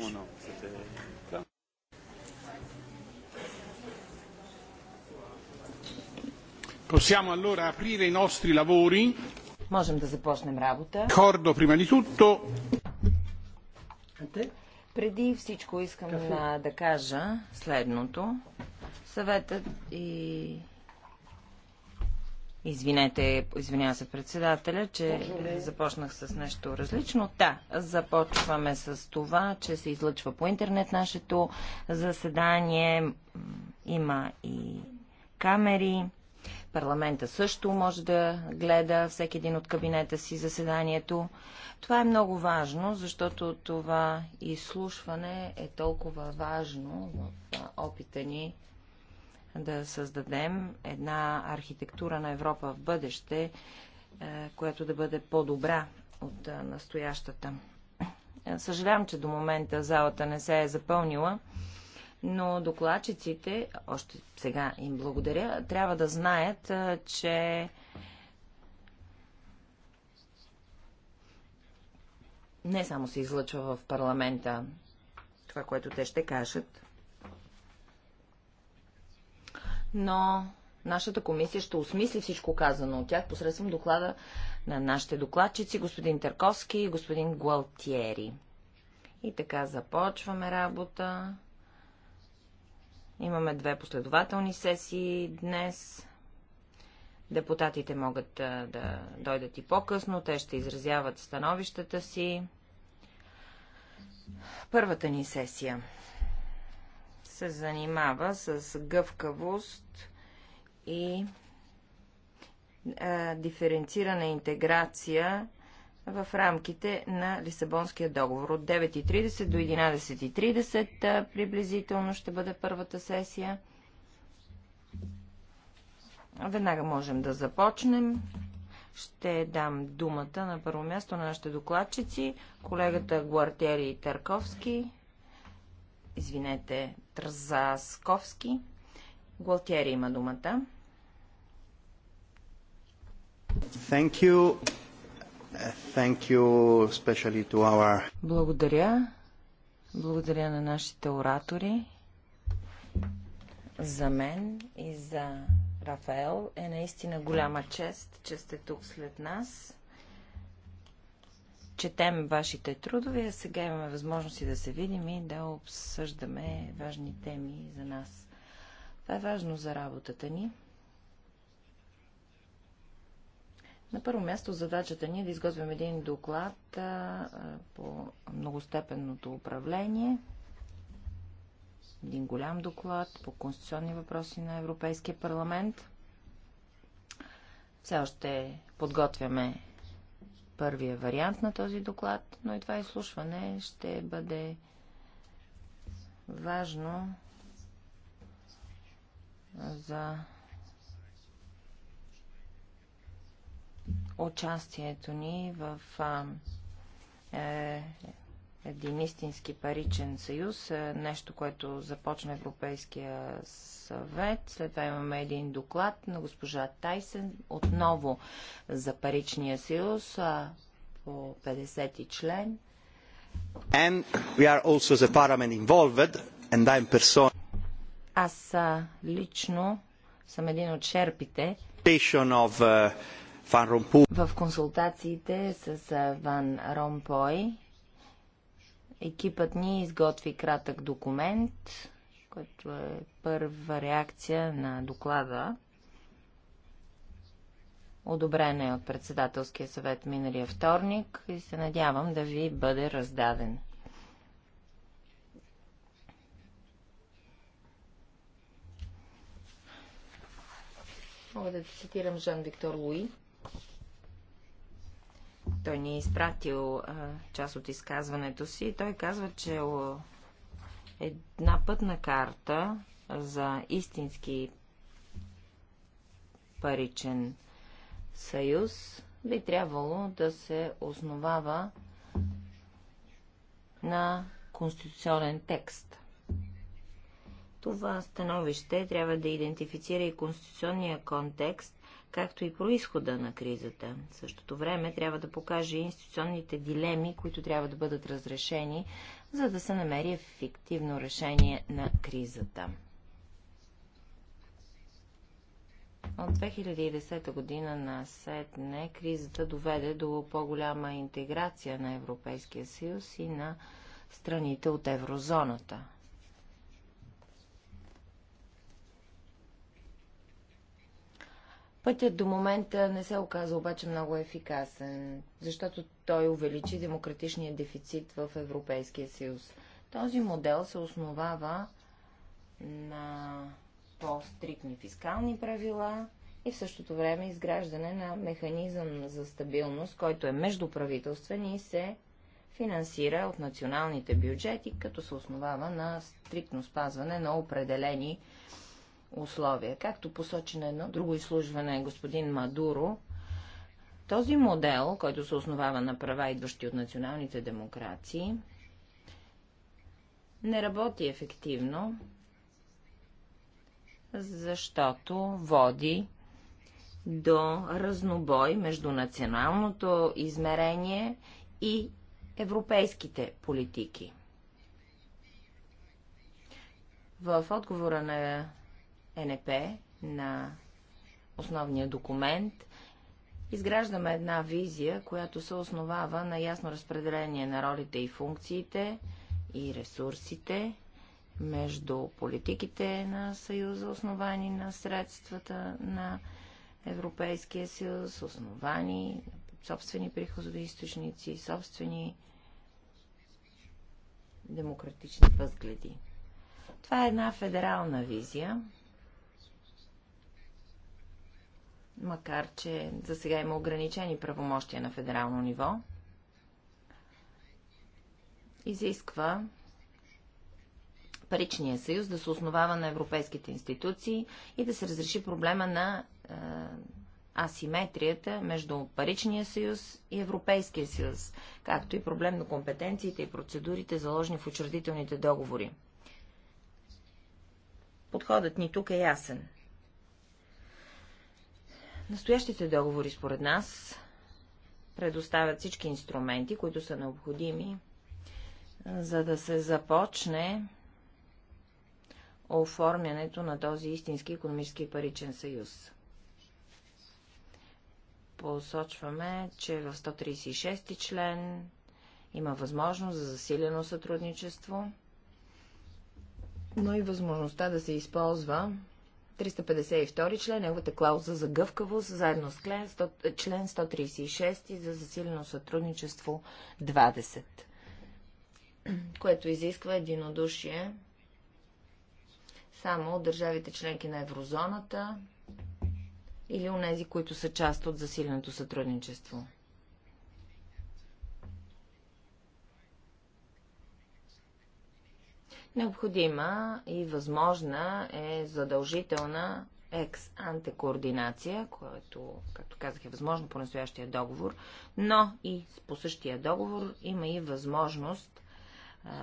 comment non Possiamo allora aprire i nostri lavori. Можем да започнем работа. Кордо, prima di tutto. Преди всичко искам да кажа следното. Съветът и Извинете, извинява се председателя, че започнах с нещо различно. Да, започваме с това, че се излъчва по интернет нашето заседание. Има и камери. Парламента също може да гледа всеки един от кабинета си заседанието. Това е много важно, защото това изслушване е толкова важно в опита ни да създадем една архитектура на Европа в бъдеще, е, която да бъде по-добра от е, настоящата. Е, съжалявам, че до момента залата не се е запълнила, но докладчиците, още сега им благодаря, трябва да знаят, че не само се излъчва в парламента това, което те ще кажат, но нашата комисия ще осмисли всичко казано от тях посредством доклада на нашите докладчици, господин Търковски и господин Гуалтиери. И така започваме работа. Имаме две последователни сесии днес. Депутатите могат да дойдат и по-късно. Те ще изразяват становищата си. Първата ни сесия се занимава с гъвкавост и а, диференцирана интеграция в рамките на Лисабонския договор. От 9.30 до 11.30 приблизително ще бъде първата сесия. Веднага можем да започнем. Ще дам думата на първо място на нашите докладчици, колегата Гуартери Тарковски извинете, Тразасковски. Гуалтиери има думата. Thank you. Thank you especially to our... Благодаря. Благодаря на нашите оратори. За мен и за Рафаел е наистина голяма чест, че сте тук след нас четем вашите трудове, а сега имаме възможности да се видим и да обсъждаме важни теми за нас. Това е важно за работата ни. На първо място задачата ни е да изготвим един доклад а, по многостепенното управление, един голям доклад по конституционни въпроси на Европейския парламент. Все още подготвяме първия вариант на този доклад, но и това изслушване ще бъде важно за участието ни в е, един истински паричен съюз, е, нещо, което започна Европейския съвет. След това имаме един доклад на госпожа Тайсен, отново за паричния съюз по 50 член. And we are also the parliament involved, and I'm person... Аз лично съм един от шерпите в консултациите с Ван Ромпой Екипът ни изготви кратък документ, който е първа реакция на доклада. Одобрена е от председателския съвет миналия вторник и се надявам да ви бъде раздаден. Мога да цитирам Жан-Виктор Луи. Той ни е изпратил а, част от изказването си и той казва, че една пътна карта за истински паричен съюз би трябвало да се основава на конституционен текст. Това становище трябва да идентифицира и конституционния контекст както и происхода на кризата. В същото време трябва да покаже институционните дилеми, които трябва да бъдат разрешени, за да се намери ефективно решение на кризата. От 2010 година на сетне кризата доведе до по-голяма интеграция на Европейския съюз и на страните от еврозоната. Пътят до момента не се оказа обаче много ефикасен, защото той увеличи демократичния дефицит в Европейския съюз. Този модел се основава на по-стрикни фискални правила и в същото време изграждане на механизъм за стабилност, който е междуправителствен и се финансира от националните бюджети, като се основава на стриктно спазване на определени условия. Както посочи на едно друго изслужване господин Мадуро, този модел, който се основава на права, идващи от националните демокрации, не работи ефективно, защото води до разнобой между националното измерение и европейските политики. В отговора на НП на основния документ изграждаме една визия, която се основава на ясно разпределение на ролите и функциите и ресурсите между политиките на Съюза, основани на средствата на Европейския съюз, основани на собствени източници, собствени демократични възгледи. Това е една федерална визия, макар че за сега има ограничени правомощия на федерално ниво, изисква паричния съюз да се основава на европейските институции и да се разреши проблема на асиметрията между паричния съюз и Европейския съюз, както и проблем на компетенциите и процедурите, заложени в учредителните договори. Подходът ни тук е ясен – Настоящите договори, според нас, предоставят всички инструменти, които са необходими, за да се започне оформянето на този истински економически паричен съюз. Посочваме, че в 136 член има възможност за засилено сътрудничество, но и възможността да се използва 352 член, неговата клауза за гъвкавост, заедно с член, 100, член 136 и за засилено сътрудничество 20, което изисква единодушие само от държавите членки на еврозоната или у нези, които са част от засиленото сътрудничество. Необходима и възможна е задължителна екс антекоординация, което, както казах, е възможно по настоящия договор, но и по същия договор има и възможност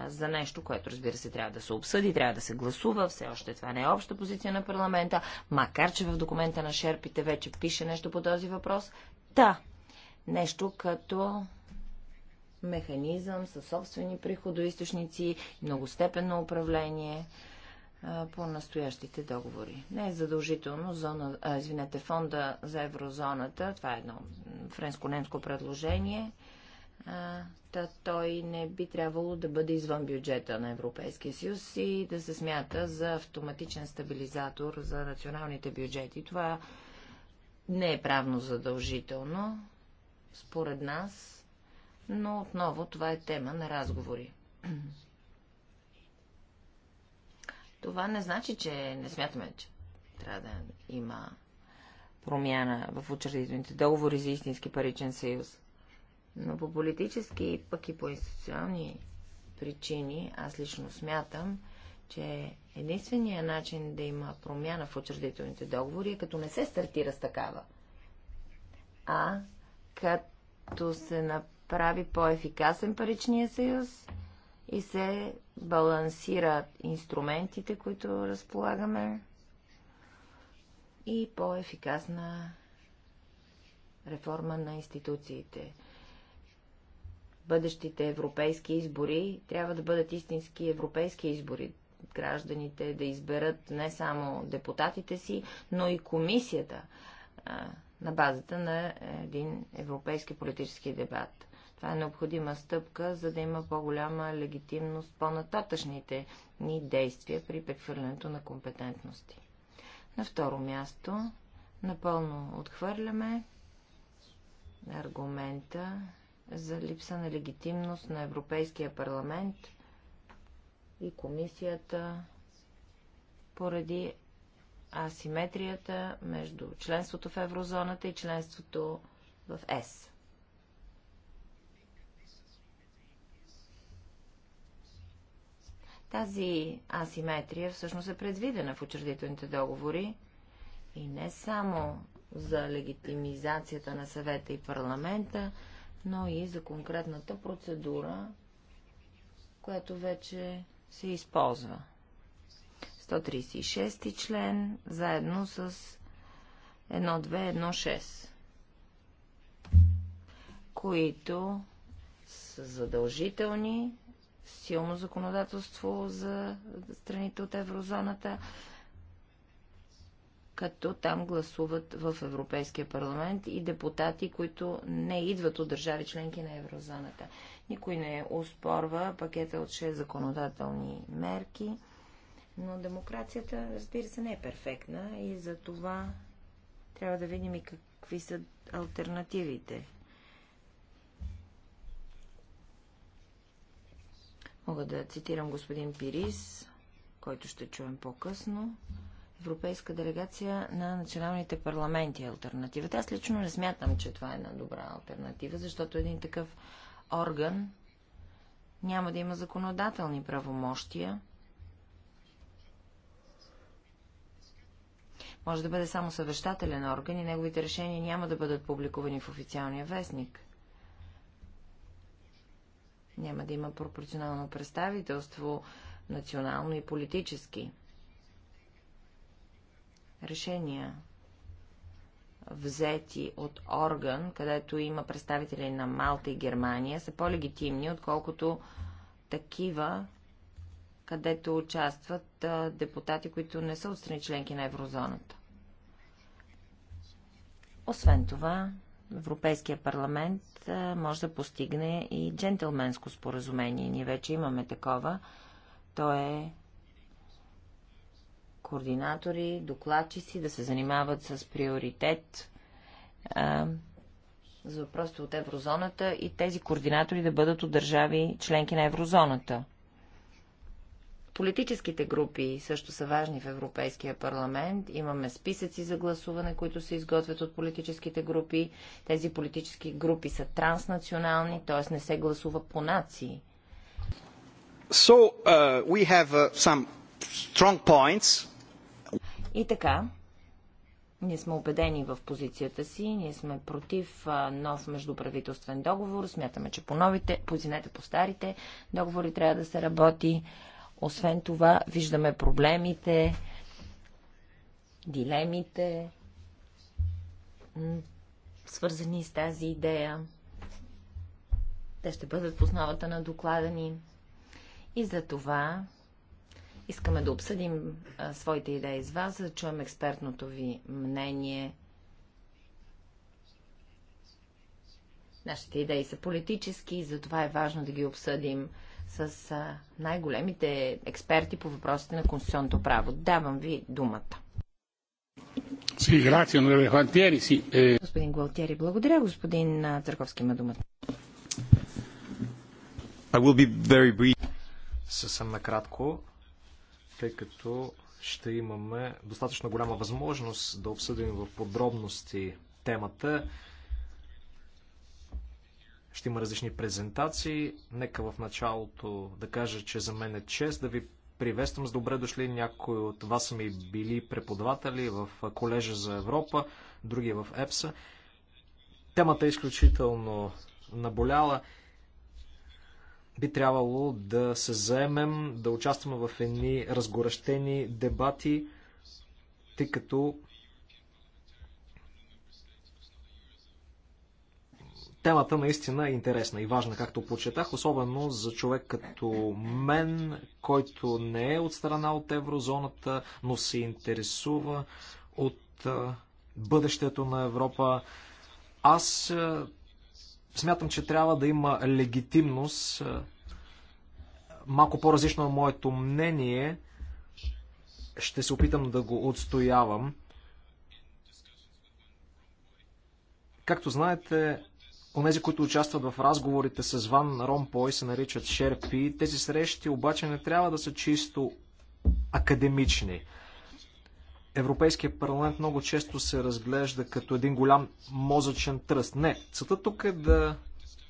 за нещо, което разбира се трябва да се обсъди, трябва да се гласува. Все още това не е обща позиция на парламента, макар че в документа на Шерпите вече пише нещо по този въпрос. Та, да, нещо като механизъм със собствени приходоисточници, многостепенно управление по настоящите договори. Не е задължително зона, а, извинете, фонда за еврозоната, това е едно френско-немско предложение, а, та той не би трябвало да бъде извън бюджета на Европейския съюз и да се смята за автоматичен стабилизатор за националните бюджети. Това не е правно задължително. Според нас но отново това е тема на разговори. Това не значи, че не смятаме, че трябва да има промяна в учредителните договори за истински паричен съюз. Но по политически, пък и по институционални причини, аз лично смятам, че единственият начин да има промяна в учредителните договори е като не се стартира с такава, а като се направи прави по-ефикасен паричния съюз и се балансират инструментите, които разполагаме и по-ефикасна реформа на институциите. Бъдещите европейски избори трябва да бъдат истински европейски избори. Гражданите да изберат не само депутатите си, но и комисията на базата на един европейски политически дебат. Това е необходима стъпка, за да има по-голяма легитимност по-нататъчните ни действия при прехвърлянето на компетентности. На второ място, напълно отхвърляме аргумента за липса на легитимност на Европейския парламент и комисията поради асиметрията между членството в еврозоната и членството в ЕС. Тази асиметрия всъщност е предвидена в учредителните договори и не само за легитимизацията на съвета и парламента, но и за конкретната процедура, която вече се използва. 136 член, заедно с 1216, които са задължителни силно законодателство за страните от еврозоната, като там гласуват в Европейския парламент и депутати, които не идват от държави членки на еврозоната. Никой не успорва пакета от 6 законодателни мерки, но демокрацията, разбира се, не е перфектна и за това трябва да видим и какви са альтернативите. Мога да цитирам господин Пирис, който ще чуем по-късно. Европейска делегация на националните парламенти е альтернативата. Аз лично не смятам, че това е една добра альтернатива, защото един такъв орган няма да има законодателни правомощия. Може да бъде само съвещателен орган и неговите решения няма да бъдат публикувани в официалния вестник. Няма да има пропорционално представителство национално и политически. Решения взети от орган, където има представители на Малта и Германия, са по-легитимни, отколкото такива, където участват депутати, които не са от страни членки на еврозоната. Освен това, Европейския парламент може да постигне и джентълменско споразумение. Ние вече имаме такова. То е координатори, докладчици да се занимават с приоритет а, за въпросите от еврозоната и тези координатори да бъдат от държави членки на еврозоната. Политическите групи също са важни в Европейския парламент. Имаме списъци за гласуване, които се изготвят от политическите групи. Тези политически групи са транснационални, т.е. не се гласува по нации. So, uh, we have, uh, some strong points. И така, ние сме убедени в позицията си, ние сме против нов междуправителствен договор, смятаме, че по новите, позвинете по старите договори трябва да се работи. Uh, освен това, виждаме проблемите, дилемите, свързани с тази идея. Те ще бъдат в основата на доклада ни. И за това искаме да обсъдим а, своите идеи с вас, за да чуем експертното ви мнение. Нашите идеи са политически затова е важно да ги обсъдим с най-големите експерти по въпросите на конституционното право. Давам ви думата. Eh, Господин Гуалтери, благодаря. Господин Църковски има думата. Съвсем накратко, тъй като ще имаме достатъчно голяма възможност да обсъдим в подробности темата. Ще има различни презентации. Нека в началото да кажа, че за мен е чест да ви приветствам с добре дошли. Някои от вас са ми били преподаватели в Колежа за Европа, други в ЕПСА. Темата е изключително наболяла. Би трябвало да се заемем, да участваме в едни разгорещени дебати, тъй като Темата наистина е интересна и важна, както почетах, особено за човек като мен, който не е от страна от еврозоната, но се интересува от бъдещето на Европа. Аз смятам, че трябва да има легитимност. Малко по-различно е моето мнение. Ще се опитам да го отстоявам. Както знаете, Онези, които участват в разговорите с Ван Ромпой се наричат шерпи. Тези срещи обаче не трябва да са чисто академични. Европейският парламент много често се разглежда като един голям мозъчен тръст. Не, целта тук е да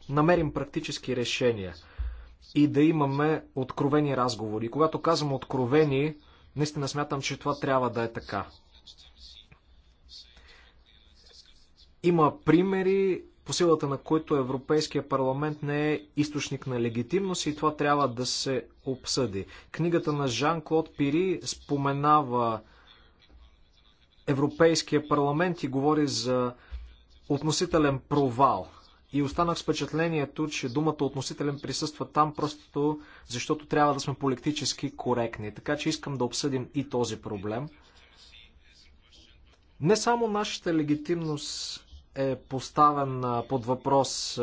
намерим практически решения и да имаме откровени разговори. И когато казвам откровени, наистина смятам, че това трябва да е така. Има примери по силата на които Европейския парламент не е източник на легитимност и това трябва да се обсъди. Книгата на Жан-Клод Пири споменава Европейския парламент и говори за относителен провал. И останах с впечатлението, че думата относителен присъства там просто защото трябва да сме политически коректни. Така че искам да обсъдим и този проблем. Не само нашата легитимност е поставен под въпрос.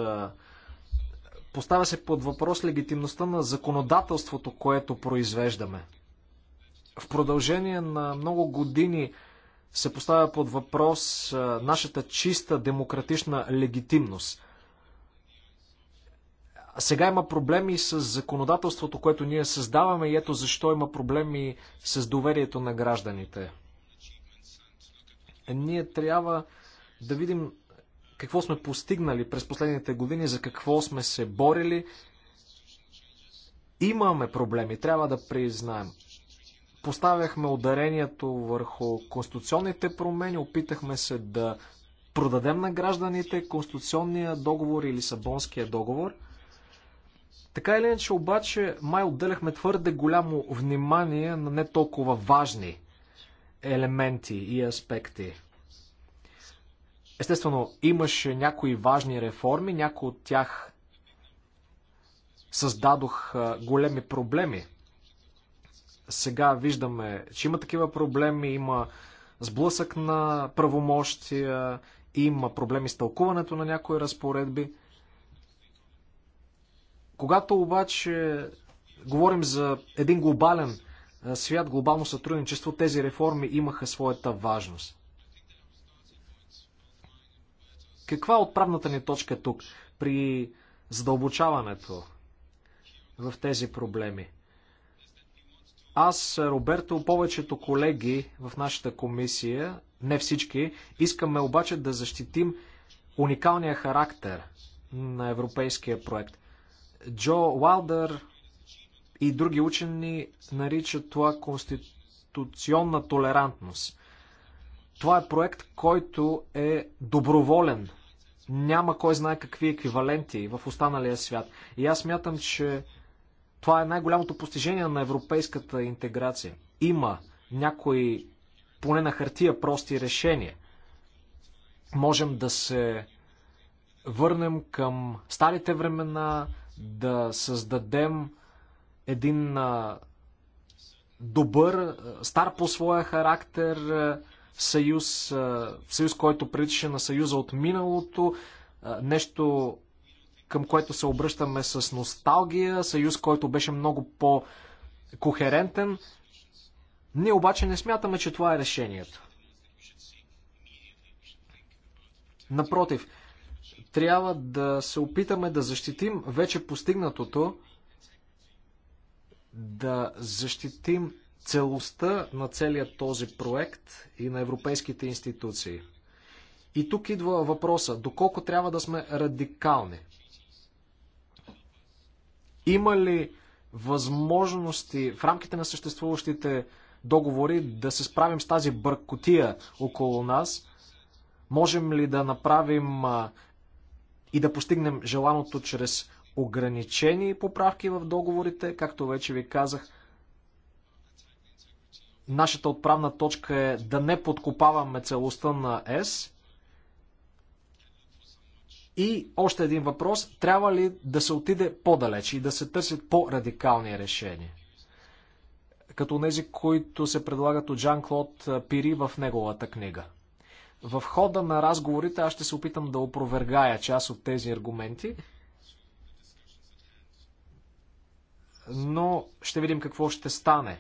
Поставя се под въпрос легитимността на законодателството, което произвеждаме. В продължение на много години се поставя под въпрос нашата чиста демократична легитимност. Сега има проблеми с законодателството, което ние създаваме и ето защо има проблеми с доверието на гражданите. Ние трябва да видим какво сме постигнали през последните години, за какво сме се борили. Имаме проблеми, трябва да признаем. Поставяхме ударението върху конституционните промени, опитахме се да продадем на гражданите конституционния договор или Сабонския договор. Така или иначе, обаче, май отделяхме твърде голямо внимание на не толкова важни елементи и аспекти. Естествено, имаше някои важни реформи, някои от тях създадох големи проблеми. Сега виждаме, че има такива проблеми, има сблъсък на правомощия, има проблеми с тълкуването на някои разпоредби. Когато обаче говорим за един глобален свят, глобално сътрудничество, тези реформи имаха своята важност. Каква е отправната ни точка тук при задълбочаването в тези проблеми? Аз, Роберто, повечето колеги в нашата комисия, не всички, искаме обаче да защитим уникалния характер на европейския проект. Джо Уайлдър и други учени наричат това конституционна толерантност. Това е проект, който е доброволен. Няма кой знае какви еквиваленти в останалия свят. И аз мятам, че това е най-голямото постижение на европейската интеграция. Има някои, поне на хартия, прости решения. Можем да се върнем към старите времена, да създадем един добър, стар по своя характер, съюз, съюз, който прилича на съюза от миналото, нещо към което се обръщаме с носталгия, съюз, който беше много по-кохерентен. Ние обаче не смятаме, че това е решението. Напротив, трябва да се опитаме да защитим вече постигнатото, да защитим целостта на целият този проект и на европейските институции. И тук идва въпроса, доколко трябва да сме радикални. Има ли възможности в рамките на съществуващите договори да се справим с тази бъркотия около нас? Можем ли да направим и да постигнем желаното чрез ограничени поправки в договорите, както вече ви казах, Нашата отправна точка е да не подкопаваме целостта на ЕС. И още един въпрос. Трябва ли да се отиде по-далеч и да се търсят по-радикални решения? Като тези, които се предлагат от Жан-Клод Пири в неговата книга. В хода на разговорите аз ще се опитам да опровергая част от тези аргументи, но ще видим какво ще стане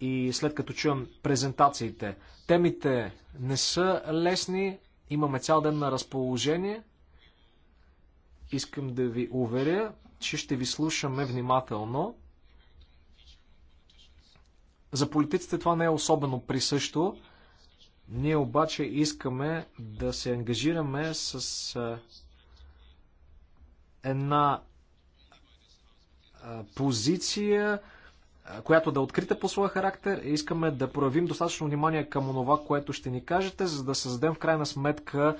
и след като чуем презентациите. Темите не са лесни, имаме цял ден на разположение. Искам да ви уверя, че ще ви слушаме внимателно. За политиците това не е особено присъщо. Ние обаче искаме да се ангажираме с една позиция, която да е открита по своя характер. Искаме да проявим достатъчно внимание към онова, което ще ни кажете, за да създадем в крайна сметка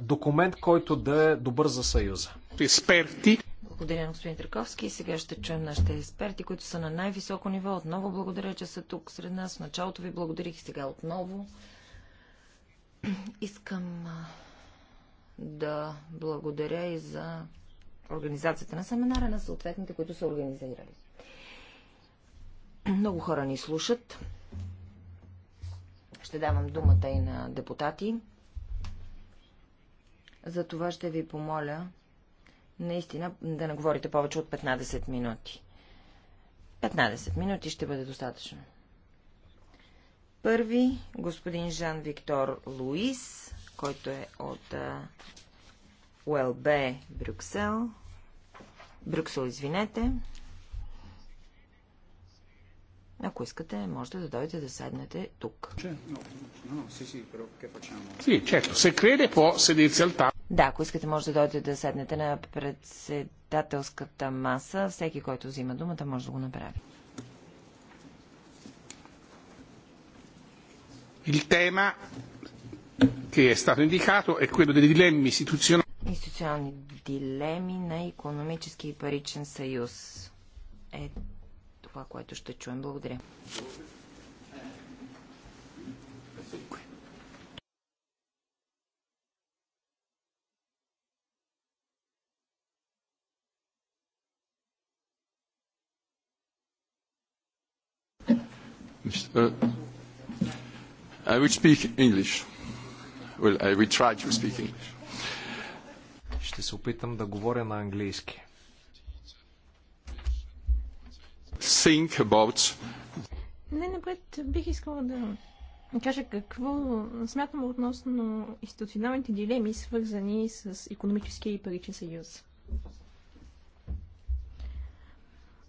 документ, който да е добър за Съюза. Експерти. Благодаря, господин Траковски. Сега ще чуем нашите експерти, които са на най-високо ниво. Отново благодаря, че са тук сред нас. В началото ви благодарих сега отново. Искам да благодаря и за организацията на семинара на съответните, които са организирали. Много хора ни слушат. Ще давам думата и на депутати. За това ще ви помоля наистина да не говорите повече от 15 минути. 15 минути ще бъде достатъчно. Първи господин Жан Виктор Луис, който е от УЛБ Брюксел. Брюксел, извинете. Ако искате, можете да дойдете да седнете тук. Да, ако искате, можете да дойдете да седнете на председателската маса. Всеки, който взима думата, може да го направи. Il tema che è stato indicato è quello dei dilemmi istituzionali. Istituzionali dilemmi na economici e parичен съюз. Е това, което ще чуем. Благодаря. Uh, I will speak English. Well, I will try to speak English. Ще се опитам да говоря на английски. think about... Не, напред бих искала да кажа какво смятам относно институционалните дилеми, свързани с економическия и паричен съюз.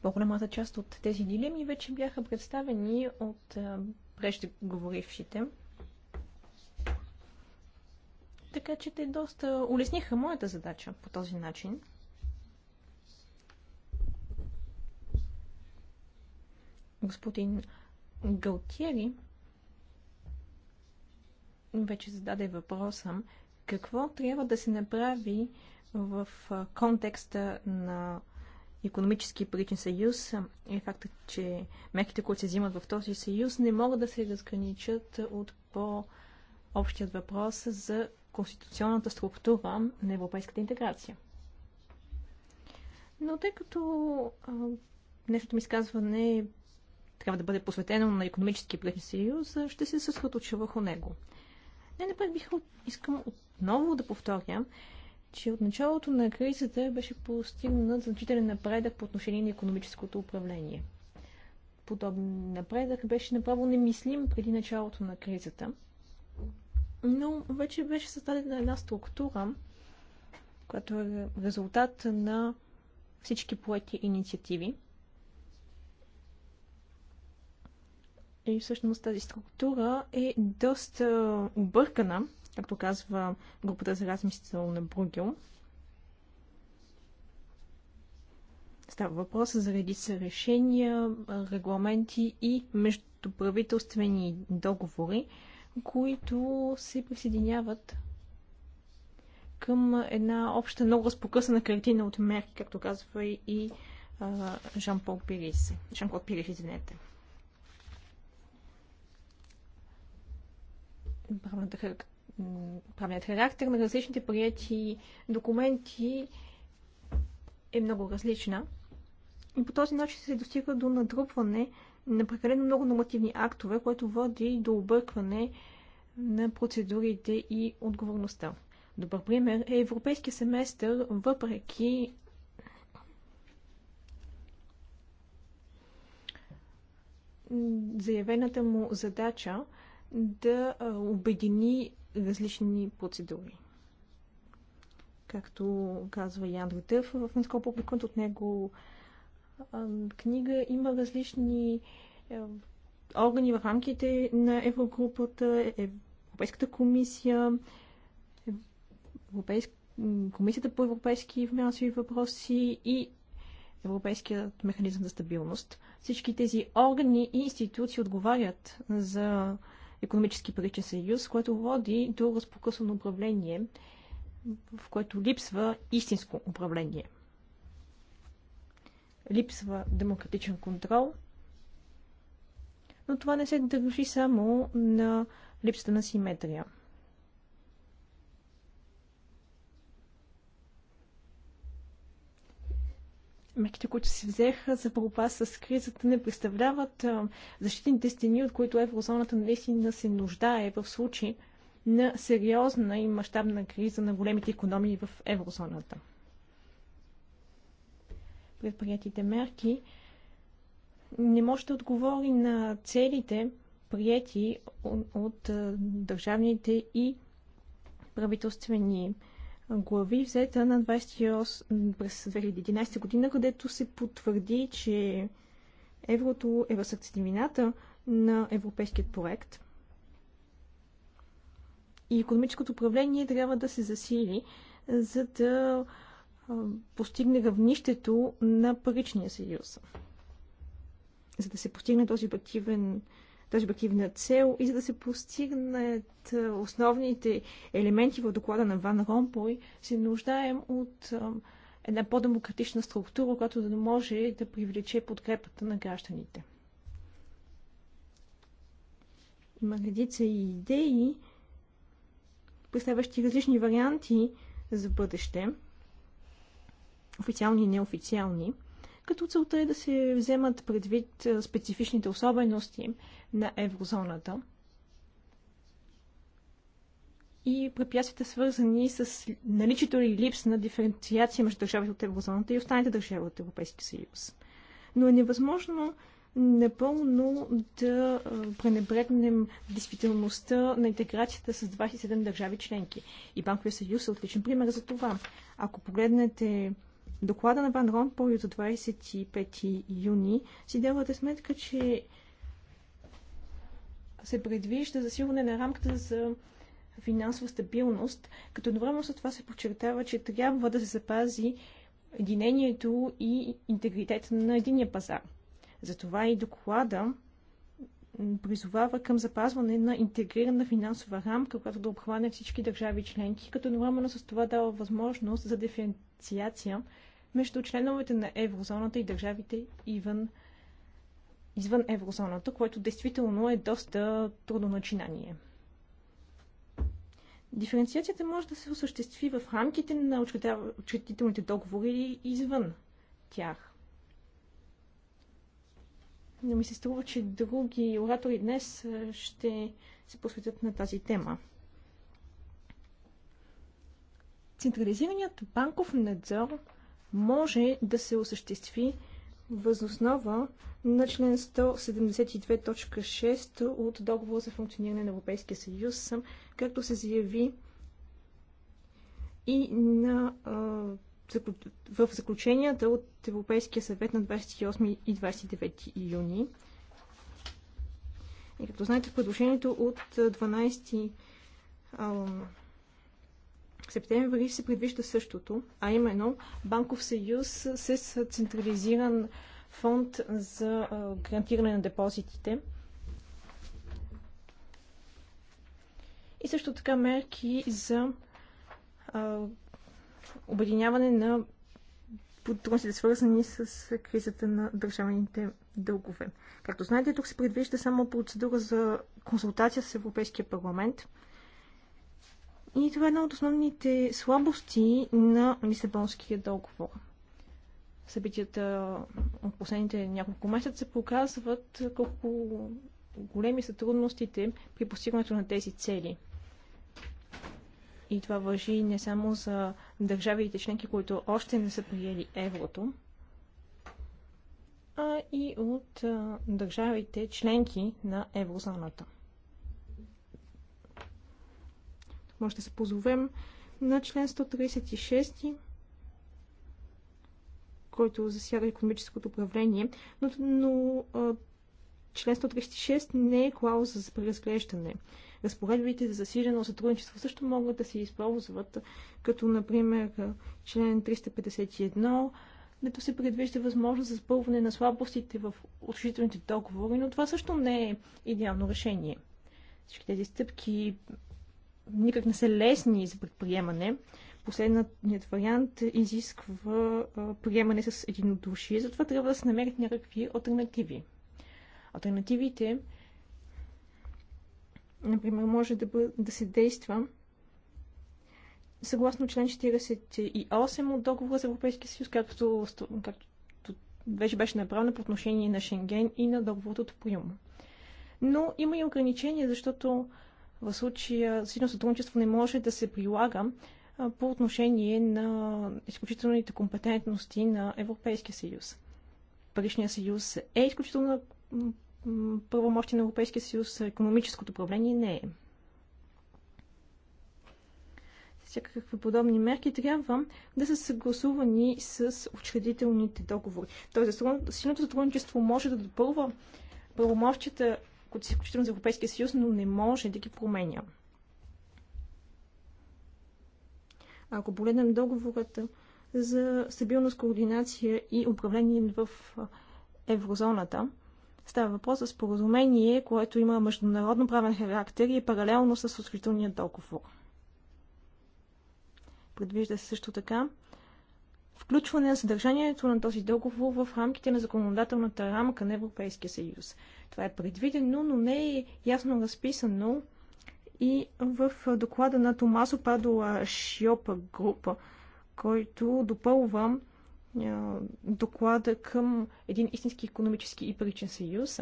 По-голямата част от тези дилеми вече бяха представени от преждеговорившите. Така че те доста улесниха моята задача по този начин – Господин Галтиери вече зададе въпроса какво трябва да се направи в контекста на економически и съюз и е, фактът, че мерките, които се взимат в този съюз, не могат да се разграничат от по-общият въпрос за конституционната структура на европейската интеграция. Но тъй като а, днешното ми изказване е трябва да бъде посветено на економически проектен съюз, ще се съсредоточа върху него. Не, напред бих искам отново да повторя, че от началото на кризата беше постигнат значителен напредък по отношение на економическото управление. Подобен напредък беше направо немислим преди началото на кризата, но вече беше създадена една структура, която е резултат на всички поети инициативи. И всъщност тази структура е доста объркана, както казва групата за размисъл на Бругел. Става въпрос за редица решения, регламенти и междуправителствени договори, които се присъединяват към една обща, много разпокъсана картина от мерки, както казва и Жан-Пол Пирис. жан пол Пирис, извинете. правната характер правният характер на различните прияти документи е много различна. И по този начин се достига до надрупване на прекалено много нормативни актове, което води до объркване на процедурите и отговорността. Добър пример е европейския семестър, въпреки заявената му задача, да обедини различни процедури. Както казва Ян Ритъв, в наскоро публикуваната от него книга има различни органи в рамките на Еврогрупата, Европейската комисия, Европейск... Комисията по европейски финансови въпроси и Европейският механизъм за стабилност. Всички тези органи и институции отговарят за економически паричен съюз, което води до разпокъсано управление, в което липсва истинско управление. Липсва демократичен контрол, но това не се дължи само на липсата на симетрия. мерките, които си взеха за борба с кризата, не представляват защитните стени, от които еврозоната наистина се нуждае в случай на сериозна и мащабна криза на големите економии в еврозоната. Предприятите мерки не може да отговори на целите, прияти от, от държавните и правителствени глави, взета на 28 през 2011 година, където се потвърди, че еврото е в сърцевината на европейският проект. И економическото управление трябва да се засили, за да постигне равнището на паричния съюз. За да се постигне този обективен тази цел и за да се постигнат основните елементи в доклада на Ван Ромпой, се нуждаем от една по-демократична структура, която да може да привлече подкрепата на гражданите. Има редица и идеи, представящи различни варианти за бъдеще, официални и неофициални – като целта е да се вземат предвид специфичните особености на еврозоната и препятствията свързани с наличието или липс на диференциация между държавите от еврозоната и останалите държави от Европейския съюз. Но е невъзможно напълно да пренебрегнем действителността на интеграцията с 27 държави членки. И Банковия съюз е отличен пример за това. Ако погледнете доклада на Ван Ромпой от 25 юни си давате сметка, че се предвижда засилване на рамката за финансова стабилност, като едновременно с това се подчертава, че трябва да се запази единението и интегритет на единия пазар. Затова и доклада призовава към запазване на интегрирана финансова рамка, която да обхване всички държави членки, като едновременно с това дава възможност за диференциация между членовете на еврозоната и държавите извън, извън еврозоната, което действително е доста трудно начинание. Диференциацията може да се осъществи в рамките на учредителните договори и извън тях. Но ми се струва, че други оратори днес ще се посветят на тази тема. Централизираният банков надзор може да се осъществи възоснова на член 172.6 от договора за функциониране на Европейския съюз, както се заяви и на, а, в заключенията от Европейския съвет на 28 и 29 юни. И като знаете, в предложението от 12 септември се предвижда същото, а именно Банков съюз с централизиран фонд за гарантиране на депозитите. И също така мерки за а, обединяване на трудностите, свързани с кризата на държавните дългове. Както знаете, тук се предвижда само процедура за консултация с Европейския парламент – и това е една от основните слабости на Лисабонския договор. Събитията от последните няколко месеца показват колко големи са трудностите при постигането на тези цели. И това въжи не само за държавите членки, които още не са приели еврото, а и от държавите членки на еврозоната. Може да се позовем на член 136, който засяга економическото управление, но, но член 136 не е клауза за преразглеждане. Разпоредбите за засилено сътрудничество също могат да се използват, като например член 351, дето се предвижда възможност за спълване на слабостите в учителните договори, но това също не е идеално решение. Всички тези стъпки никак не са лесни за предприемане. Последният вариант изисква приемане с единодушие, затова трябва да се намерят някакви альтернативи. Альтернативите, например, може да, бъ... да се действа съгласно член 48 от договора за Европейския съюз, както, както вече беше направено по отношение на Шенген и на договорът от Прим. Но има и ограничения, защото в случая силно сътрудничество не може да се прилага по отношение на изключителните компетентности на Европейския съюз. Паричният съюз е изключително правомощие на Европейския съюз, економическото управление не е. Всякакви подобни мерки трябва да са съгласувани с учредителните договори. Тоест, силното сътрудничество може да допълва правомощията които са изключително за Европейския съюз, но не може да ги променя. Ако погледнем договората за стабилност, координация и управление в еврозоната, става въпрос за споразумение, което има международно правен характер и е паралелно с открителния договор. Предвижда се също така включване на съдържанието на този договор в рамките на законодателната рамка на Европейския съюз. Това е предвидено, но не е ясно разписано и в доклада на Томасо Падола Шиопа група, който допълва доклада към един истински економически и паричен съюз.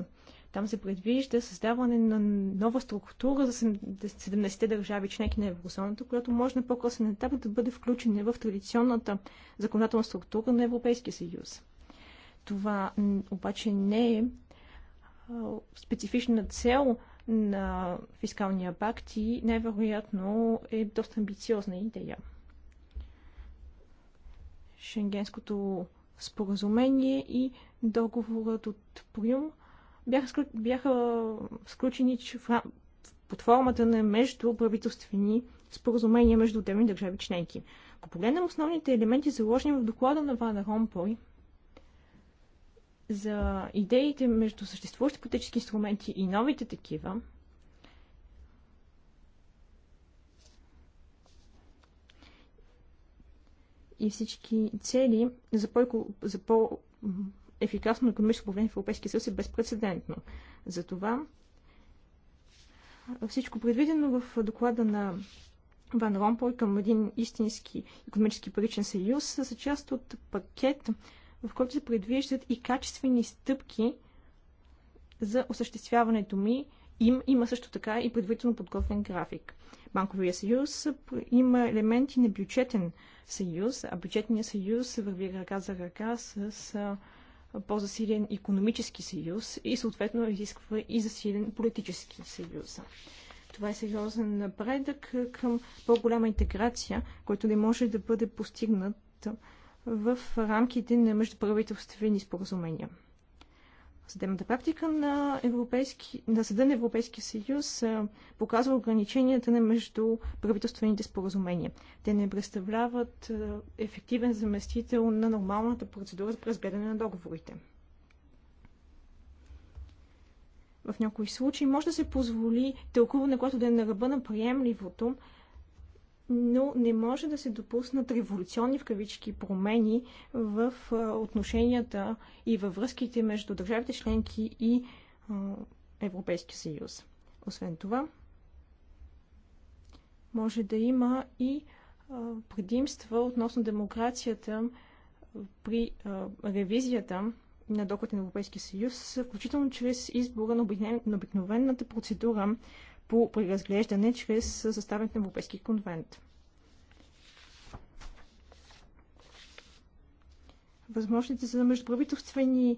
Там се предвижда създаване на нова структура за 70 те държави, членки на еврозоната, която може на по-късен етап да бъде включена в традиционната законодателна структура на Европейския съюз. Това обаче не е специфична цел на фискалния пакт и най-вероятно е доста амбициозна идея. Шенгенското споразумение и договорът от Прюм бяха, бяха сключени под формата на междуправителствени споразумения между отделни държави членки. Ако погледнем основните елементи, заложени в доклада на Вана Ромпой за идеите между съществуващи политически инструменти и новите такива, и всички цели за по-, за по ефикасно економическо управление в Европейския съюз е безпредседентно. Затова всичко предвидено в доклада на Ван Ромпой към един истински економически паричен съюз са част от пакет, в който се предвиждат и качествени стъпки за осъществяването ми. Им има също така и предварително подготвен график. Банковия съюз има елементи на бюджетен съюз, а бюджетният съюз върви ръка за ръка с по-засилен економически съюз и съответно изисква и засилен политически съюз. Това е сериозен напредък към по-голяма интеграция, който не може да бъде постигнат в рамките на междуправителствени споразумения. Съдебната практика на, Европейски, на Съда на Европейския съюз показва ограниченията на между правителствените споразумения. Те не представляват ефективен заместител на нормалната процедура за разгледане на договорите. В някои случаи може да се позволи тълкуване, което да е на ръба на приемливото, но не може да се допуснат революционни в кавички промени в отношенията и във връзките между държавите членки и Европейския съюз. Освен това, може да има и предимства относно демокрацията при ревизията на доклада на Европейския съюз, включително чрез избора на обикновената процедура по преразглеждане чрез съставянето на Европейски конвент. Възможностите за междуправителствени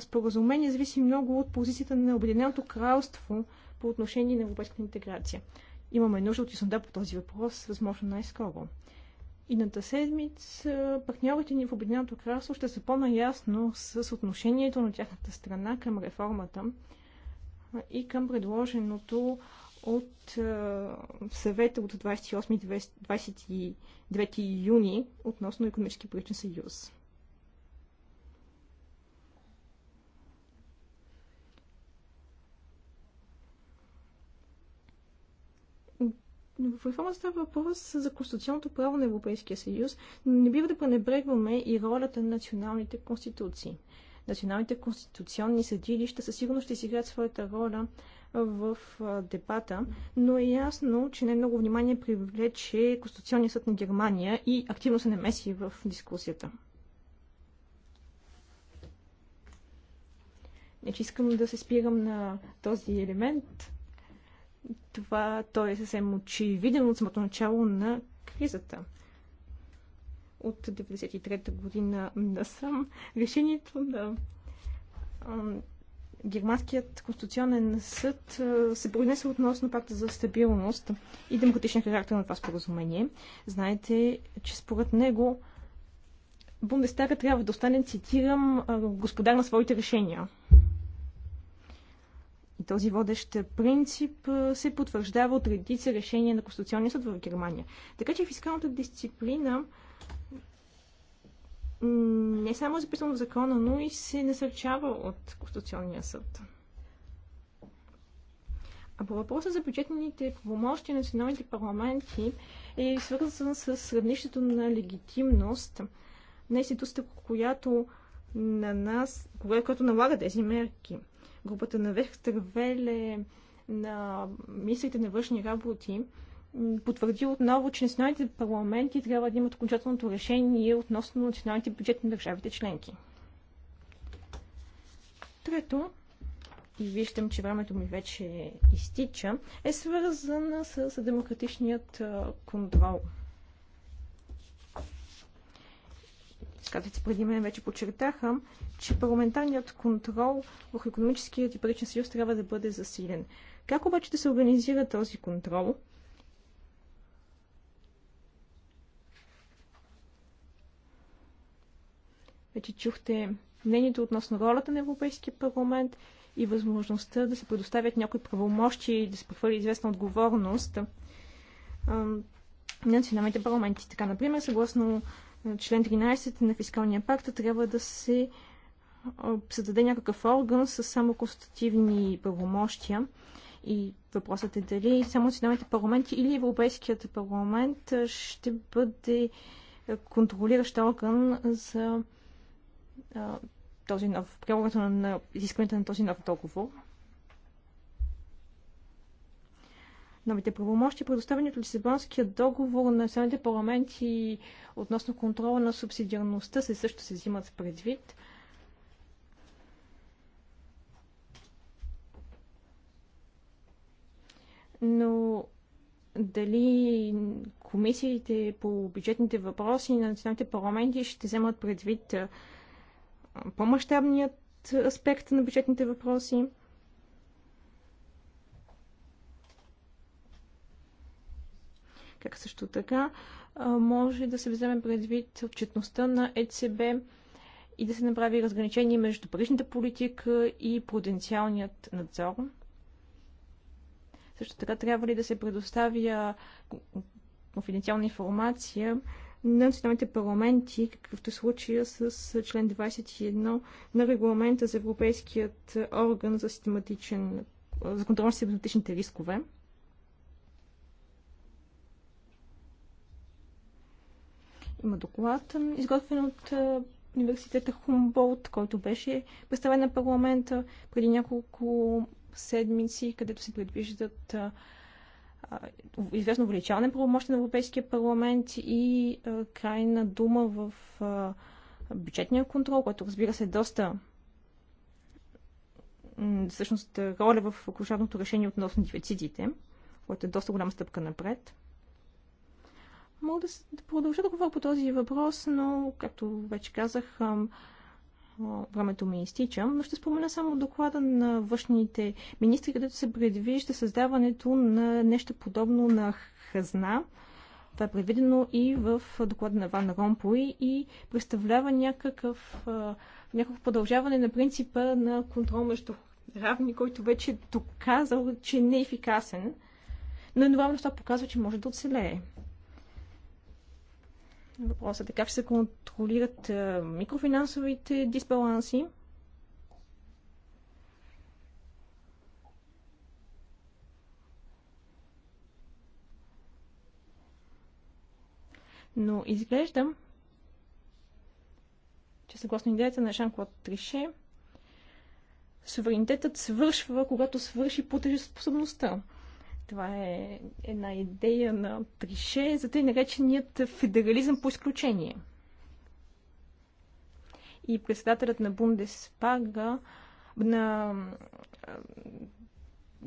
споразумения зависи много от позицията на Обединеното кралство по отношение на европейската интеграция. Имаме нужда от яснота по този въпрос, възможно най-скоро. Идната седмица партньорите ни в Обединеното кралство ще са по-наясно с отношението на тяхната страна към реформата и към предложеното от е, съвета от 28-29 юни относно економически политичен съюз. В реформа става въпрос за конституционното право на Европейския съюз, но не бива да пренебрегваме и ролята на националните конституции националните конституционни съдилища със сигурност ще си играят своята роля в дебата, но е ясно, че не много внимание привлече Конституционния съд на Германия и активно се намеси в дискусията. Не, че искам да се спирам на този елемент. Това той е съвсем очевиден от самото начало на кризата от 93-та година насам. Решението на Германският конституционен съд се произнесе относно пакта за стабилност и демократичен характер на това споразумение. Знаете, че според него Бундестага трябва да остане, цитирам, господар на своите решения. И този водещ принцип се потвърждава от редица решения на Конституционния съд в Германия. Така че фискалната дисциплина не само е записано в закона, но и се насърчава от Конституционния съд. А по въпроса за бюджетните помощи на националните парламенти е свързан с равнището на легитимност на институцията, е която на нас, която налага тези мерки. Групата на Вехтервеле, на мислите на външни работи, потвърди отново, че националните парламенти трябва да имат окончателното решение относно националните бюджети на държавите членки. Трето, и виждам, че времето ми вече изтича, е свързана с демократичният контрол. Казвате, преди мен вече подчертаха, че парламентарният контрол в економическият и паричен съюз трябва да бъде засилен. Как обаче да се организира този контрол? Вече чухте мнението относно ролята на Европейския парламент и възможността да се предоставят някои правомощи и да се прехвърли известна отговорност на националните парламенти. Така, например, съгласно член 13 на фискалния пакт трябва да се създаде някакъв орган с само констативни правомощия. И въпросът е дали само националните парламенти или Европейският парламент ще бъде контролиращ орган за този нов, прилагането на, на изискването на този нов договор. Новите правомощи, предоставени от Лисабонския договор на националните парламенти относно контрола на субсидиарността, се също се взимат предвид. но дали комисиите по бюджетните въпроси на националните парламенти ще вземат предвид по-масштабният аспект на бюджетните въпроси. Как също така може да се вземе предвид отчетността на ЕЦБ и да се направи разграничение между паричната политика и пруденциалният надзор. Също така трябва ли да се предоставя конфиденциална информация на националните парламенти, какъвто е случая с член 21 на регламента за Европейският орган за, систематичен, за контрол на систематичните рискове. Има доклад, изготвен от университета Хумболт, който беше представен на парламента преди няколко седмици, където се предвиждат известно увеличаване правомощи на Европейския парламент и крайна дума в бюджетния контрол, който разбира се е доста всъщност роля в окружавното решение относно дефицитите, което е доста голяма стъпка напред. Мога да, да продължа да говоря по този въпрос, но, както вече казах, времето ми изтича, но ще спомена само доклада на външните министри, където се предвижда създаването на нещо подобно на хазна. Това е предвидено и в доклада на Ван Ромпой и представлява някакъв, някакъв продължаване на принципа на контрол между равни, който вече е доказал, че не е ефикасен. Но едновременно това показва, че може да оцелее. Въпросът е как ще се контролират е, микрофинансовите дисбаланси. Но изглежда, че съгласно идеята на Жан-Клод Трише, суверенитетът свършва, когато свърши потежеспособността. способността. Това е една идея на Трише за тъй нареченият федерализъм по изключение. И председателят на Бундеспага на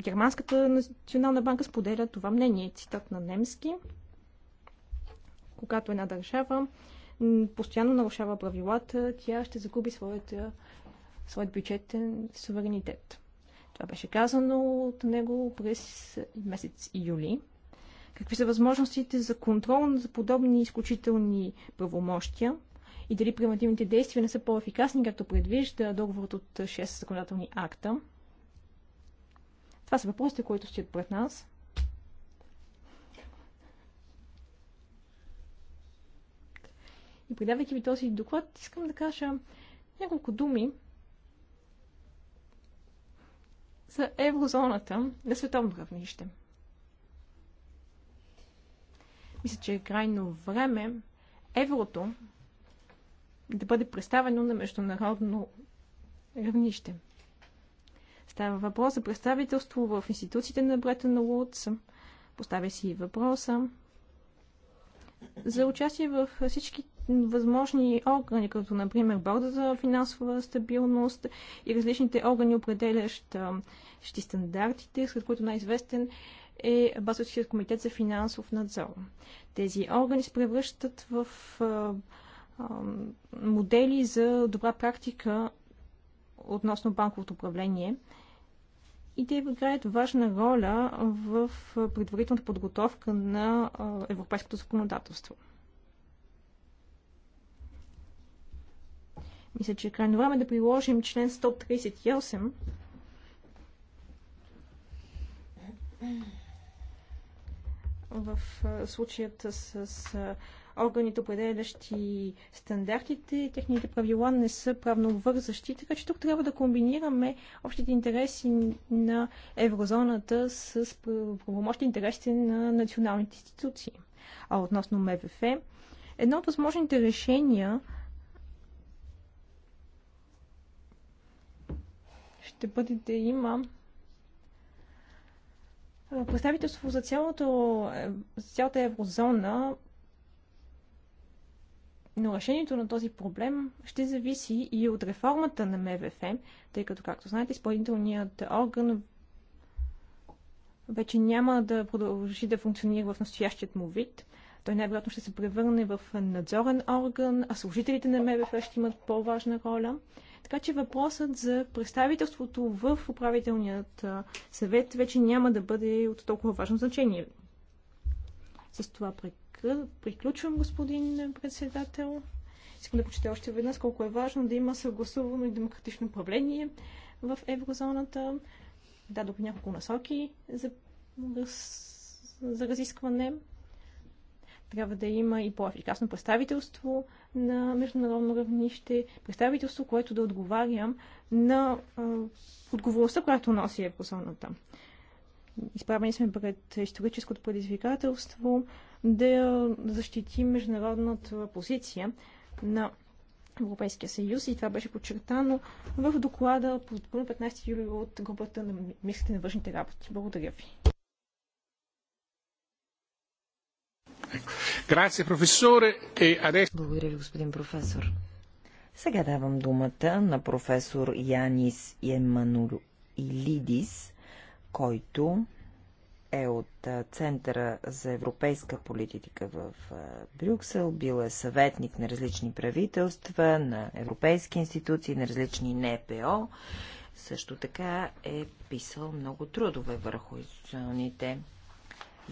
Германската национална банка споделя това мнение, цитат на немски. Когато една държава постоянно нарушава правилата, тя ще загуби своята, своят бюджетен суверенитет. Това беше казано от него през месец юли. Какви са възможностите за контрол за подобни изключителни правомощия? И дали примативните действия не са по-ефикасни, както предвижда договорът от 6 законодателни акта? Това са въпросите, които стоят пред нас. И предавайки ви този доклад, искам да кажа няколко думи за еврозоната на световно равнище. Мисля, че е крайно време еврото да бъде представено на международно равнище. Става въпрос за представителство в институциите на Бретън Лудс. Поставя си въпроса за участие в всички възможни органи, като например Борда за финансова стабилност и различните органи, определящи стандартите, сред които най-известен е Басовският комитет за финансов надзор. Тези органи се превръщат в а, а, модели за добра практика относно банковото управление и те играят важна роля в предварителната подготовка на европейското законодателство. Мисля, че е крайно време да приложим член 138. В случаят с, с органите, определящи стандартите, техните правила не са правно вързащи, така че тук трябва да комбинираме общите интереси на еврозоната с правомощни интереси на националните институции. А относно МВФ, едно от възможните решения ще бъде да има представителство за, цялото, е, за цялата еврозона, но решението на този проблем ще зависи и от реформата на МВФ, тъй като, както знаете, изпълнителният орган вече няма да продължи да функционира в настоящият му вид. Той най-вероятно ще се превърне в надзорен орган, а служителите на МВФ ще имат по-важна роля. Така че въпросът за представителството в управителният съвет вече няма да бъде от толкова важно значение. С това приключвам, господин председател. Искам да почета още веднъж колко е важно да има съгласувано и демократично управление в еврозоната. Дадох няколко насоки за, за разискване. Трябва да има и по-ефикасно представителство на международно равнище, представителство, което да отговаря на а, отговорността, която носи еврозоната. Изправени сме пред историческото предизвикателство да защитим международната позиция на Европейския съюз и това беше подчертано в доклада по 15 юли от групата на мислите на външните работи. Благодаря ви. E Благодаря ви, господин професор. Сега давам думата на професор Янис Емануилидис, който е от Центъра за европейска политика в Брюксел, бил е съветник на различни правителства, на европейски институции, на различни НПО. Също така е писал много трудове върху институционните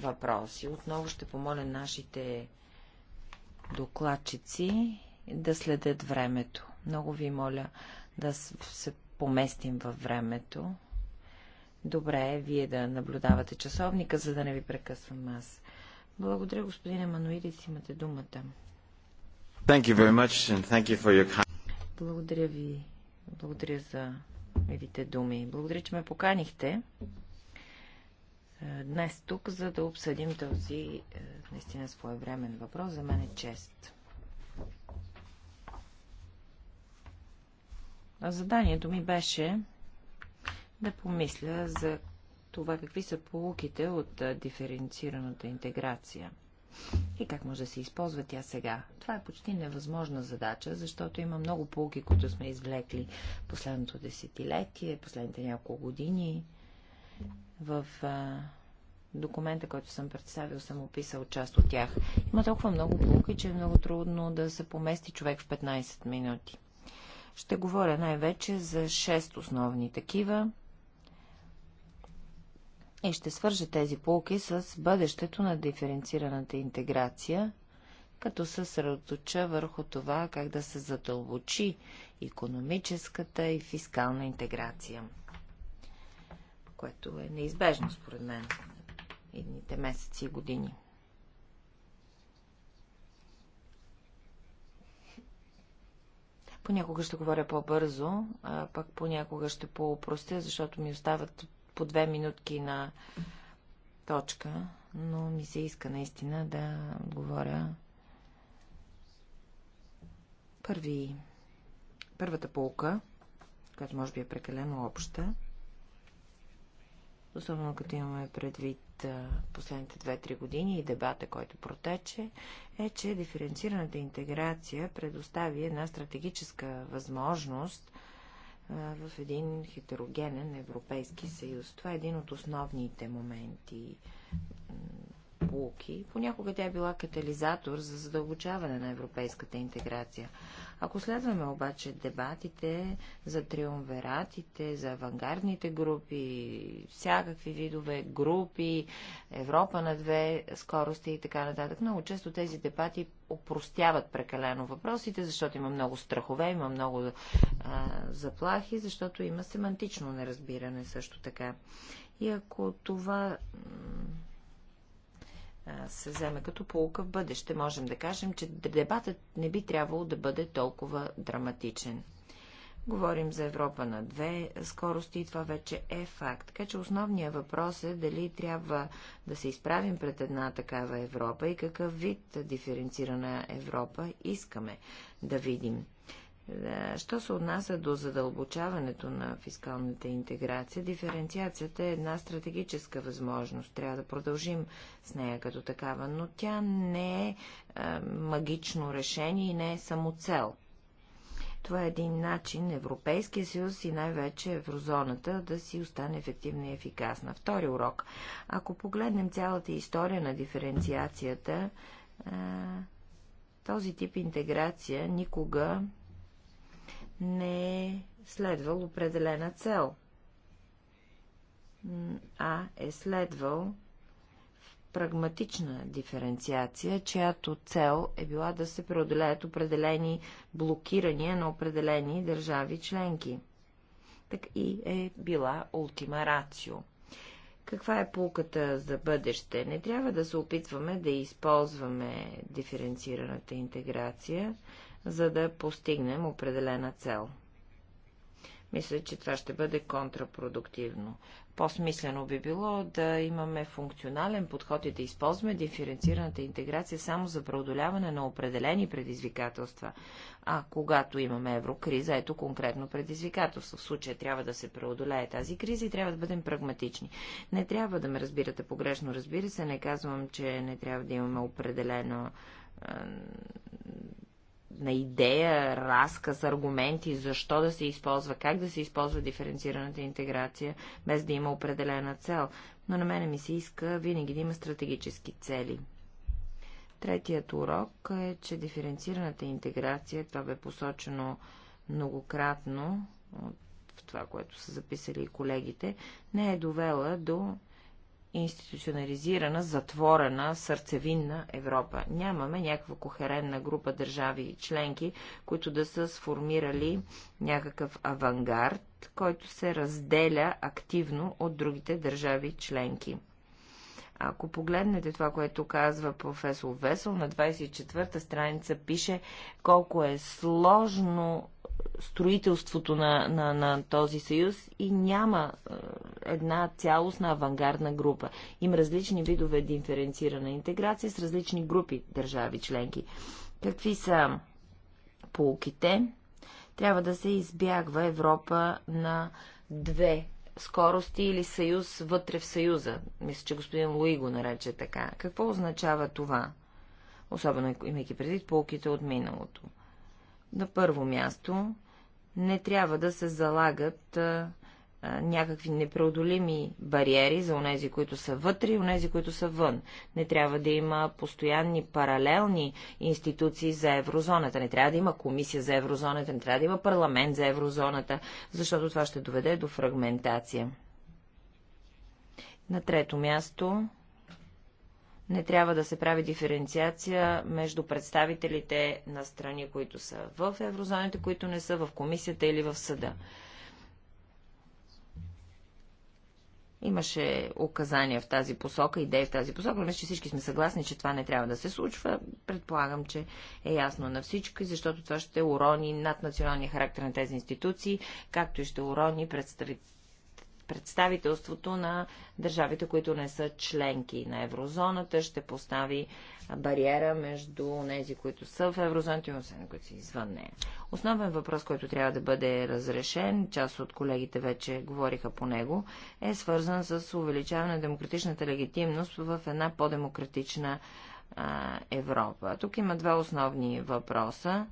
въпроси. Отново ще помоля нашите докладчици да следят времето. Много ви моля да се поместим във времето. Добре е вие да наблюдавате часовника, за да не ви прекъсвам аз. Благодаря, господин Емануидис, имате думата. Thank you very much and thank you for your... Благодаря ви. Благодаря за милите думи. Благодаря, че ме поканихте днес тук, за да обсъдим този е, наистина своевремен въпрос. За мен е чест. заданието ми беше да помисля за това какви са полуките от е, диференцираната интеграция и как може да се използва тя сега. Това е почти невъзможна задача, защото има много полуки, които сме извлекли последното десетилетие, последните няколко години. В а, документа, който съм представил, съм описал част от тях. Има толкова много полуки, че е много трудно да се помести човек в 15 минути. Ще говоря най-вече за 6 основни такива и ще свържа тези полки с бъдещето на диференцираната интеграция, като се съсредоточа върху това, как да се задълбочи економическата и фискална интеграция което е неизбежно според мен едните месеци и години. Понякога ще говоря по-бързо, а пък понякога ще по-упростя, защото ми остават по две минутки на точка, но ми се иска наистина да говоря първи, първата полка, която може би е прекалено обща, особено като имаме предвид последните 2-3 години и дебата, който протече, е, че диференцираната интеграция предостави една стратегическа възможност в един хетерогенен Европейски съюз. Това е един от основните моменти полуки. Понякога тя е била катализатор за задълбочаване на европейската интеграция. Ако следваме обаче дебатите за триумвератите, за авангардните групи, всякакви видове групи, Европа на две скорости и така нататък, много често тези дебати опростяват прекалено въпросите, защото има много страхове, има много а, заплахи, защото има семантично неразбиране също така. И ако това се вземе като полука в бъдеще. Можем да кажем, че дебатът не би трябвало да бъде толкова драматичен. Говорим за Европа на две скорости и това вече е факт. Така че основният въпрос е дали трябва да се изправим пред една такава Европа и какъв вид диференцирана Европа искаме да видим. Е, що се отнася до задълбочаването на фискалната интеграция, диференциацията е една стратегическа възможност. Трябва да продължим с нея като такава, но тя не е, е магично решение и не е самоцел. Това е един начин Европейския съюз и най-вече еврозоната да си остане ефективна и ефикасна. Втори урок. Ако погледнем цялата история на диференциацията, е, този тип интеграция никога не е следвал определена цел, а е следвал прагматична диференциация, чиято цел е била да се преодолеят определени блокирания на определени държави членки. Так и е била ултима рацио. Каква е полката за бъдеще? Не трябва да се опитваме да използваме диференцираната интеграция, за да постигнем определена цел. Мисля, че това ще бъде контрапродуктивно. По-смислено би било да имаме функционален подход и да използваме диференцираната интеграция само за преодоляване на определени предизвикателства. А когато имаме еврокриза, ето конкретно предизвикателство. В случая трябва да се преодолее тази криза и трябва да бъдем прагматични. Не трябва да ме разбирате погрешно, разбира се. Не казвам, че не трябва да имаме определено на идея, разказ, аргументи, защо да се използва, как да се използва диференцираната интеграция, без да има определена цел. Но на мене ми се иска винаги да има стратегически цели. Третият урок е, че диференцираната интеграция, това бе посочено многократно от това, което са записали и колегите, не е довела до институционализирана, затворена, сърцевинна Европа. Нямаме някаква кохеренна група държави и членки, които да са сформирали някакъв авангард, който се разделя активно от другите държави членки. Ако погледнете това, което казва професор Весел, на 24-та страница пише колко е сложно строителството на, на, на този съюз и няма е, една цялостна авангардна група. Има различни видове диференцирана интеграция с различни групи държави членки. Какви са полуките? Трябва да се избягва Европа на две скорости или съюз вътре в съюза. Мисля, че господин Луи го нарече така. Какво означава това? Особено имайки предвид полките от миналото. На първо място, не трябва да се залагат а, някакви непреодолими бариери за онези, които са вътре и онези, които са вън. Не трябва да има постоянни паралелни институции за еврозоната. Не трябва да има комисия за еврозоната, не трябва да има парламент за еврозоната, защото това ще доведе до фрагментация. На трето място не трябва да се прави диференциация между представителите на страни, които са в еврозоните, които не са в комисията или в съда. Имаше указания в тази посока, идеи в тази посока, но че всички сме съгласни, че това не трябва да се случва. Предполагам, че е ясно на всички, защото това ще урони над националния характер на тези институции, както и ще урони представителите представителството на държавите, които не са членки на еврозоната, ще постави бариера между тези, които са в еврозоната и освен, които са извън нея. Основен въпрос, който трябва да бъде разрешен, част от колегите вече говориха по него, е свързан с увеличаване на демократичната легитимност в една по-демократична Европа. Тук има два основни въпроса.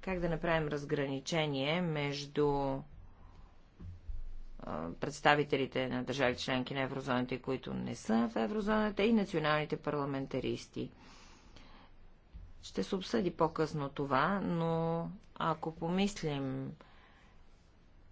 Как да направим разграничение между представителите на държави членки на еврозоната които не са в еврозоната и националните парламентаристи. Ще се обсъди по-късно това, но ако помислим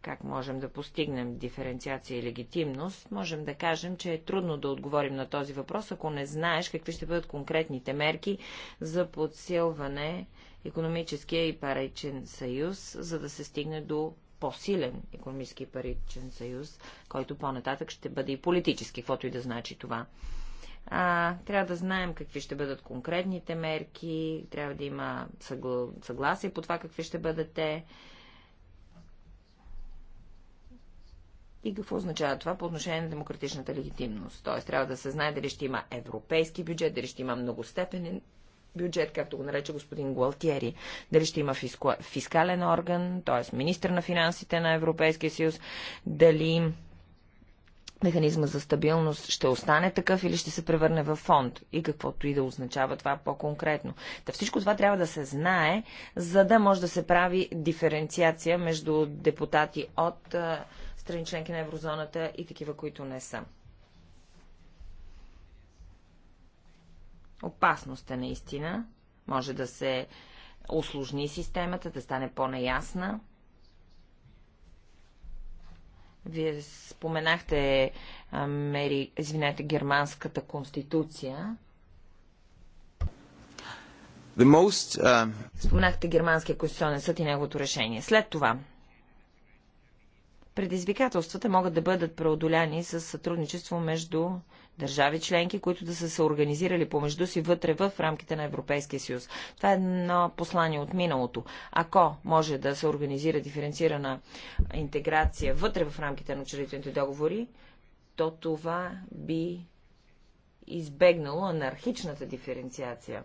как можем да постигнем диференциация и легитимност, можем да кажем, че е трудно да отговорим на този въпрос, ако не знаеш какви ще бъдат конкретните мерки за подсилване економическия и паричен съюз, за да се стигне до по-силен економически паричен съюз, който по-нататък ще бъде и политически, каквото и да значи това. А, трябва да знаем какви ще бъдат конкретните мерки, трябва да има съгла... съгласие по това какви ще бъдат те. И какво означава това по отношение на демократичната легитимност? Т.е. трябва да се знае дали ще има европейски бюджет, дали ще има многостепенен бюджет, както го нарече господин Гуалтиери. Дали ще има фиско... фискален орган, т.е. министр на финансите на Европейския съюз, дали механизма за стабилност ще остане такъв или ще се превърне в фонд и каквото и да означава това по-конкретно. Та всичко това трябва да се знае, за да може да се прави диференциация между депутати от страни членки на еврозоната и такива, които не са. Опасност е наистина. Може да се осложни системата, да стане по-неясна. Вие споменахте Мери, извинете, германската конституция. The most, uh... Споменахте германския конституционен съд и неговото решение. След това, предизвикателствата могат да бъдат преодоляни с сътрудничество между държави членки, които да са се организирали помежду си вътре в рамките на Европейския съюз. Това е едно послание от миналото. Ако може да се организира диференцирана интеграция вътре в рамките на учредителните договори, то това би избегнало анархичната диференциация.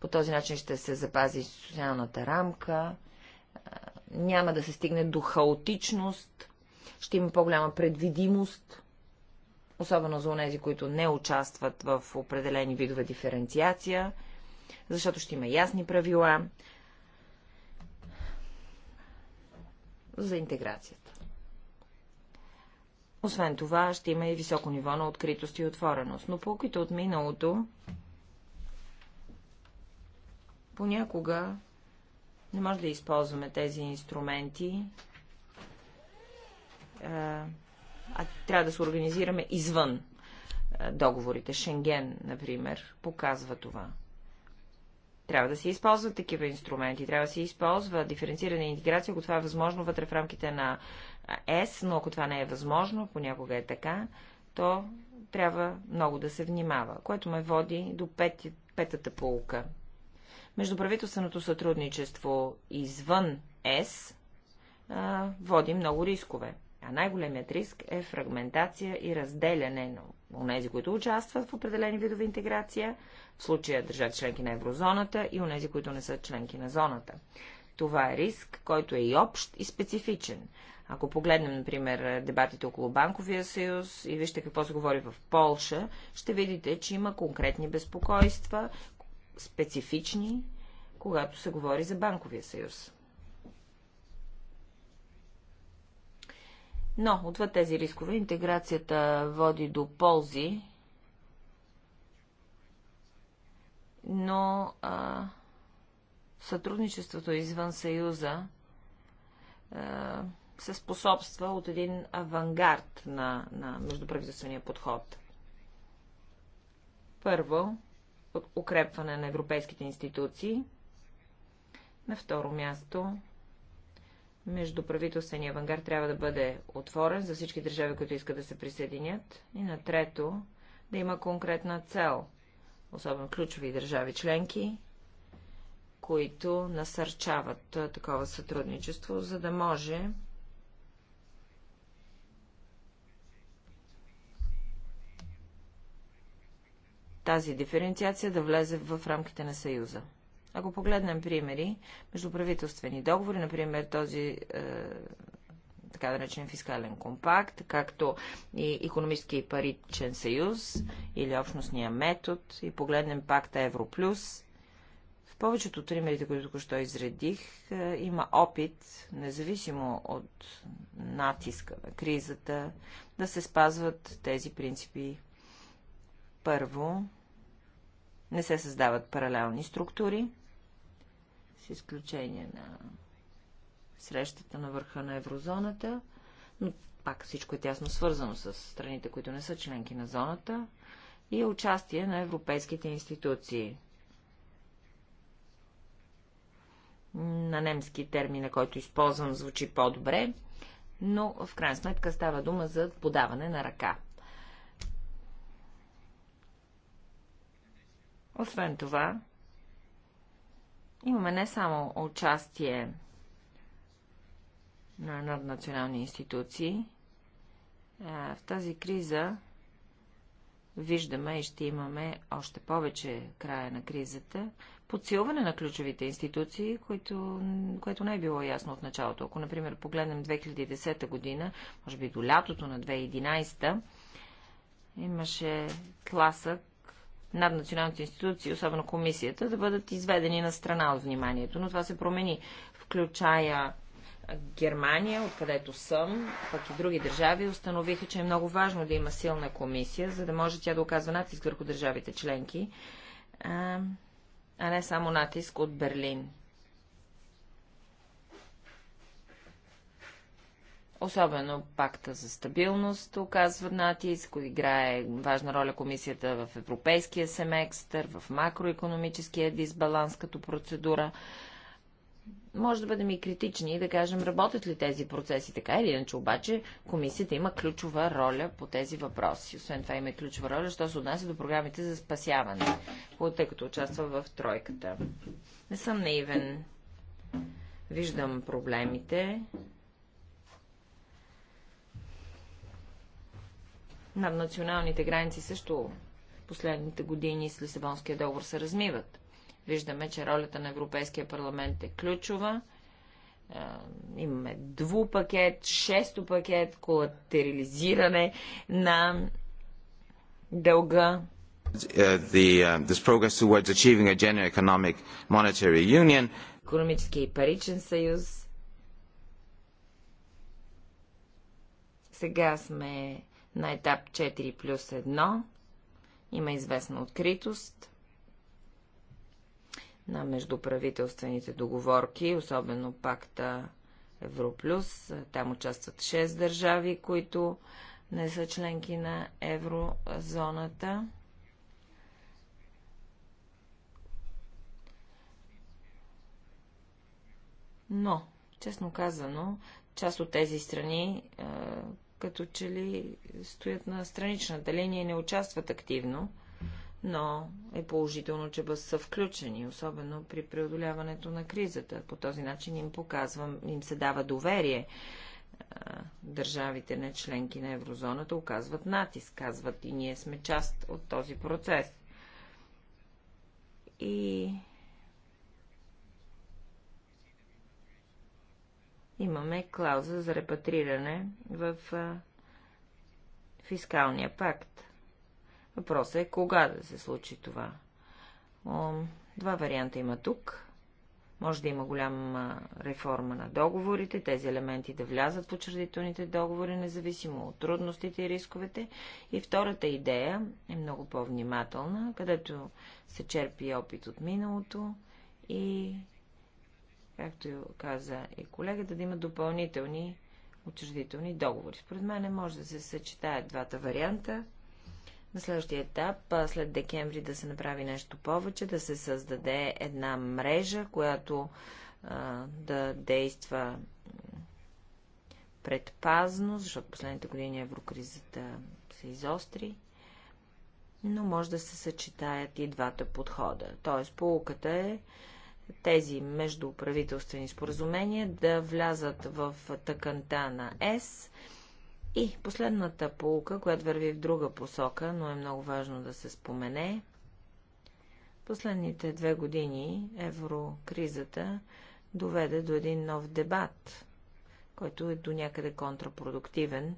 По този начин ще се запази социалната рамка, няма да се стигне до хаотичност, ще има по-голяма предвидимост особено за тези, които не участват в определени видове диференциация, защото ще има ясни правила за интеграцията. Освен това, ще има и високо ниво на откритост и отвореност. Но полките от миналото понякога не може да използваме тези инструменти а трябва да се организираме извън е, договорите. Шенген, например, показва това. Трябва да се използват такива инструменти, трябва да се използва диференцирана интеграция, ако това е възможно вътре в рамките на ЕС, но ако това не е възможно, понякога е така, то трябва много да се внимава, което ме води до пет, петата полука. Междуправителственото сътрудничество извън ЕС а, води много рискове. А най-големият риск е фрагментация и разделяне на унези, които участват в определени видове интеграция, в случая държави членки на еврозоната и онези, които не са членки на зоната. Това е риск, който е и общ, и специфичен. Ако погледнем, например, дебатите около Банковия съюз и вижте какво се говори в Полша, ще видите, че има конкретни безпокойства, специфични, когато се говори за Банковия съюз. Но, отвъд тези рискове, интеграцията води до ползи, но а, сътрудничеството извън Съюза а, се способства от един авангард на, на междуправителствения подход. Първо, укрепване на европейските институции. На второ място, Междуправителствения авангард трябва да бъде отворен за всички държави, които искат да се присъединят. И на трето, да има конкретна цел, особено ключови държави членки, които насърчават такова сътрудничество, за да може тази диференциация да влезе в рамките на Съюза. Ако погледнем примери, междуправителствени договори, например този е, така да речен фискален компакт, както и економически и паричен съюз или общностния метод и погледнем пакта Европлюс, в повечето от примерите, които току-що изредих, е, има опит, независимо от натиска на кризата, да се спазват тези принципи. Първо, не се създават паралелни структури, с изключение на срещата на върха на еврозоната, но пак всичко е тясно свързано с страните, които не са членки на зоната, и участие на европейските институции. На немски термина, който използвам, звучи по-добре, но в крайна сметка става дума за подаване на ръка. Освен това, Имаме не само участие на наднационални институции. Е, в тази криза виждаме и ще имаме още повече края на кризата, подсилване на ключовите институции, което, което не е било ясно от началото. Ако, например, погледнем 2010 година, може би до лятото на 2011, имаше тласък над националните институции, особено комисията, да бъдат изведени на страна от вниманието. Но това се промени. Включая Германия, откъдето съм, пък и други държави, установиха, че е много важно да има силна комисия, за да може тя да оказва натиск върху държавите членки, а не само натиск от Берлин. Особено пакта за стабилност оказва натиск, играе важна роля комисията в европейския семестър, в макроекономическия дисбаланс като процедура. Може да бъдем и критични и да кажем, работят ли тези процеси така или иначе, обаче комисията има ключова роля по тези въпроси. Освен това има и ключова роля, що се отнася до програмите за спасяване, тъй като участва в тройката. Не съм наивен. Виждам проблемите, над националните граници също последните години с Лисабонския договор се размиват. Виждаме, че ролята на Европейския парламент е ключова. Имаме двупакет, шесто пакет, колатерализиране на дълга. Uh, the, uh, Економически и паричен съюз. Сега сме на етап 4 плюс 1 има известна откритост на междуправителствените договорки, особено пакта Европлюс. Там участват 6 държави, които не са членки на еврозоната. Но, честно казано, част от тези страни като че ли стоят на страничната линия и не участват активно, но е положително, че бъс са включени, особено при преодоляването на кризата. По този начин им показвам, им се дава доверие. Държавите на членки на еврозоната оказват натиск, казват и ние сме част от този процес. И имаме клауза за репатриране в фискалния пакт. Въпросът е кога да се случи това. Два варианта има тук. Може да има голяма реформа на договорите, тези елементи да влязат в учредителните договори, независимо от трудностите и рисковете. И втората идея е много по-внимателна, където се черпи опит от миналото и както каза и колегата, да има допълнителни учредителни договори. Според мен може да се съчетаят двата варианта. На следващия етап, след декември, да се направи нещо повече, да се създаде една мрежа, която а, да действа предпазно, защото последните години еврокризата се изостри, но може да се съчетаят и двата подхода. Тоест, полуката е, тези междуправителствени споразумения да влязат в тъканта на ЕС. И последната полука, която върви в друга посока, но е много важно да се спомене. Последните две години еврокризата доведе до един нов дебат, който е до някъде контрапродуктивен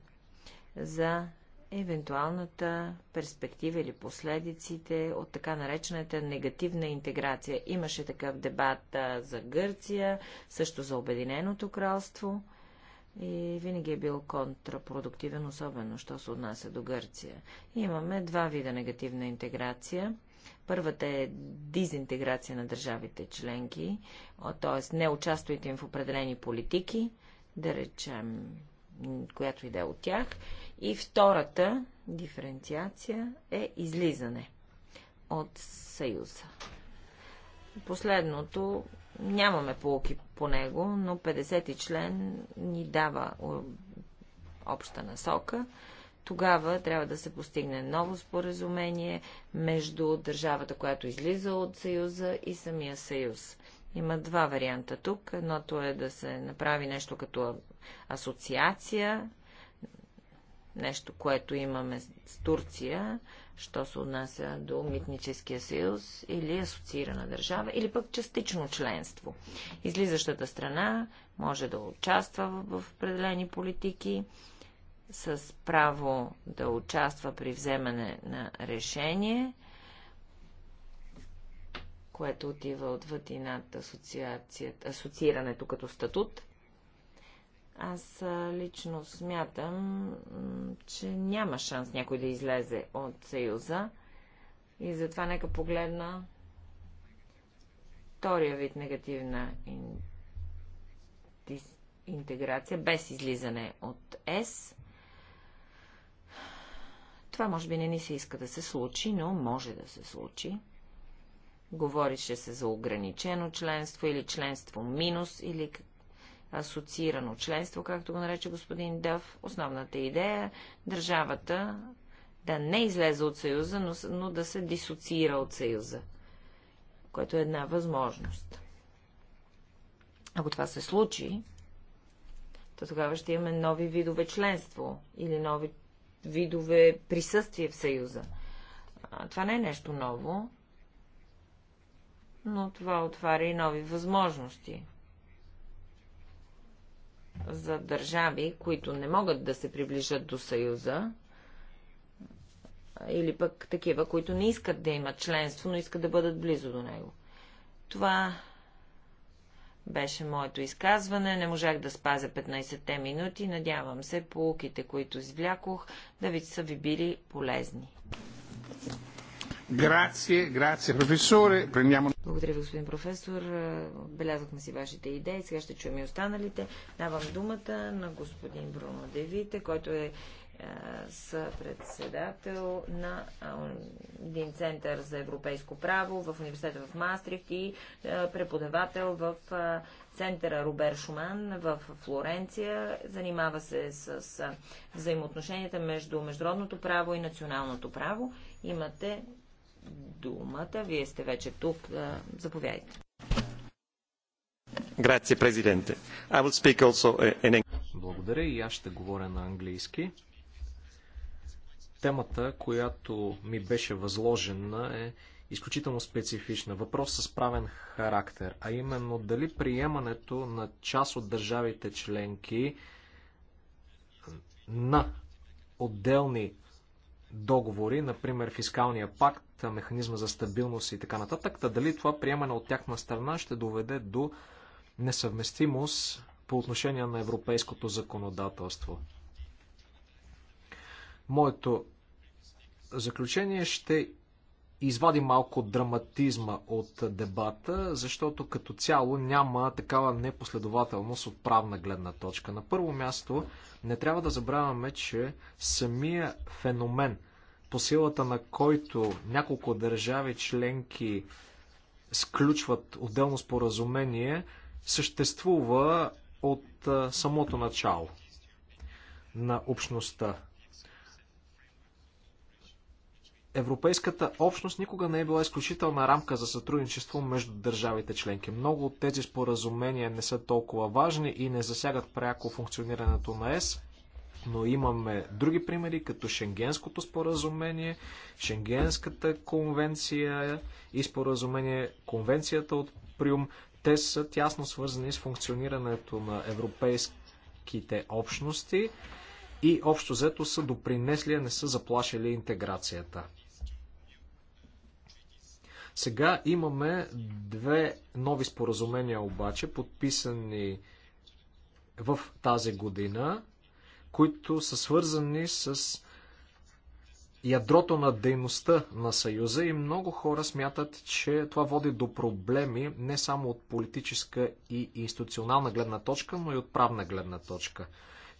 за евентуалната перспектива или последиците от така наречената негативна интеграция. Имаше такъв дебат за Гърция, също за Обединеното кралство и винаги е бил контрапродуктивен, особено, що се отнася до Гърция. Имаме два вида негативна интеграция. Първата е дизинтеграция на държавите членки, т.е. не участвайте им в определени политики, да речем, която иде от тях, и втората диференциация е излизане от Съюза. Последното нямаме полки по него, но 50-ти член ни дава обща насока. Тогава трябва да се постигне ново споразумение между държавата, която излиза от Съюза и самия Съюз. Има два варианта тук. Едното е да се направи нещо като асоциация Нещо, което имаме с Турция, що се отнася до Митническия съюз или асоциирана държава, или пък частично членство. Излизащата страна може да участва в определени политики, с право да участва при вземане на решение, което отива отвъд и над асоциирането като статут. Аз лично смятам, че няма шанс някой да излезе от Съюза и затова нека погледна втория вид негативна интеграция без излизане от ЕС. Това може би не ни се иска да се случи, но може да се случи. Говорише се за ограничено членство или членство минус или асоциирано членство, както го нарече господин Дъв. Основната идея е държавата да не излезе от Съюза, но, но да се дисоциира от Съюза, което е една възможност. Ако това се случи, то тогава ще имаме нови видове членство или нови видове присъствие в Съюза. Това не е нещо ново, но това отваря и нови възможности за държави, които не могат да се приближат до Съюза, или пък такива, които не искат да имат членство, но искат да бъдат близо до него. Това беше моето изказване. Не можах да спазя 15-те минути. Надявам се, полуките, които извлякох, да ви са ви били полезни. Грация, грация, професоре. Преминаваме. Благодаря ви, господин професор. Отбелязахме си вашите идеи. Сега ще чуем и останалите. Давам думата на господин Бруно Девите, който е съпредседател на един център за европейско право в университета в Мастрихт и преподавател в центъра Робер Шуман в Флоренция. Занимава се с взаимоотношенията между международното право и националното право. Имате думата. Вие сте вече тук. Заповядайте. Grazie, президенте, Благодаря и аз ще говоря на английски. Темата, която ми беше възложена е изключително специфична. Въпрос с правен характер, а именно дали приемането на част от държавите членки на отделни договори, например фискалния пакт, механизма за стабилност и така нататък, та дали това приемане от тяхна страна ще доведе до несъвместимост по отношение на европейското законодателство. Моето заключение ще извади малко драматизма от дебата, защото като цяло няма такава непоследователност от правна гледна точка. На първо място, не трябва да забравяме, че самия феномен, по силата на който няколко държави членки сключват отделно споразумение, съществува от самото начало на общността. Европейската общност никога не е била изключителна рамка за сътрудничество между държавите членки. Много от тези споразумения не са толкова важни и не засягат пряко функционирането на ЕС, но имаме други примери, като Шенгенското споразумение, Шенгенската конвенция и споразумение Конвенцията от Приум. Те са тясно свързани с функционирането на европейските общности и общо взето са допринесли, а не са заплашили интеграцията. Сега имаме две нови споразумения обаче, подписани в тази година, които са свързани с ядрото на дейността на Съюза и много хора смятат, че това води до проблеми не само от политическа и институционална гледна точка, но и от правна гледна точка.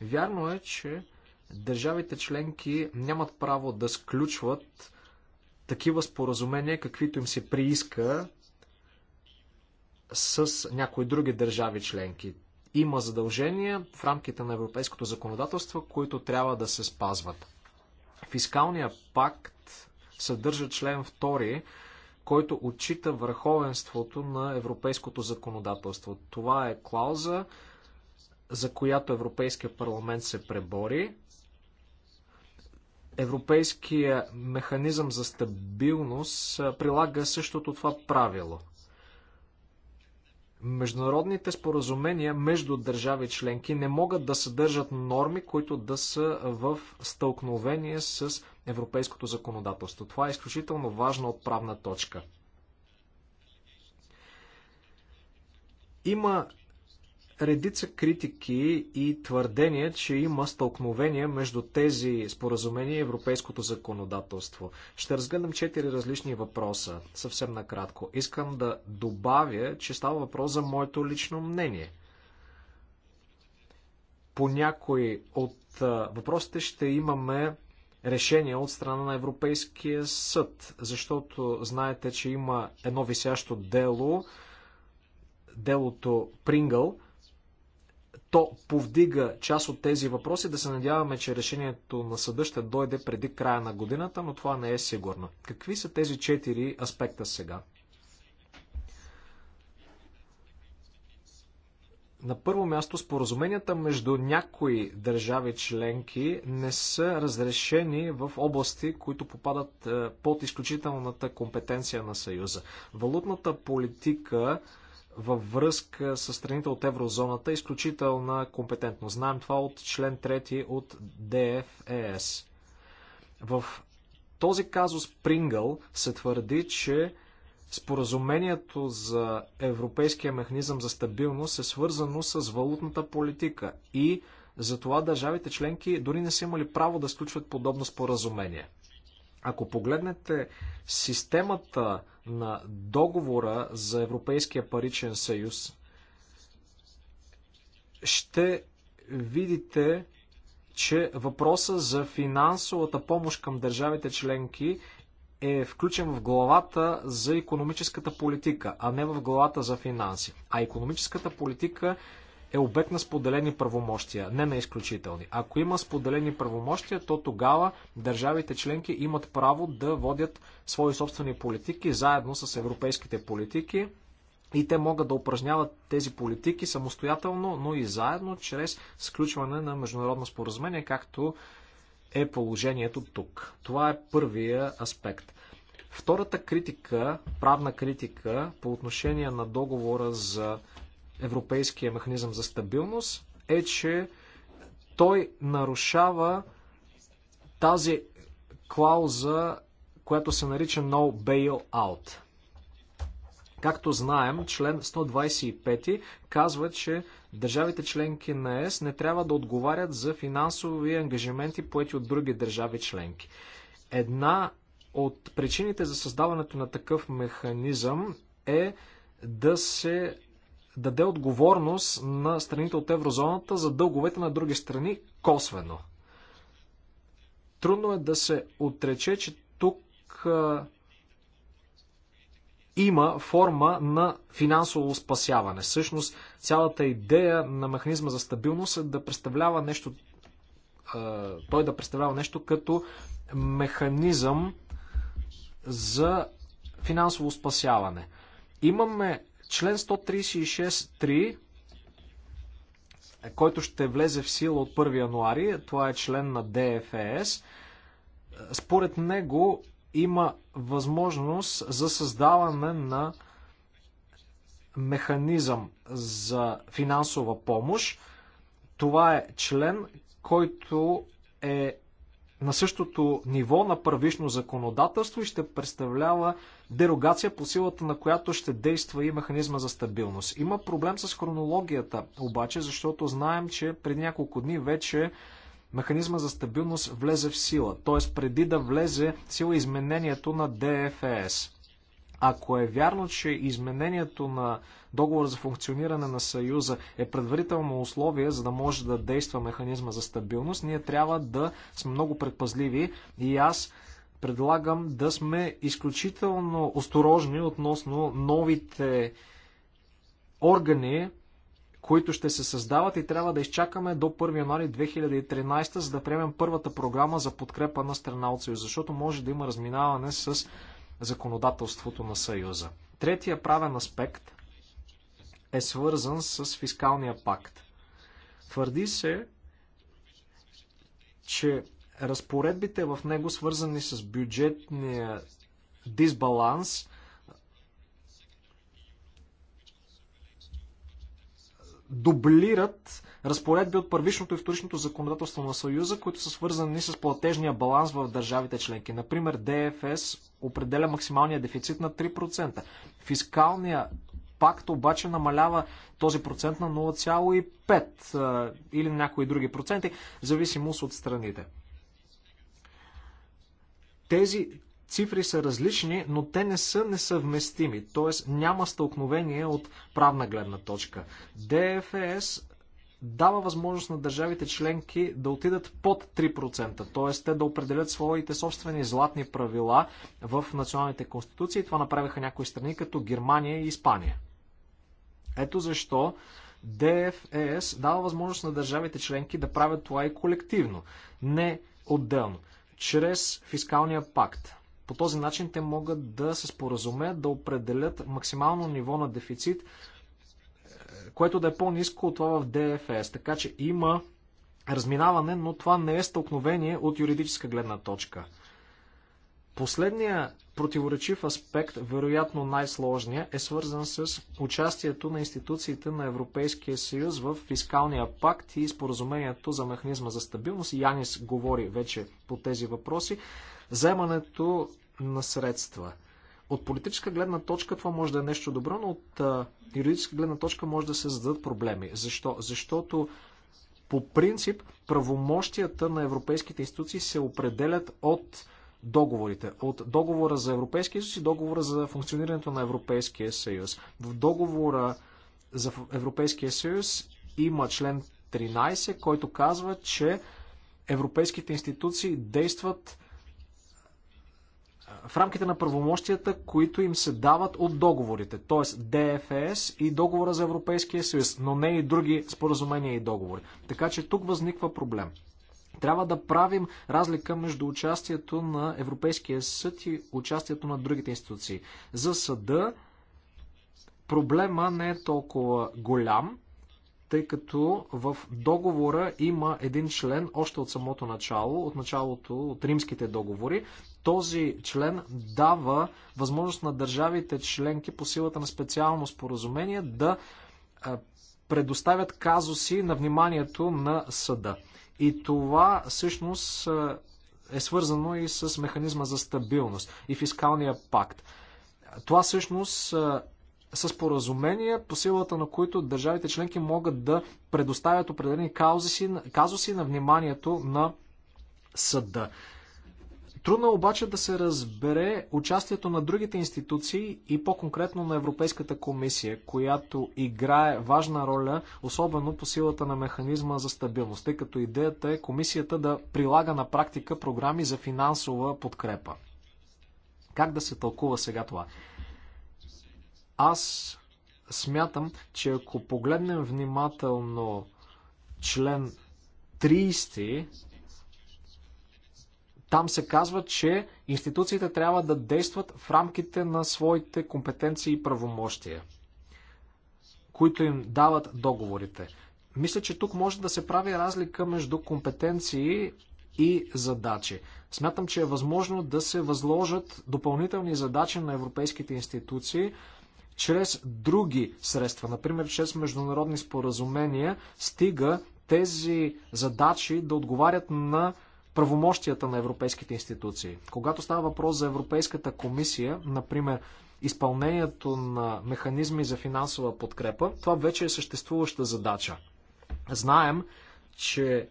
Вярно е, че държавите членки нямат право да сключват такива споразумения, каквито им се прииска с някои други държави членки. Има задължения в рамките на европейското законодателство, които трябва да се спазват. Фискалния пакт съдържа член 2, който отчита върховенството на европейското законодателство. Това е клауза, за която Европейския парламент се пребори. Европейския механизъм за стабилност прилага същото това правило. Международните споразумения между държави членки не могат да съдържат норми, които да са в стълкновение с европейското законодателство. Това е изключително важна отправна точка. Има редица критики и твърдения, че има стълкновения между тези споразумения и европейското законодателство. Ще разгледам четири различни въпроса, съвсем накратко. Искам да добавя, че става въпрос за моето лично мнение. По някои от въпросите ще имаме решение от страна на Европейския съд, защото знаете, че има едно висящо дело, делото Прингъл, то повдига част от тези въпроси. Да се надяваме, че решението на съда ще дойде преди края на годината, но това не е сигурно. Какви са тези четири аспекта сега? На първо място, споразуменията между някои държави членки не са разрешени в области, които попадат е, под изключителната компетенция на Съюза. Валутната политика във връзка с страните от еврозоната изключителна компетентност. Знаем това от член 3 от ДФЕС. В този казус Прингъл се твърди, че споразумението за Европейския механизъм за стабилност е свързано с валутната политика и затова държавите членки дори не са имали право да сключват подобно споразумение. Ако погледнете системата на договора за Европейския паричен съюз, ще видите, че въпроса за финансовата помощ към държавите членки е включен в главата за економическата политика, а не в главата за финанси. А економическата политика е обект на споделени правомощия, не на изключителни. Ако има споделени правомощия, то тогава държавите членки имат право да водят свои собствени политики заедно с европейските политики и те могат да упражняват тези политики самостоятелно, но и заедно чрез сключване на международно споразумение, както е положението тук. Това е първия аспект. Втората критика, правна критика по отношение на договора за Европейския механизъм за стабилност е, че той нарушава тази клауза, която се нарича No Bail-out. Както знаем, член 125 казва, че държавите членки на ЕС не трябва да отговарят за финансови ангажименти, поети от други държави членки. Една от причините за създаването на такъв механизъм е да се даде отговорност на страните от еврозоната за дълговете на други страни косвено. Трудно е да се отрече, че тук има форма на финансово спасяване. Същност, цялата идея на механизма за стабилност е да представлява нещо, той да представлява нещо като механизъм за финансово спасяване. Имаме Член 136.3, който ще влезе в сила от 1 януари, това е член на ДФС. според него има възможност за създаване на механизъм за финансова помощ. Това е член, който е на същото ниво на първишно законодателство и ще представлява дерогация по силата на която ще действа и механизма за стабилност. Има проблем с хронологията обаче, защото знаем, че преди няколко дни вече механизма за стабилност влезе в сила, т.е. преди да влезе в сила изменението на ДФС. Ако е вярно, че изменението на договор за функциониране на Съюза е предварително условие, за да може да действа механизма за стабилност, ние трябва да сме много предпазливи и аз предлагам да сме изключително осторожни относно новите органи, които ще се създават и трябва да изчакаме до 1 януари 2013, за да приемем първата програма за подкрепа на страна от Съюза, защото може да има разминаване с законодателството на Съюза. Третия правен аспект е свързан с фискалния пакт. Твърди се, че разпоредбите в него, свързани с бюджетния дисбаланс, дублират разпоредби от първичното и вторичното законодателство на Съюза, които са свързани с платежния баланс в държавите членки. Например, ДФС определя максималния дефицит на 3%. Фискалния пакт обаче намалява този процент на 0,5 или някои други проценти, в зависимост от страните. Тези цифри са различни, но те не са несъвместими, т.е. няма стълкновение от правна гледна точка. ДФС дава възможност на държавите членки да отидат под 3%, т.е. те да определят своите собствени златни правила в националните конституции. Това направиха някои страни, като Германия и Испания. Ето защо ДФС дава възможност на държавите членки да правят това и колективно, не отделно чрез фискалния пакт. По този начин те могат да се споразумеят да определят максимално ниво на дефицит, което да е по-низко от това в ДФС. Така че има разминаване, но това не е стълкновение от юридическа гледна точка. Последният противоречив аспект, вероятно най-сложния, е свързан с участието на институциите на Европейския съюз в фискалния пакт и споразумението за механизма за стабилност. Янис говори вече по тези въпроси. Заемането на средства. От политическа гледна точка това може да е нещо добро, но от а, юридическа гледна точка може да се зададат проблеми. Защо? Защото по принцип правомощията на европейските институции се определят от договорите. От договора за Европейския съюз и договора за функционирането на Европейския съюз. В договора за Европейския съюз има член 13, който казва, че европейските институции действат в рамките на правомощията, които им се дават от договорите, т.е. ДФС и договора за Европейския съюз, но не и други споразумения и договори. Така че тук възниква проблем. Трябва да правим разлика между участието на Европейския съд и участието на другите институции. За съда проблема не е толкова голям, тъй като в договора има един член още от самото начало, от началото от римските договори. Този член дава възможност на държавите членки по силата на специално споразумение да предоставят казуси на вниманието на съда. И това всъщност е свързано и с механизма за стабилност и фискалния пакт. Това всъщност са споразумения, по силата на които държавите членки могат да предоставят определени казуси, казуси на вниманието на съда. Трудно е обаче да се разбере участието на другите институции и по-конкретно на Европейската комисия, която играе важна роля, особено по силата на механизма за стабилност, тъй като идеята е комисията да прилага на практика програми за финансова подкрепа. Как да се тълкува сега това? Аз смятам, че ако погледнем внимателно член 30 там се казва, че институциите трябва да действат в рамките на своите компетенции и правомощия, които им дават договорите. Мисля, че тук може да се прави разлика между компетенции и задачи. Смятам, че е възможно да се възложат допълнителни задачи на европейските институции чрез други средства, например чрез международни споразумения, стига тези задачи да отговарят на правомощията на европейските институции. Когато става въпрос за Европейската комисия, например, изпълнението на механизми за финансова подкрепа, това вече е съществуваща задача. Знаем, че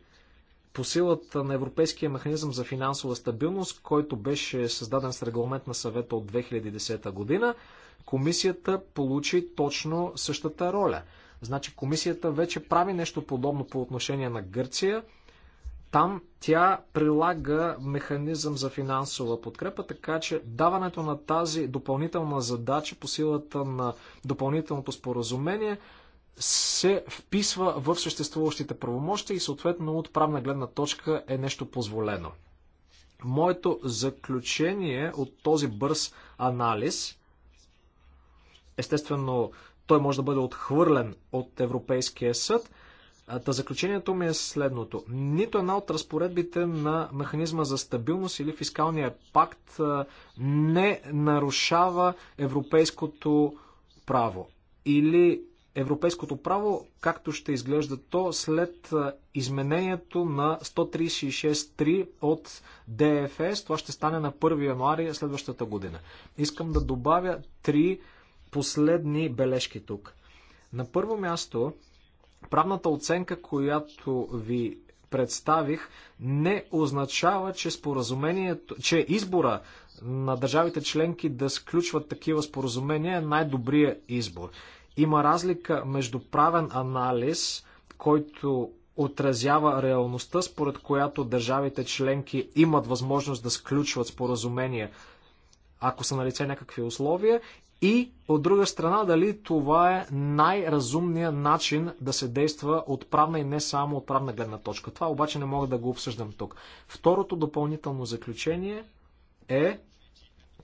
по силата на Европейския механизъм за финансова стабилност, който беше създаден с регламент на съвета от 2010 година, комисията получи точно същата роля. Значи комисията вече прави нещо подобно по отношение на Гърция, там тя прилага механизъм за финансова подкрепа, така че даването на тази допълнителна задача по силата на допълнителното споразумение се вписва в съществуващите правомощи и съответно от правна гледна точка е нещо позволено. Моето заключение от този бърз анализ, естествено той може да бъде отхвърлен от Европейския съд – Та заключението ми е следното. Нито една от разпоредбите на механизма за стабилност или фискалния пакт не нарушава европейското право. Или европейското право, както ще изглежда то след изменението на 136.3 от ДФС. Това ще стане на 1 януари следващата година. Искам да добавя три последни бележки тук. На първо място, Правната оценка, която ви представих, не означава, че споразумението, че избора на държавите членки да сключват такива споразумения е най-добрият избор. Има разлика между правен анализ, който отразява реалността, според която държавите членки имат възможност да сключват споразумения, ако са налице някакви условия, и от друга страна дали това е най-разумният начин да се действа от правна и не само от правна гледна точка. Това обаче не мога да го обсъждам тук. Второто допълнително заключение е,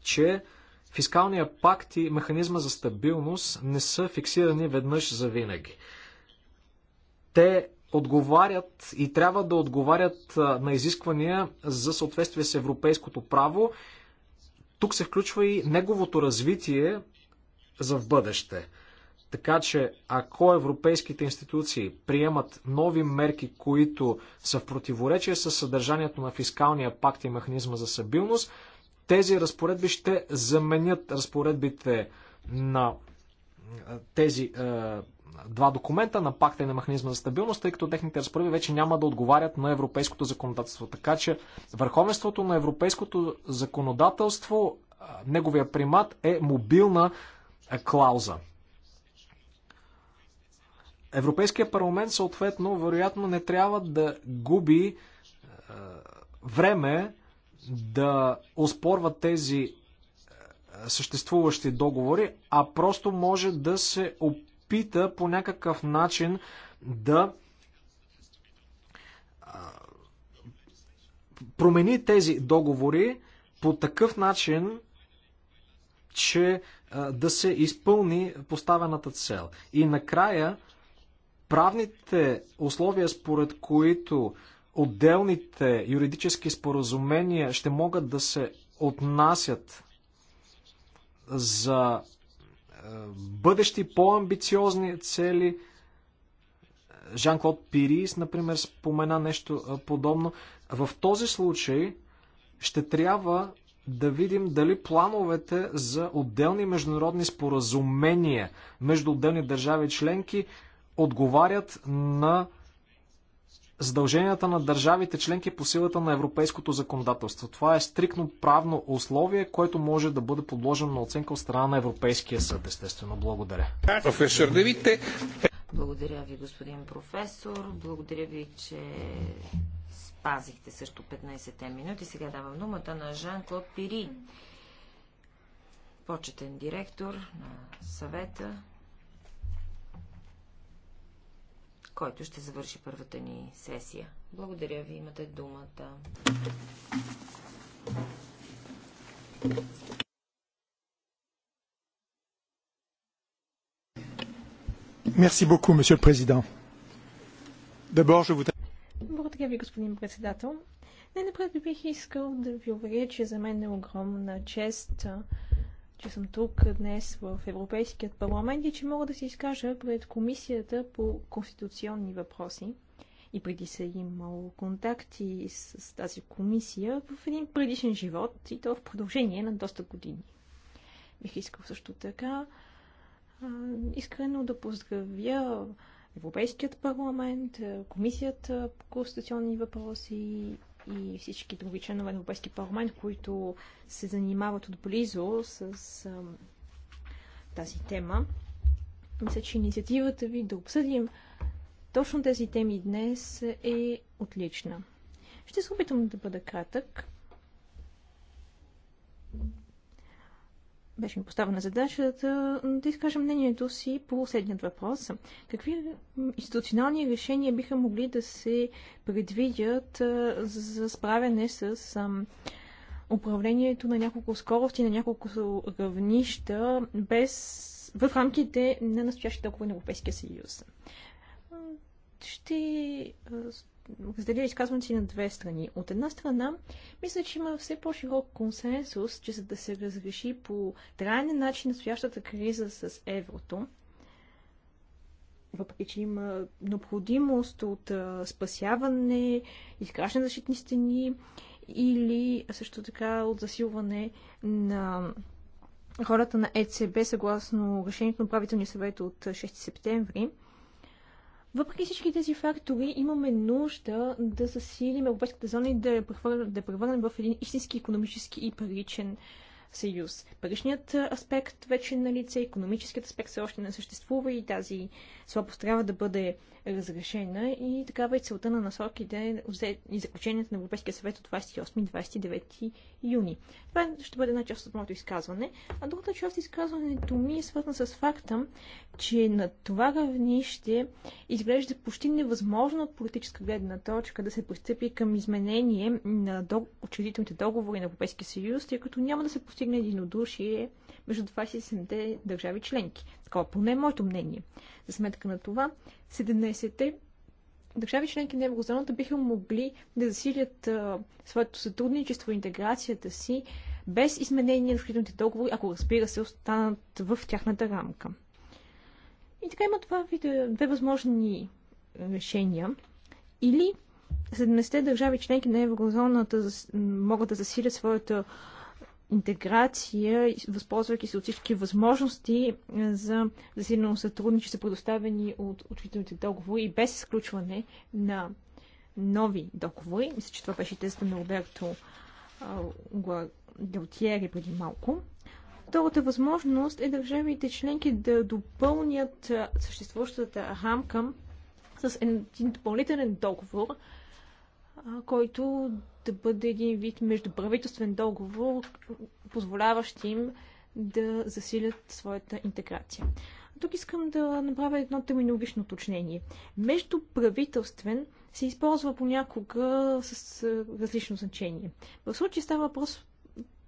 че фискалния пакт и механизма за стабилност не са фиксирани веднъж за винаги. Те отговарят и трябва да отговарят на изисквания за съответствие с европейското право тук се включва и неговото развитие за в бъдеще. Така че, ако европейските институции приемат нови мерки, които са в противоречие с съдържанието на фискалния пакт и механизма за стабилност, тези разпоредби ще заменят разпоредбите на тези е, два документа на пакта и на механизма за стабилност, тъй като техните разправи вече няма да отговарят на европейското законодателство. Така че върховенството на европейското законодателство, неговия примат е мобилна клауза. Европейския парламент съответно вероятно не трябва да губи е, време да оспорва тези съществуващи договори, а просто може да се опитва опита по някакъв начин да промени тези договори по такъв начин, че да се изпълни поставената цел. И накрая, правните условия, според които отделните юридически споразумения ще могат да се отнасят за бъдещи по-амбициозни цели. Жан-Клод Пирис, например, спомена нещо подобно. В този случай ще трябва да видим дали плановете за отделни международни споразумения между отделни държави членки отговарят на задълженията на държавите членки по силата на европейското законодателство. Това е стрикно правно условие, което може да бъде подложено на оценка от страна на Европейския съд, естествено. Благодаря. Професор Девите. Благодаря ви, господин професор. Благодаря ви, че спазихте също 15-те минути. Сега давам думата на Жан-Клод Пири, почетен директор на съвета който ще завърши първата ни сесия. Благодаря ви, имате думата. Merci beaucoup, monsieur le président. D'abord, je vous... Благодаря ви, господин председател. Не, напред бих искал да ви уверя, че за мен е огромна чест че съм тук днес в Европейският парламент и че мога да се изкажа пред Комисията по конституционни въпроси. И преди са имал контакти с тази комисия в един предишен живот и то в продължение на доста години. Бих искал също така искрено да поздравя Европейският парламент, Комисията по конституционни въпроси и всички други членове на Европейски парламент, които се занимават отблизо с а, тази тема. Мисля, че инициативата ви да обсъдим точно тези теми днес е отлична. Ще се опитам да бъда кратък беше ми поставена задачата да изкажа мнението си по следният въпрос. Какви институционални решения биха могли да се предвидят за справяне с управлението на няколко скорости, на няколко равнища, без, в рамките на настоящите договор на Европейския съюз? Ще разделили изказването си на две страни. От една страна, мисля, че има все по-широк консенсус, че за да се разреши по траен начин настоящата криза с еврото, въпреки че има необходимост от а, спасяване, изграждане на защитни стени или също така от засилване на хората на ЕЦБ съгласно решението на правителния съвет от 6 септември. Въпреки всички тези фактори, имаме нужда да засилим Европейската зона и да я превърнем, да превърнем в един истински економически и паричен съюз. Паричният аспект вече е на лице, економическият аспект все още не съществува и тази слабост трябва да бъде разрешена и такава е целта на насоките и заключението на Европейския съвет от 28-29 юни. Това ще бъде една част от моето изказване. А другата част от изказването ми е свързана с факта, че на това равнище изглежда почти невъзможно от политическа гледна точка да се пристъпи към изменение на учредителните договори на Европейския съюз, тъй като няма да се постигне единодушие между 27-те държави членки. Такова поне е моето мнение. За сметка на това, 17-те държави членки на еврозоната биха могли да засилят а, своето сътрудничество и интеграцията си без изменение на сключените договори, ако разбира се останат в тяхната рамка. И така има това виде, две възможни решения. Или 70 държави членки на еврозоната могат да засилят своята интеграция, възползвайки се от всички възможности е, за засилено сътрудничество, предоставени от учителните договори и без изключване на нови договори. Мисля, че това беше теста на Роберто Делтиери преди малко. Втората възможност е държавите членки да допълнят съществуващата рамка с един допълнителен договор, който да бъде един вид междуправителствен договор, позволяващ им да засилят своята интеграция. Тук искам да направя едно терминологично уточнение. Междуправителствен се използва понякога с различно значение. В случай става въпрос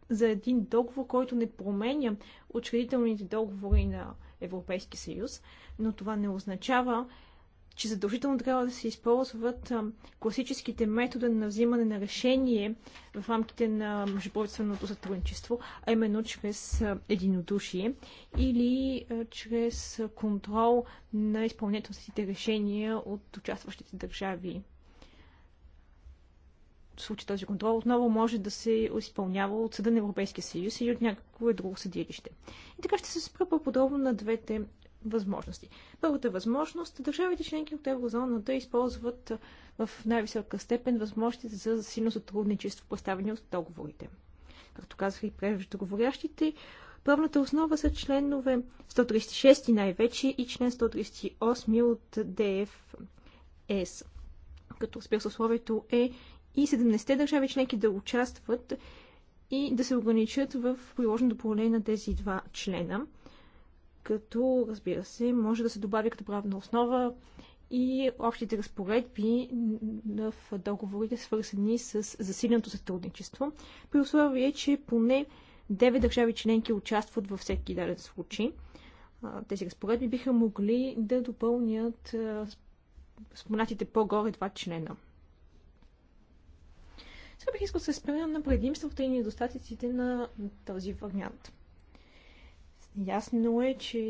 за един договор, който не променя учредителните договори на Европейския съюз, но това не означава, че задължително трябва да се използват класическите методи на взимане на решение в рамките на междуправителственото сътрудничество, а именно чрез единодушие или чрез контрол на изпълнителните решения от участващите държави. В случай този контрол отново може да се изпълнява от Съда на Европейския съюз или от някакво друго съдилище. И така ще се спра по-подробно на двете възможности. Първата възможност държавите членки от еврозоната използват в най-висока степен възможностите за засилено сътрудничество, поставени от договорите. Както казах и преждоговорящите, правната основа са членове 136 най-вече и член 138 от ДФС. Като успех с условието е и 70-те държави членки да участват и да се ограничат в приложено поле на тези два члена – като, разбира се, може да се добави като правна основа и общите разпоредби в договорите, свързани с засиленото сътрудничество, при условие, че поне 9 държави членки участват във всеки даден случай. Тези разпоредби биха могли да допълнят споменатите по-горе два члена. Сега бих искал да се спра на предимствата и недостатъците на този вариант. Ясно е, че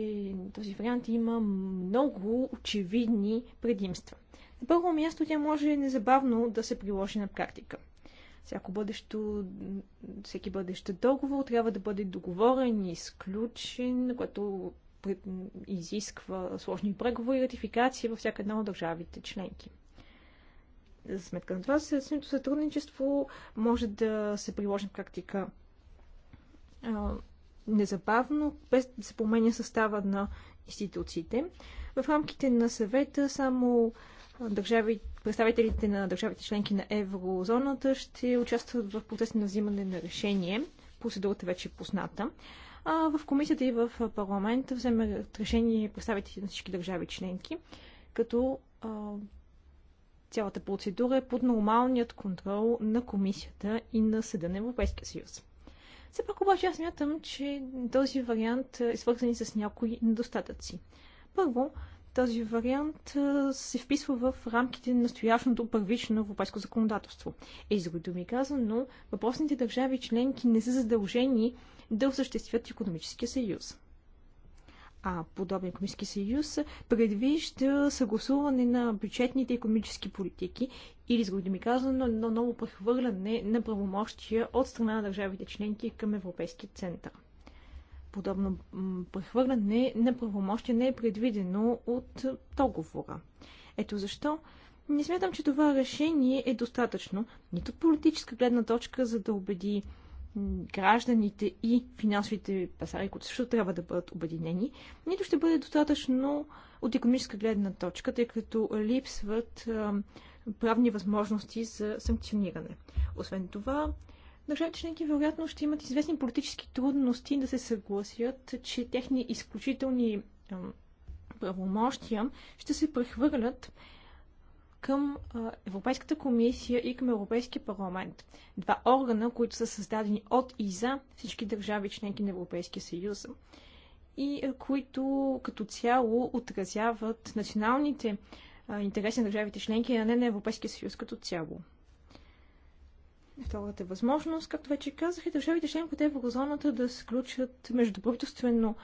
този вариант има много очевидни предимства. На първо място тя може незабавно да се приложи на практика. Всяко бъдещо, всеки бъдещ договор трябва да бъде договорен и изключен, което изисква сложни преговори и ратификации във всяка една от държавите членки. За сметка на това, съседното сътрудничество може да се приложи на практика незабавно, без да се променя състава на институциите. В рамките на съвета само държави, представителите на държавите членки на еврозоната ще участват в процес на взимане на решение. Процедурата е вече е позната. А в комисията и в парламента вземат решение представителите на всички държави членки, като а, цялата процедура е под нормалният контрол на комисията и на Съда на Европейския съюз. Все пак обаче аз мятам, че този вариант е свързан и с някои недостатъци. Първо, този вариант се вписва в рамките на настоящото първично европейско законодателство. Е, ми думи казано, въпросните държави членки не са задължени да осъществят економическия съюз а подобен економически съюз предвижда съгласуване на бюджетните економически политики или, с ми казано, едно ново прехвърляне на правомощия от страна на държавите членки към Европейския център. Подобно прехвърляне на правомощия не е предвидено от договора. Ето защо не смятам, че това решение е достатъчно нито от политическа гледна точка, за да убеди гражданите и финансовите пазари, които също трябва да бъдат обединени, нито ще бъде достатъчно от економическа гледна точка, тъй като липсват правни възможности за санкциониране. Освен това, държавите членки вероятно ще имат известни политически трудности да се съгласят, че техни изключителни правомощия ще се прехвърлят към Европейската комисия и към Европейския парламент. Два органа, които са създадени от и за всички държави членки на Европейския съюз и които като цяло отразяват националните интереси на държавите членки, а не на Европейския съюз като цяло. Втората възможност, както вече казах, е държавите членки от еврозоната да сключат междуправителствено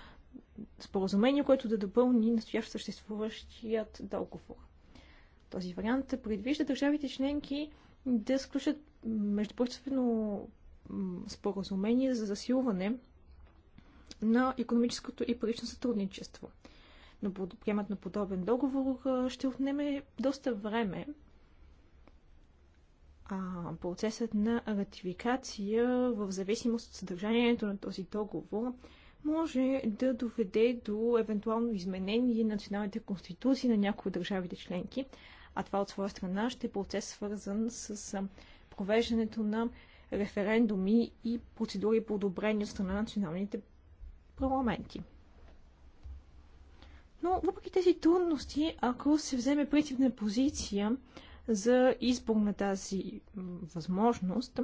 споразумение, което да допълни настоящ съществуващият договор. Този вариант предвижда държавите членки да сключат междуправителствено споразумение за засилване на економическото и парично сътрудничество. Но приемат на подобен договор ще отнеме доста време. А процесът на ратификация, в зависимост от съдържанието на този договор, може да доведе до евентуално изменение на националните конституции на някои от държавите членки, а това от своя страна ще е процес свързан с провеждането на референдуми и процедури по одобрение от страна на националните парламенти. Но въпреки тези трудности, ако се вземе принципна позиция за избор на тази възможност,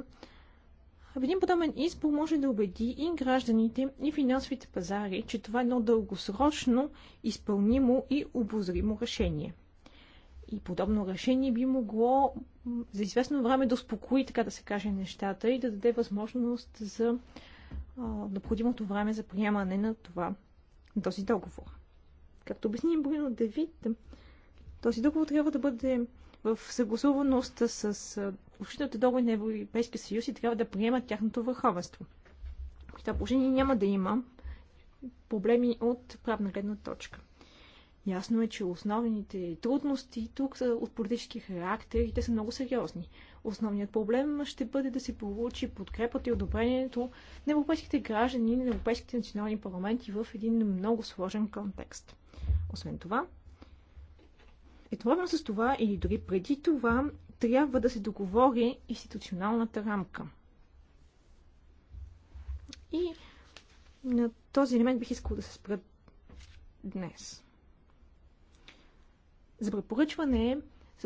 един подобен избор може да убеди и гражданите, и финансовите пазари, че това е едно дългосрочно, изпълнимо и обозримо решение – и подобно решение би могло за известно време да успокои, така да се каже, нещата и да даде възможност за а, необходимото време за приемане на това, този договор. Както обясни Борино Девид, този договор трябва да бъде в съгласуваност с общината договори на Европейския съюз и трябва да приемат тяхното върховенство. В това положение няма да има проблеми от правна гледна точка. Ясно е, че основните трудности тук са от политически характер и те са много сериозни. Основният проблем ще бъде да се получи подкрепата и одобрението на европейските граждани и на европейските национални парламенти в един много сложен контекст. Освен това, едновременно с това или дори преди това, трябва да се договори институционалната рамка. И на този елемент бих искал да се спра днес за препоръчване е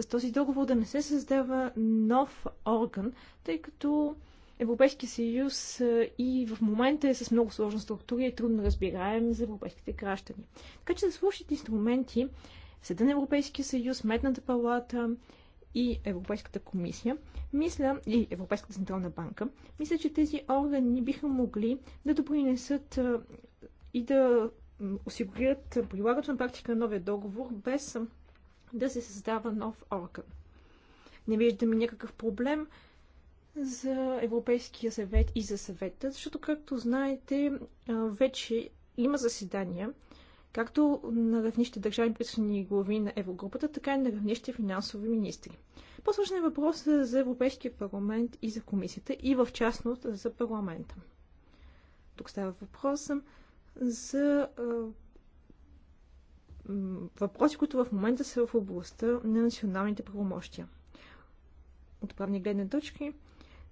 с този договор да не се създава нов орган, тъй като Европейския съюз и в момента е с много сложна структура и е трудно разбираем за европейските граждани. Така че да слушат инструменти Съда на Европейския съюз, Медната палата и Европейската комисия, мисля, и Европейската централна банка, мисля, че тези органи биха могли да допринесат и да осигурят прилагането на практика на новия договор без да се създава нов орган. Не виждаме някакъв проблем за Европейския съвет и за съвета, защото, както знаете, вече има заседания, както на равнище държавни председни глави на Еврогрупата, така и на равнище финансови министри. По-сложен е въпросът за Европейския парламент и за комисията, и в частност за парламента. Тук става въпрос за въпроси, които в момента са в областта на националните правомощия. От правни гледна точки,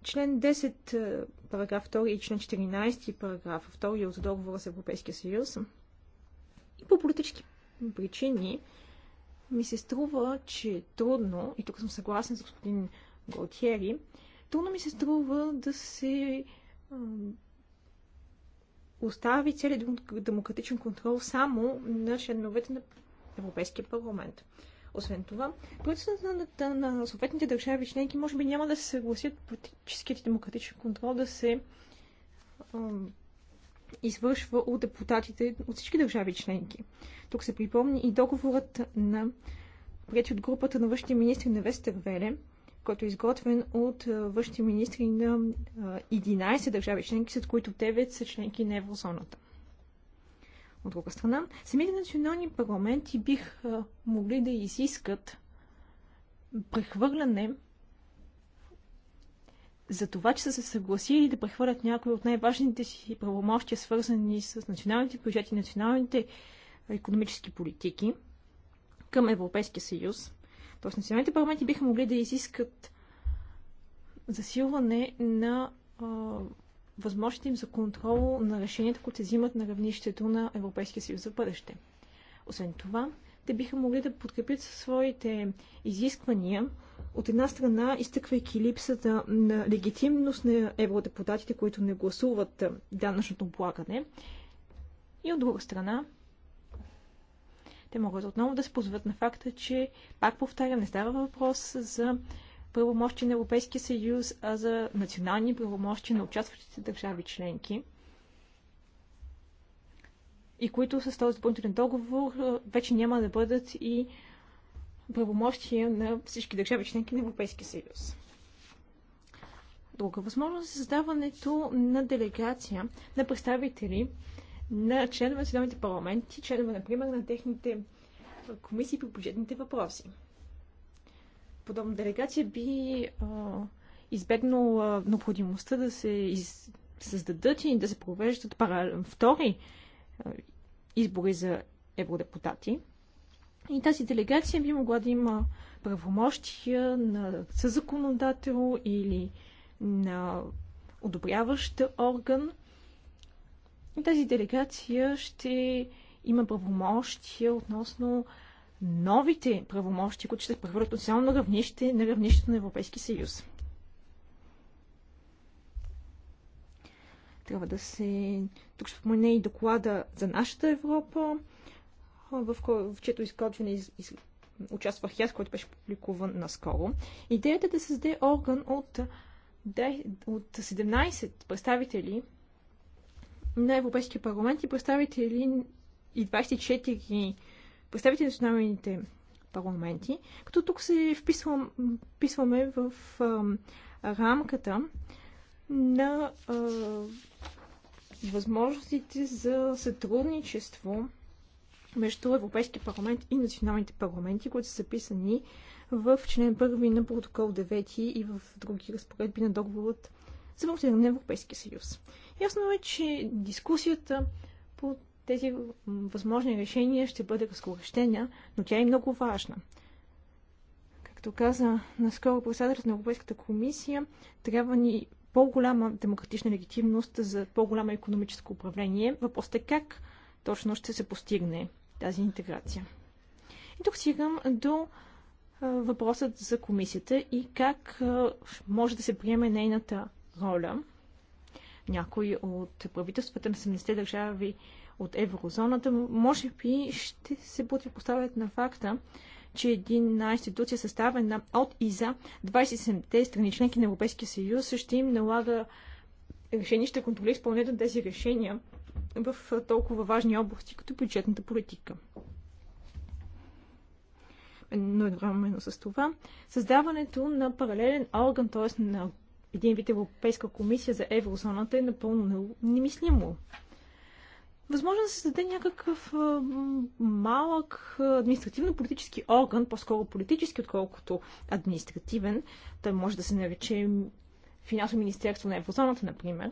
член 10, е, параграф 2 и член 14, параграф 2 от договора с Европейския съюз и по политически причини ми се струва, че е трудно, и тук съм съгласен с господин Голтиери, трудно ми се струва да се остави целият демократичен контрол само на членовете на Европейския парламент. Освен това, правителствата на съответните държави членки може би няма да се съгласят политическият демократичен контрол да се извършва от депутатите от всички държави членки. Тук се припомни и договорът на прияти от групата на външните министри на Веле който е изготвен от външни министри на 11 държави членки, след които 9 са членки на еврозоната. От друга страна, самите национални парламенти бих могли да изискат прехвърляне за това, че са се съгласили да прехвърлят някои от най-важните си правомощия, свързани с националните бюджети, националните економически политики към Европейския съюз. Тоест националните парламенти биха могли да изискат засилване на а, възможности им за контрол на решенията, които се взимат на равнището на Европейския съюз за бъдеще. Освен това, те биха могли да подкрепят своите изисквания, от една страна, изтъквайки липсата на легитимност на евродепутатите, които не гласуват данъчното облагане, и от друга страна, те могат отново да се позват на факта, че, пак повтарям, не става въпрос за правомощи на Европейския съюз, а за национални правомощи на участващите държави членки и които с този допълнителен договор вече няма да бъдат и правомощия на всички държави членки на Европейския съюз. Друга възможност е създаването на делегация на представители на членове на националните парламенти, членове, например, на техните комисии по бюджетните въпроси. Подобна делегация би избегнала необходимостта да се из... създадат и да се провеждат пара... втори избори за евродепутати. И тази делегация би могла да има правомощия на съзаконодател или на одобряващ орган – тази делегация ще има правомощия относно новите правомощи, които ще се превърнат национално равнище на равнището на Европейски съюз. Трябва да се... Тук ще спомене и доклада за нашата Европа, в, ко... в чето изкочване из... из... участвах аз, който беше публикуван наскоро. Идеята е да създаде орган от, от 17 представители на Европейския парламент и представители и 24 представители на националните парламенти, като тук се вписвам, вписваме в а, рамката на а, възможностите за сътрудничество между Европейския парламент и националните парламенти, които са записани в член 1 на протокол 9 и в други разпоредби на договорът за функциониране на Европейския съюз. Ясно е, че дискусията по тези възможни решения ще бъде разкорещена, но тя е много важна. Както каза наскоро председателят на Европейската комисия, трябва ни по-голяма демократична легитимност за по-голямо економическо управление. Въпросът е как точно ще се постигне тази интеграция. И тук стигам до въпросът за комисията и как може да се приеме нейната роля някои от правителствата на 70 държави от еврозоната, може би ще се противопоставят на факта, че една институция, съставена от и за 27-те страни членки на Европейския съюз, ще им налага решения, ще контролира изпълнението на тези решения в толкова важни области, като бюджетната политика. Но едновременно с това, създаването на паралелен орган, т.е. на един вид Европейска комисия за еврозоната е напълно немислимо. Възможно е да се създаде някакъв малък административно-политически орган, по-скоро политически, отколкото административен. Той може да се нарече финансово министерство на еврозоната, например.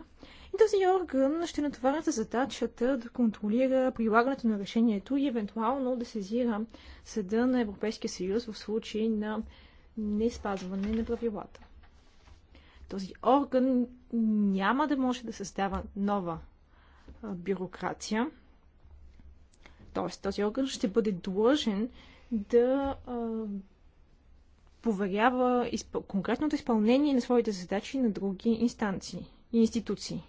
И този орган ще натоваря за задачата да контролира прилагането на решението и евентуално да сезира съда на Европейския съюз в случай на неспазване на правилата този орган няма да може да създава нова бюрокрация. Тоест, този орган ще бъде длъжен да поверява конкретното изпълнение на своите задачи на други инстанции и институции.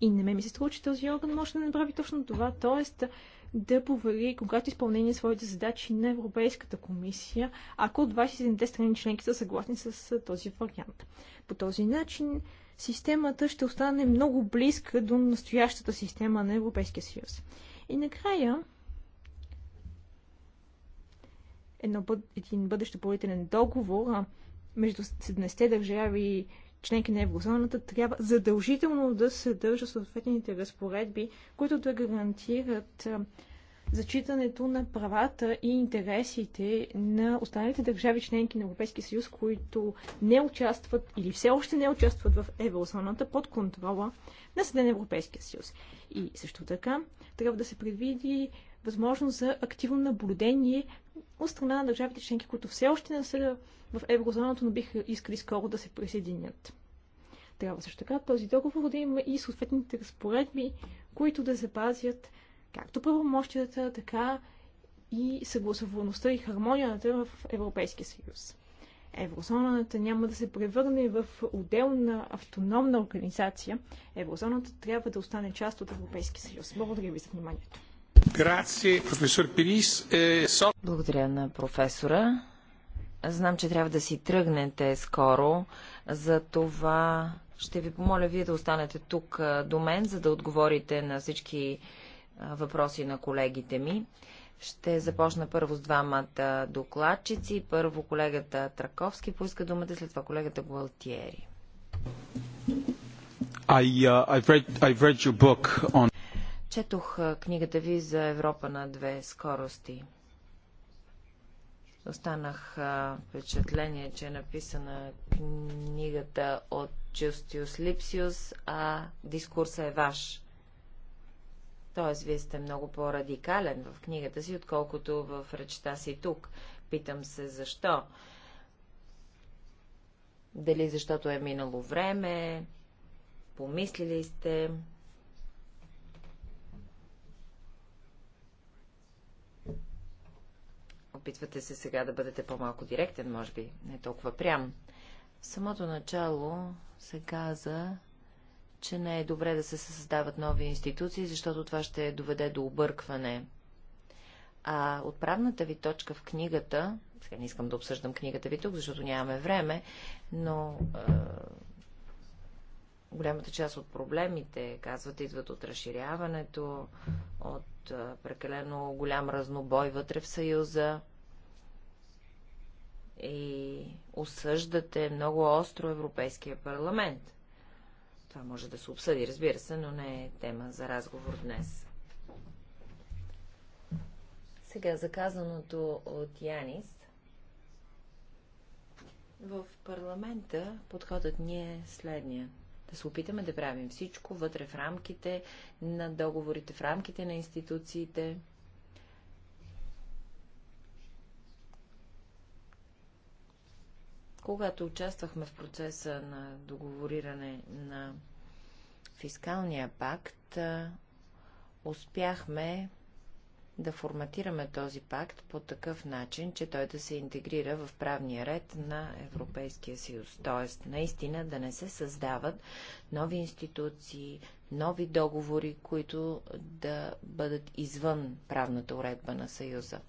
И не ме ми се струва, че този орган може да направи точно това, т.е да повери когато изпълнение своите задачи на Европейската комисия, ако 27-те страни членки са съгласни с този вариант. По този начин системата ще остане много близка до настоящата система на Европейския съюз. И накрая, едно, един бъдещ допълнителен договор между 17 държави членки на еврозоната, трябва задължително да съдържа съответните разпоредби, които да гарантират зачитането на правата и интересите на останалите държави членки на Европейския съюз, които не участват или все още не участват в еврозоната под контрола на Съда Европейския съюз. И също така трябва да се предвиди възможност за активно наблюдение от страна на държавите членки, които все още не са в еврозоната, но биха искали скоро да се присъединят. Трябва също така този договор да има и съответните разпоредби, които да запазят както правомощията, така и съгласоваността и хармонията в Европейския съюз. Еврозоната няма да се превърне в отделна автономна организация. Еврозоната трябва да остане част от Европейския съюз. Благодаря ви за вниманието. Е, Благодаря на професора. Знам, че трябва да си тръгнете скоро, за това ще ви помоля вие да останете тук до мен, за да отговорите на всички въпроси на колегите ми. Ще започна първо с двамата докладчици. Първо колегата Траковски поиска думата, след това колегата Гуалтиери. I, uh, I've read, I've read on... Четох книгата ви за Европа на две скорости. Останах впечатление, че е написана книгата от Джустиус Липсиус, а дискурса е ваш. Тоест, вие сте много по-радикален в книгата си, отколкото в речта си тук. Питам се защо. Дали защото е минало време, помислили сте, Опитвате се сега да бъдете по-малко директен, може би, не толкова прям. В самото начало се каза, че не е добре да се създават нови институции, защото това ще доведе до объркване. А отправната ви точка в книгата, сега не искам да обсъждам книгата ви тук, защото нямаме време, но е, голямата част от проблемите, казвате, идват от разширяването, от е, прекалено голям разнобой вътре в Съюза, и осъждате много остро Европейския парламент. Това може да се обсъди, разбира се, но не е тема за разговор днес. Сега заказаното от Янис. В парламента подходът ни е следния. Да се опитаме да правим всичко вътре в рамките на договорите, в рамките на институциите, Когато участвахме в процеса на договориране на фискалния пакт, успяхме да форматираме този пакт по такъв начин, че той да се интегрира в правния ред на Европейския съюз. Тоест, наистина да не се създават нови институции, нови договори, които да бъдат извън правната уредба на съюза.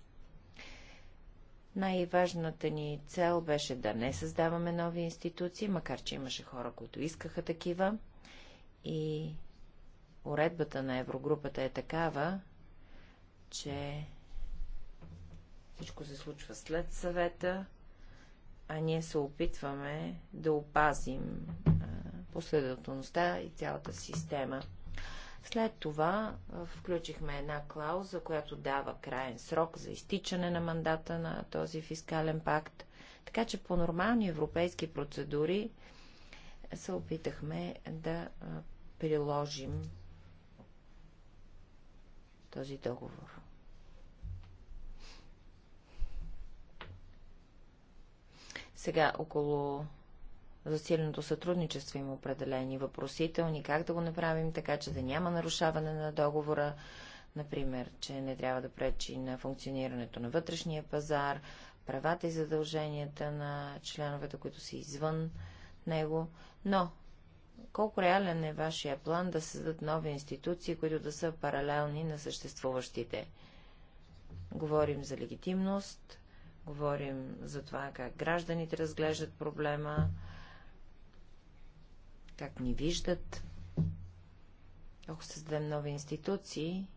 Най-важната ни цел беше да не създаваме нови институции, макар че имаше хора, които искаха такива. И уредбата на Еврогрупата е такава, че всичко се случва след съвета, а ние се опитваме да опазим последователността и цялата система. След това включихме една клауза, която дава краен срок за изтичане на мандата на този фискален пакт. Така че по нормални европейски процедури се опитахме да приложим този договор. Сега около засиленото сътрудничество има определени въпросителни, как да го направим така, че да няма нарушаване на договора, например, че не трябва да пречи на функционирането на вътрешния пазар, правата и задълженията на членовете, които са извън него. Но, колко реален е вашия план да създадат нови институции, които да са паралелни на съществуващите? Говорим за легитимност, говорим за това как гражданите разглеждат проблема, как ни виждат. Ако създадем нови институции,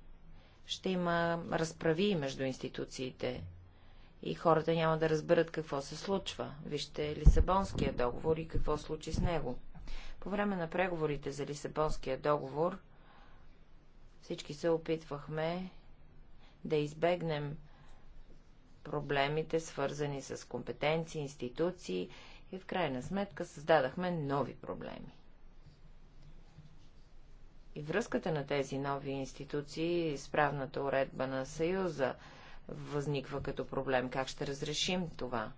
ще има разправи между институциите и хората няма да разберат какво се случва. Вижте Лисабонския договор и какво случи с него. По време на преговорите за Лисабонския договор всички се опитвахме да избегнем проблемите, свързани с компетенции, институции и в крайна сметка създадахме нови проблеми и връзката на тези нови институции с правната уредба на Съюза възниква като проблем. Как ще разрешим това?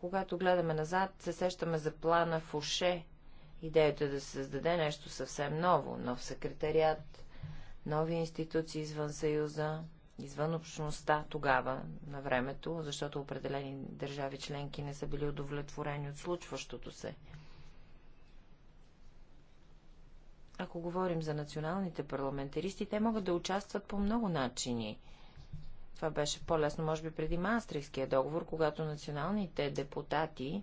Когато гледаме назад, се сещаме за плана Фуше. Идеята е да се създаде нещо съвсем ново. Нов секретариат, нови институции извън Съюза, извън общността тогава, на времето, защото определени държави членки не са били удовлетворени от случващото се – Ако говорим за националните парламентаристи, те могат да участват по много начини. Това беше по-лесно, може би, преди Маастрихския договор, когато националните депутати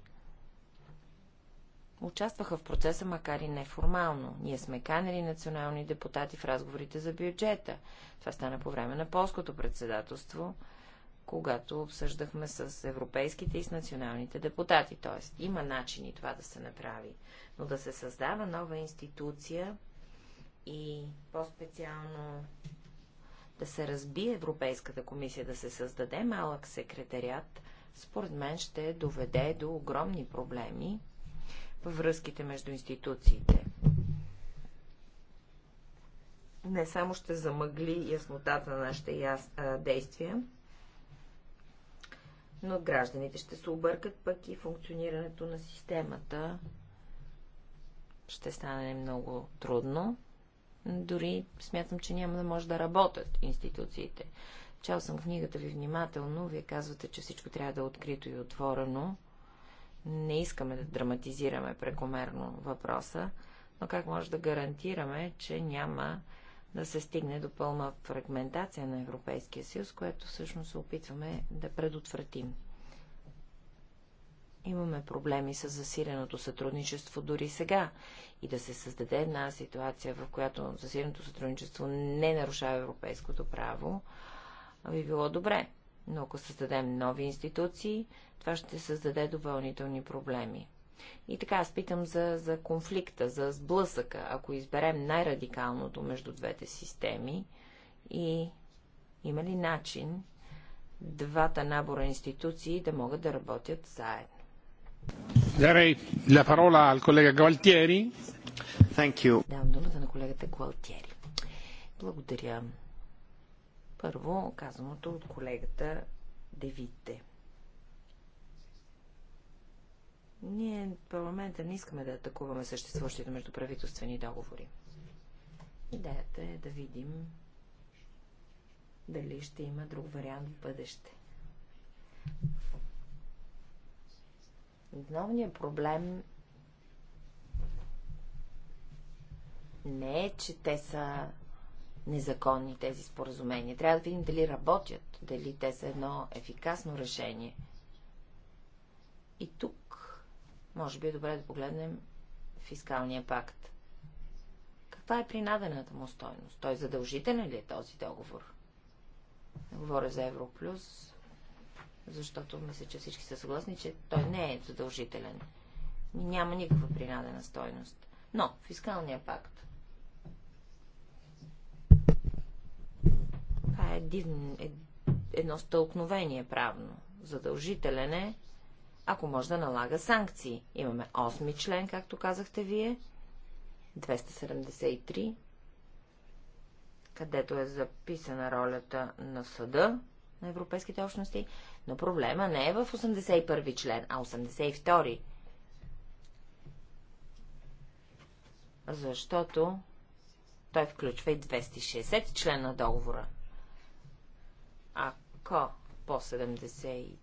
участваха в процеса, макар и неформално. Ние сме канали национални депутати в разговорите за бюджета. Това стана по време на полското председателство, когато обсъждахме с европейските и с националните депутати. Тоест, има начини това да се направи. Но да се създава нова институция, и по-специално да се разбие Европейската комисия, да се създаде малък секретариат, според мен ще доведе до огромни проблеми във връзките между институциите. Не само ще замъгли яснотата на нашите яс... действия, но гражданите ще се объркат пък и функционирането на системата ще стане много трудно дори смятам, че няма да може да работят институциите. Чел съм книгата ви внимателно. Вие казвате, че всичко трябва да е открито и отворено. Не искаме да драматизираме прекомерно въпроса, но как може да гарантираме, че няма да се стигне до пълна фрагментация на Европейския съюз, което всъщност се опитваме да предотвратим. Имаме проблеми с засиленото сътрудничество дори сега. И да се създаде една ситуация, в която засиленото сътрудничество не нарушава европейското право, би било добре. Но ако създадем нови институции, това ще създаде допълнителни проблеми. И така, аз питам за, за конфликта, за сблъсъка, ако изберем най-радикалното между двете системи и има ли начин двата набора институции да могат да работят заедно. Дарей, la parola al collega Gualtieri. Thank you. Давам думата на колегата Гуалтиери. Благодаря. Първо, казаното от колегата Девите. Ние в парламента не искаме да атакуваме съществуващите междуправителствени договори. Идеята е да видим дали ще има друг вариант в бъдеще. Основният проблем не е, че те са незаконни тези споразумения. Трябва да видим дали работят, дали те са едно ефикасно решение. И тук, може би е добре да погледнем фискалния пакт. Каква е принадената му стойност? Той задължителен ли е този договор? говоря за Европлюс, защото мисля, че всички са съгласни, че той не е задължителен. Няма никаква принадена стойност. Но фискалния пакт. Това е един, е, едно стълкновение правно. Задължителен е, ако може да налага санкции. Имаме 8-ми член, както казахте вие, 273, където е записана ролята на съда на европейските общности но проблема не е в 81 член, а 82. Защото той включва и 260 член на договора. Ако по 73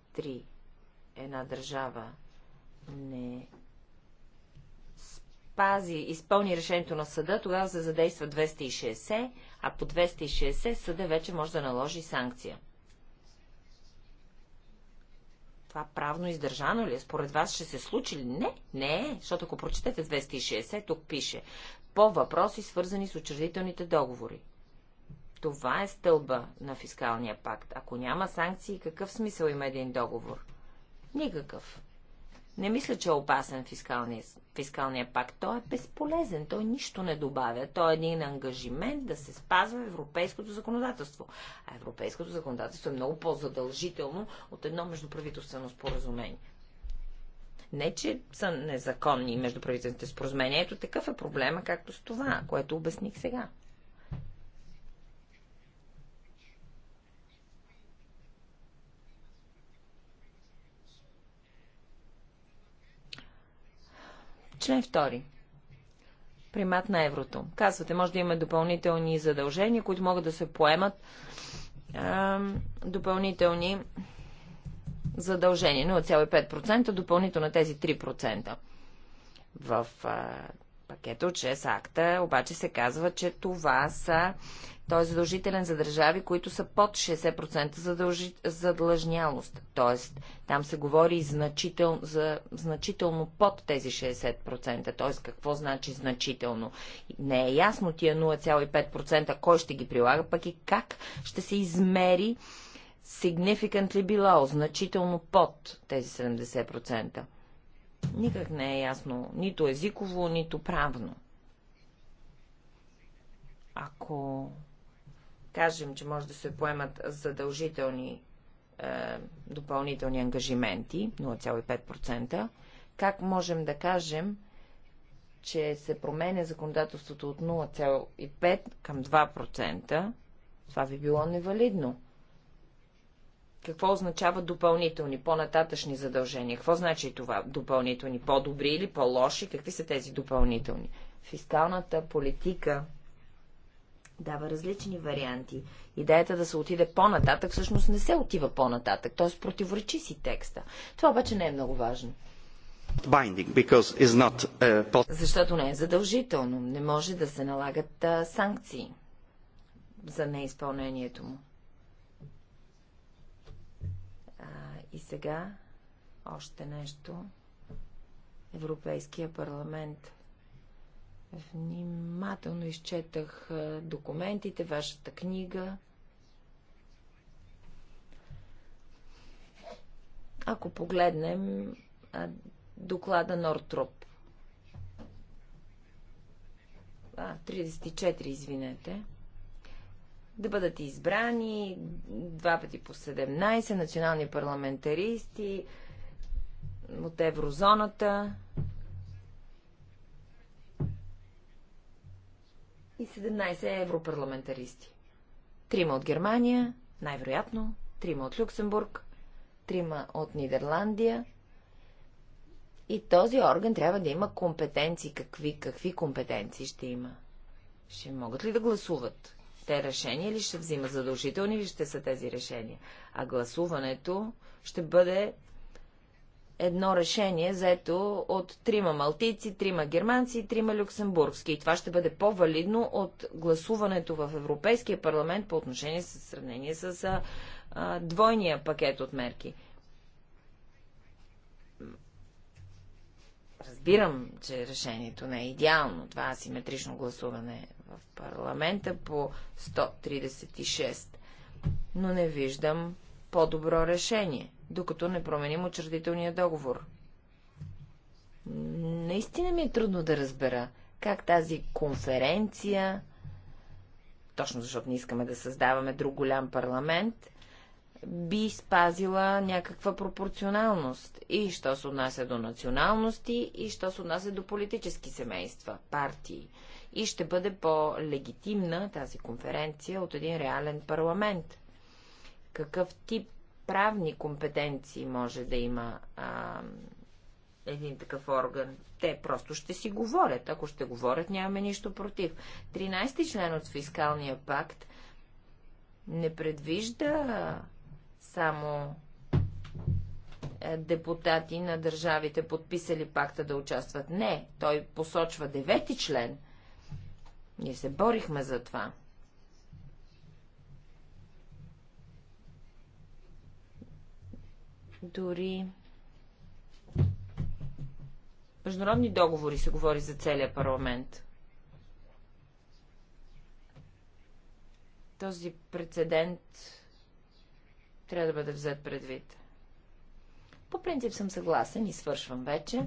една държава не спази, изпълни решението на съда, тогава се задейства 260, а по 260 съда вече може да наложи санкция. Това правно издържано ли е? Според вас ще се случи ли? Не, не, е. защото ако прочетете 260, тук пише по въпроси, свързани с учредителните договори. Това е стълба на фискалния пакт. Ако няма санкции, какъв смисъл има един договор? Никакъв. Не мисля, че е опасен фискалния, фискалния пакт. Той е безполезен, той нищо не добавя. Той е един ангажимент да се спазва европейското законодателство. А европейското законодателство е много по-задължително от едно междуправителствено споразумение. Не, че са незаконни междуправителните споразумения. Ето такъв е проблема, както с това, което обясних сега. Член 2. Примат на еврото. Казвате, може да имаме допълнителни задължения, които могат да се поемат а, допълнителни задължения. 0,5% допълнително тези 3%. В а, пакет от 6 акта, обаче се казва, че това са, той е задължителен за държави, които са под 60% задължи, задлъжнялост. Тоест, там се говори значител, за значително под тези 60%. Тоест, какво значи значително? Не е ясно тия 0,5% кой ще ги прилага, пък и как ще се измери significantly below, значително под тези 70% никак не е ясно, нито езиково, нито правно. Ако кажем, че може да се поемат задължителни е, допълнителни ангажименти, 0,5%, как можем да кажем, че се променя законодателството от 0,5 към 2%, това би било невалидно. Какво означава допълнителни, по-нататъчни задължения? Какво значи това? Допълнителни, по-добри или по-лоши? Какви са тези допълнителни? Фискалната политика дава различни варианти. Идеята да се отиде по-нататък всъщност не се отива по-нататък, т.е. противоречи си текста. Това обаче не е много важно. Not, uh, Защото не е задължително. Не може да се налагат uh, санкции за неизпълнението му. И сега още нещо. Европейския парламент. Внимателно изчетах документите, вашата книга. Ако погледнем доклада Нортроп. А, 34, извинете да бъдат избрани два пъти по 17 национални парламентаристи от еврозоната и 17 европарламентаристи. Трима от Германия, най-вероятно, трима от Люксембург, трима от Нидерландия. И този орган трябва да има компетенции. Какви, какви компетенции ще има? Ще могат ли да гласуват? Те решения ли ще взимат задължителни ли ще са тези решения? А гласуването ще бъде едно решение, заето от трима малтийци, трима германци и трима люксембургски. И това ще бъде по-валидно от гласуването в Европейския парламент по отношение с сравнение с а, а, двойния пакет от мерки. Разбирам, че решението не е идеално, това асиметрично гласуване в парламента по 136, но не виждам по-добро решение, докато не променим учредителния договор. Наистина ми е трудно да разбера как тази конференция, точно защото не искаме да създаваме друг голям парламент, би спазила някаква пропорционалност. И що се отнася до националности, и що се отнася до политически семейства, партии и ще бъде по-легитимна тази конференция от един реален парламент. Какъв тип правни компетенции може да има а, един такъв орган. Те просто ще си говорят. Ако ще говорят, нямаме нищо против. 13-ти член от фискалния пакт не предвижда само е, депутати на държавите, подписали пакта да участват. Не, той посочва девети член – ние се борихме за това. Дори международни договори се говори за целия парламент. Този прецедент трябва да бъде взет предвид. По принцип съм съгласен и свършвам вече.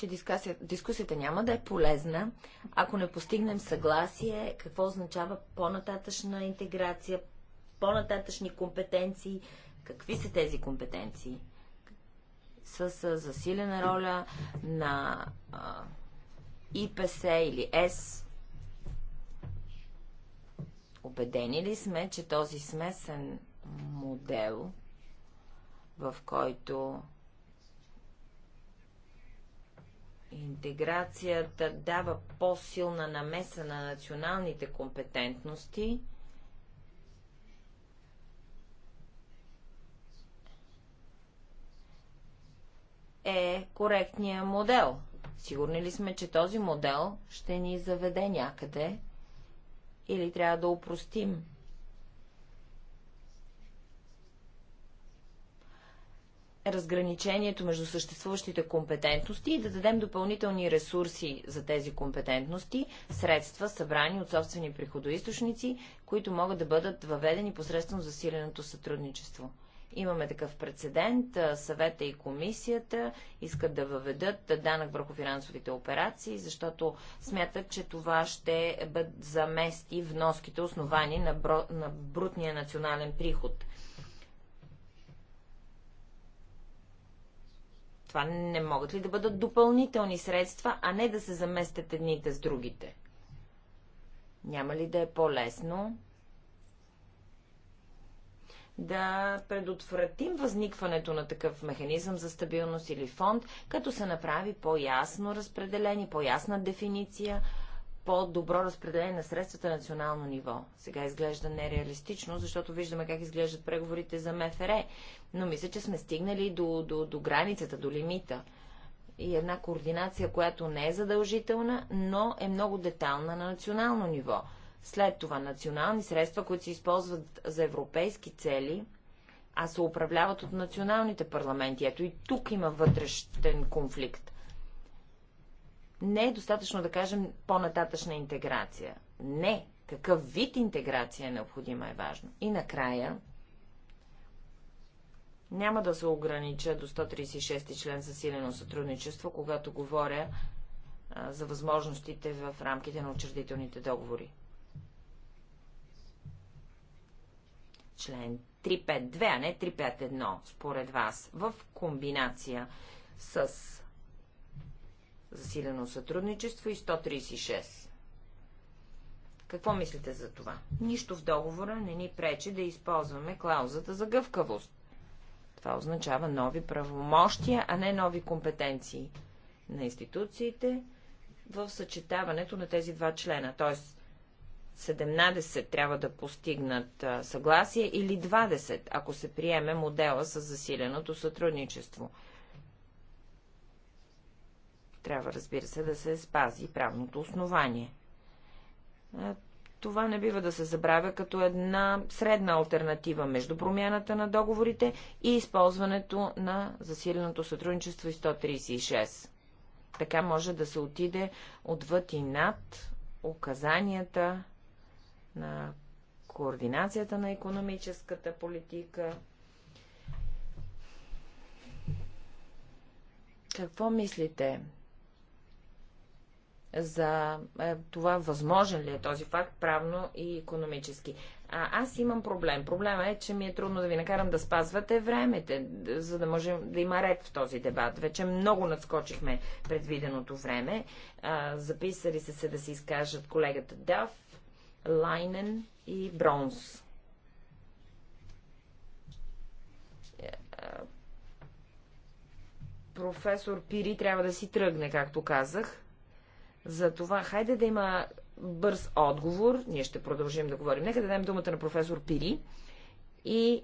че дискусията, дискусията няма да е полезна, ако не постигнем съгласие какво означава по-нататъчна интеграция, по-нататъчни компетенции, какви са тези компетенции. С, с засилена роля на а, ИПС или С. Обедени ли сме, че този смесен модел, в който Интеграцията дава по-силна намеса на националните компетентности е коректния модел. Сигурни ли сме, че този модел ще ни заведе някъде или трябва да упростим разграничението между съществуващите компетентности и да дадем допълнителни ресурси за тези компетентности, средства, събрани от собствени приходоисточници, които могат да бъдат въведени посредством засиленото сътрудничество. Имаме такъв прецедент. Съвета и комисията искат да въведат данък върху финансовите операции, защото смятат, че това ще бъд замести вноските основани на, бро... на брутния национален приход – Това не могат ли да бъдат допълнителни средства, а не да се заместят едните с другите? Няма ли да е по-лесно да предотвратим възникването на такъв механизъм за стабилност или фонд, като се направи по-ясно разпределение, по-ясна дефиниция по-добро разпределение на средствата на национално ниво. Сега изглежда нереалистично, защото виждаме как изглеждат преговорите за МФР, но мисля, че сме стигнали до, до, до границата, до лимита. И една координация, която не е задължителна, но е много детална на национално ниво. След това национални средства, които се използват за европейски цели, а се управляват от националните парламенти. Ето и тук има вътрешен конфликт не е достатъчно да кажем по-нататъчна интеграция. Не. Какъв вид интеграция е необходима е важно. И накрая, няма да се огранича до 136 член за силено сътрудничество, когато говоря а, за възможностите в рамките на учредителните договори. Член 352, а не 351, според вас, в комбинация с засилено сътрудничество и 136. Какво мислите за това? Нищо в договора не ни пречи да използваме клаузата за гъвкавост. Това означава нови правомощия, а не нови компетенции на институциите в съчетаването на тези два члена. Т.е. 17 трябва да постигнат съгласие или 20, ако се приеме модела с засиленото сътрудничество – трябва, разбира се, да се спази правното основание. Това не бива да се забравя като една средна альтернатива между промяната на договорите и използването на засиленото сътрудничество и 136. Така може да се отиде отвъд и над указанията на координацията на економическата политика. Какво мислите? за е, това възможен ли е този факт правно и економически. А аз имам проблем. Проблема е, че ми е трудно да ви накарам да спазвате времете, за да можем да има ред в този дебат. Вече много надскочихме предвиденото време. А, записали се се да се изкажат колегата Дав, Лайнен и Бронс. Професор Пири трябва да си тръгне, както казах. За това, хайде да има бърз отговор, ние ще продължим да говорим. Нека да дадем думата на професор Пири и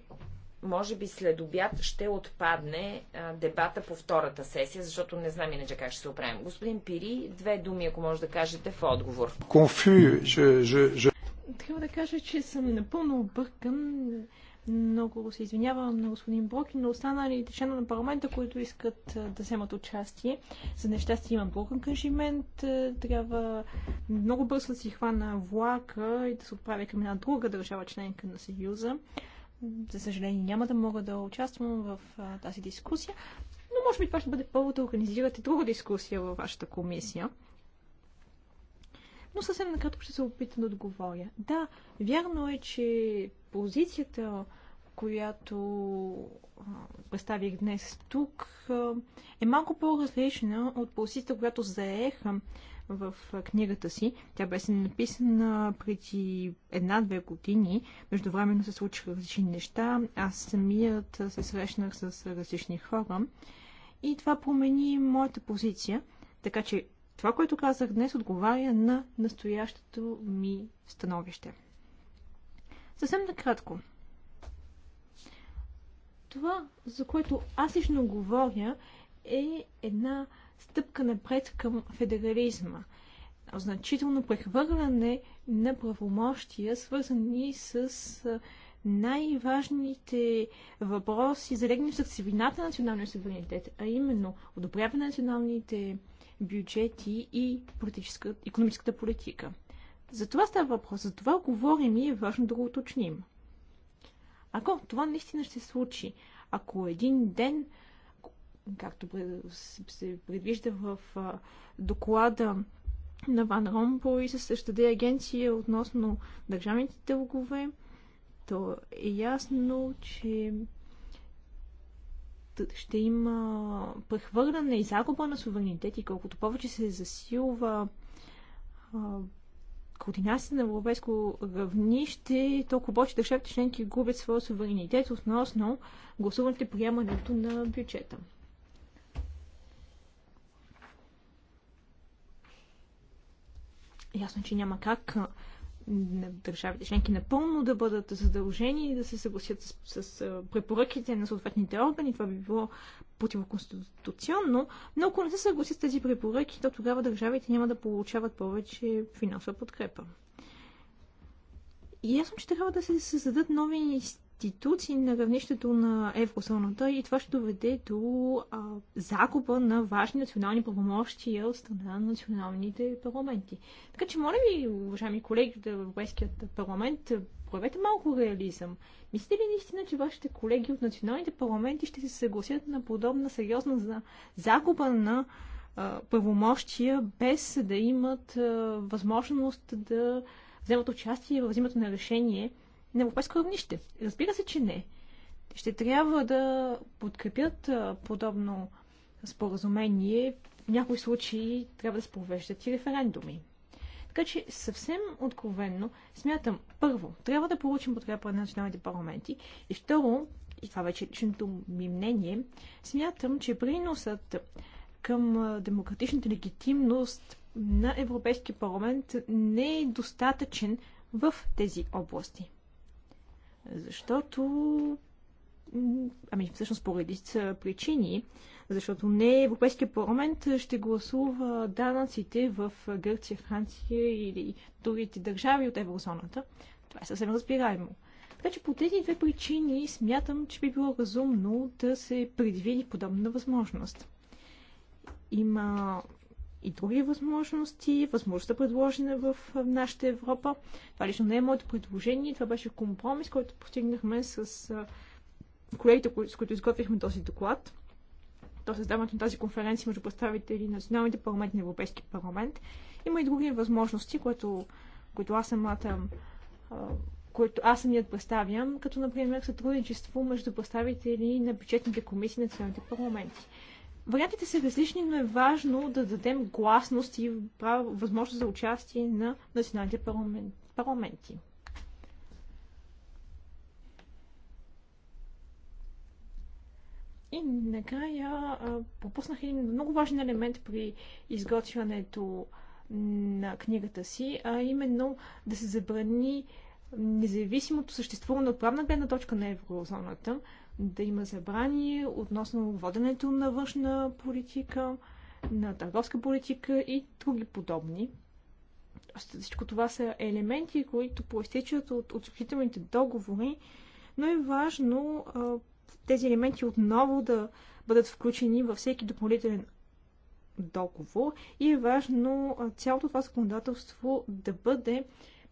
може би след обяд ще отпадне а, дебата по втората сесия, защото не знам иначе как ще се оправим. Господин Пири, две думи, ако може да кажете в отговор. Конфю, je, Трябва да кажа, че съм напълно объркан. Много се извинявам на господин Брок и на останалите членове на парламента, които искат да вземат участие. За нещастие имам друг ангажимент. Трябва много бързо да си хвана влака и да се отправя към една друга държава членка на Съюза. За съжаление няма да мога да участвам в тази дискусия, но може би това ще бъде повод да организирате друга дискусия във вашата комисия. Но съвсем накратко ще се опитам да отговоря. Да, вярно е, че позицията, която представих днес тук, е малко по-различна от позицията, която заеха в книгата си. Тя беше написана преди една-две години. Междувременно се случиха различни неща. Аз самият се срещнах с различни хора. И това промени моята позиция. Така че това, което казах днес, отговаря на настоящото ми становище. Съвсем накратко. Това, за което аз лично говоря, е една стъпка напред към федерализма. Значително прехвърляне на правомощия, свързани с най-важните въпроси, залегнали в сърцевината на националния суверенитет, а именно одобряване на националните бюджети и економическата политика. За това става въпрос, за това говорим и е важно да го уточним. Ако това наистина ще се случи, ако един ден, както се предвижда в доклада на Ван Ромбо и се същата агенция относно държавните дългове, то е ясно, че ще има прехвърляне и загуба на суверенитет и колкото повече се засилва координация на европейско равнище, толкова повече държавите членки губят своя суверенитет относно гласуването и приемането на бюджета. Ясно, че няма как на държавите членки напълно да бъдат задължени и да се съгласят с, с препоръките на съответните органи. Това би било противоконституционно, но ако не се съгласят с тези препоръки, то тогава държавите няма да получават повече финансова подкрепа. И ясно, че трябва да се създадат нови институции на равнището на еврозоната и това ще доведе до а, загуба на важни национални правомощия от страна на националните парламенти. Така че, моля ви, уважаеми колеги от Европейският парламент, проявете малко реализъм. Мислите ли наистина, че вашите колеги от националните парламенти ще се съгласят на подобна сериозна загуба на а, правомощия, без да имат а, възможност да вземат участие в взимането на решение – на европейско равнище? Разбира се, че не. Ще трябва да подкрепят подобно споразумение. В някои случаи трябва да се провеждат и референдуми. Така че съвсем откровенно смятам, първо, трябва да получим подкрепа на националните парламенти и второ, и това вече е личното ми мнение, смятам, че приносът към демократичната легитимност на Европейския парламент не е достатъчен в тези области. Защото Ами, всъщност по редица причини, защото не Европейския парламент ще гласува данъците в Гърция, Франция или другите държави от еврозоната. Това е съвсем разбираемо. Така че по тези две причини смятам, че би било разумно да се предвиди подобна възможност. Има и други възможности, възможността предложена в нашата Европа. Това лично не е моето предложение, това беше компромис, който постигнахме с колегите, с които изготвихме този доклад. То създаването на тази конференция между представители на националните парламенти на Европейски парламент. Има и други възможности, които, които аз самата които аз самият представям, като например сътрудничество между представители на бюджетните комисии на националните парламенти. Вариантите са различни, но е важно да дадем гласност и възможност за участие на националните парламенти. И накрая пропуснах един много важен елемент при изготвянето на книгата си, а именно да се забрани независимото съществуване от правна гледна точка на еврозоната, да има забрани относно воденето на външна политика, на търговска политика и други подобни. Всичко това са елементи, които поистичат от отстъпителните договори, но е важно а, тези елементи отново да бъдат включени във всеки допълнителен договор и е важно цялото това законодателство да бъде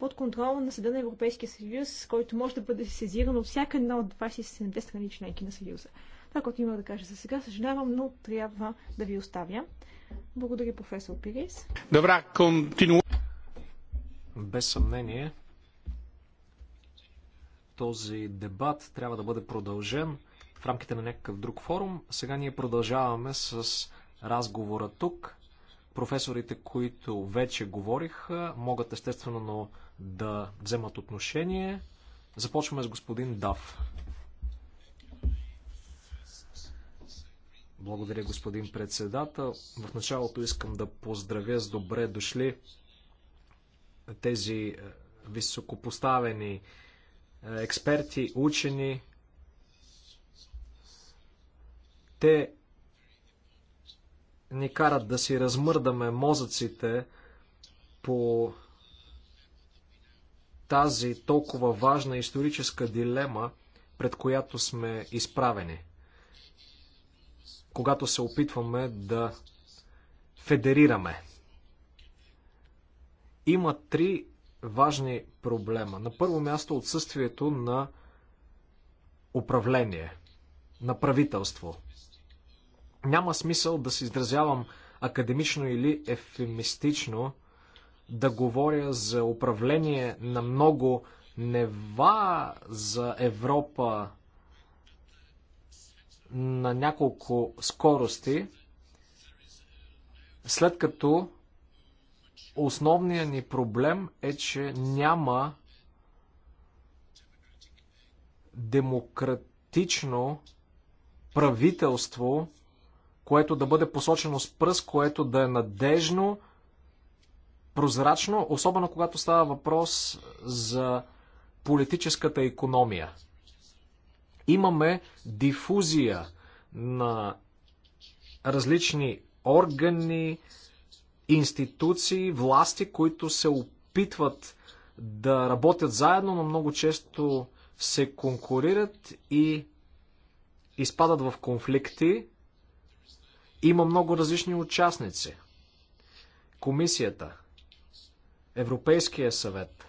под контрола на Съда на Европейския съюз, който може да бъде сезиран от всяка една от 27-те страни членки на съюза. Това, което има да кажа за сега, съжалявам, но трябва да ви оставя. Благодаря, професор Пирис. Добре, континуа. Без съмнение, този дебат трябва да бъде продължен в рамките на някакъв друг форум. Сега ние продължаваме с разговора тук. Професорите, които вече говориха, могат естествено да вземат отношение. Започваме с господин Дав. Благодаря, господин председател. В началото искам да поздравя с добре дошли тези е, високопоставени е, експерти, учени. Те ни карат да си размърдаме мозъците по тази толкова важна историческа дилема, пред която сме изправени, когато се опитваме да федерираме. Има три важни проблема. На първо място отсъствието на управление, на правителство. Няма смисъл да се изразявам академично или ефемистично – да говоря за управление на много нева за Европа на няколко скорости, след като основният ни проблем е, че няма демократично правителство, което да бъде посочено с пръст, което да е надежно, прозрачно, особено когато става въпрос за политическата економия. Имаме дифузия на различни органи, институции, власти, които се опитват да работят заедно, но много често се конкурират и изпадат в конфликти. Има много различни участници. Комисията, Европейския съвет.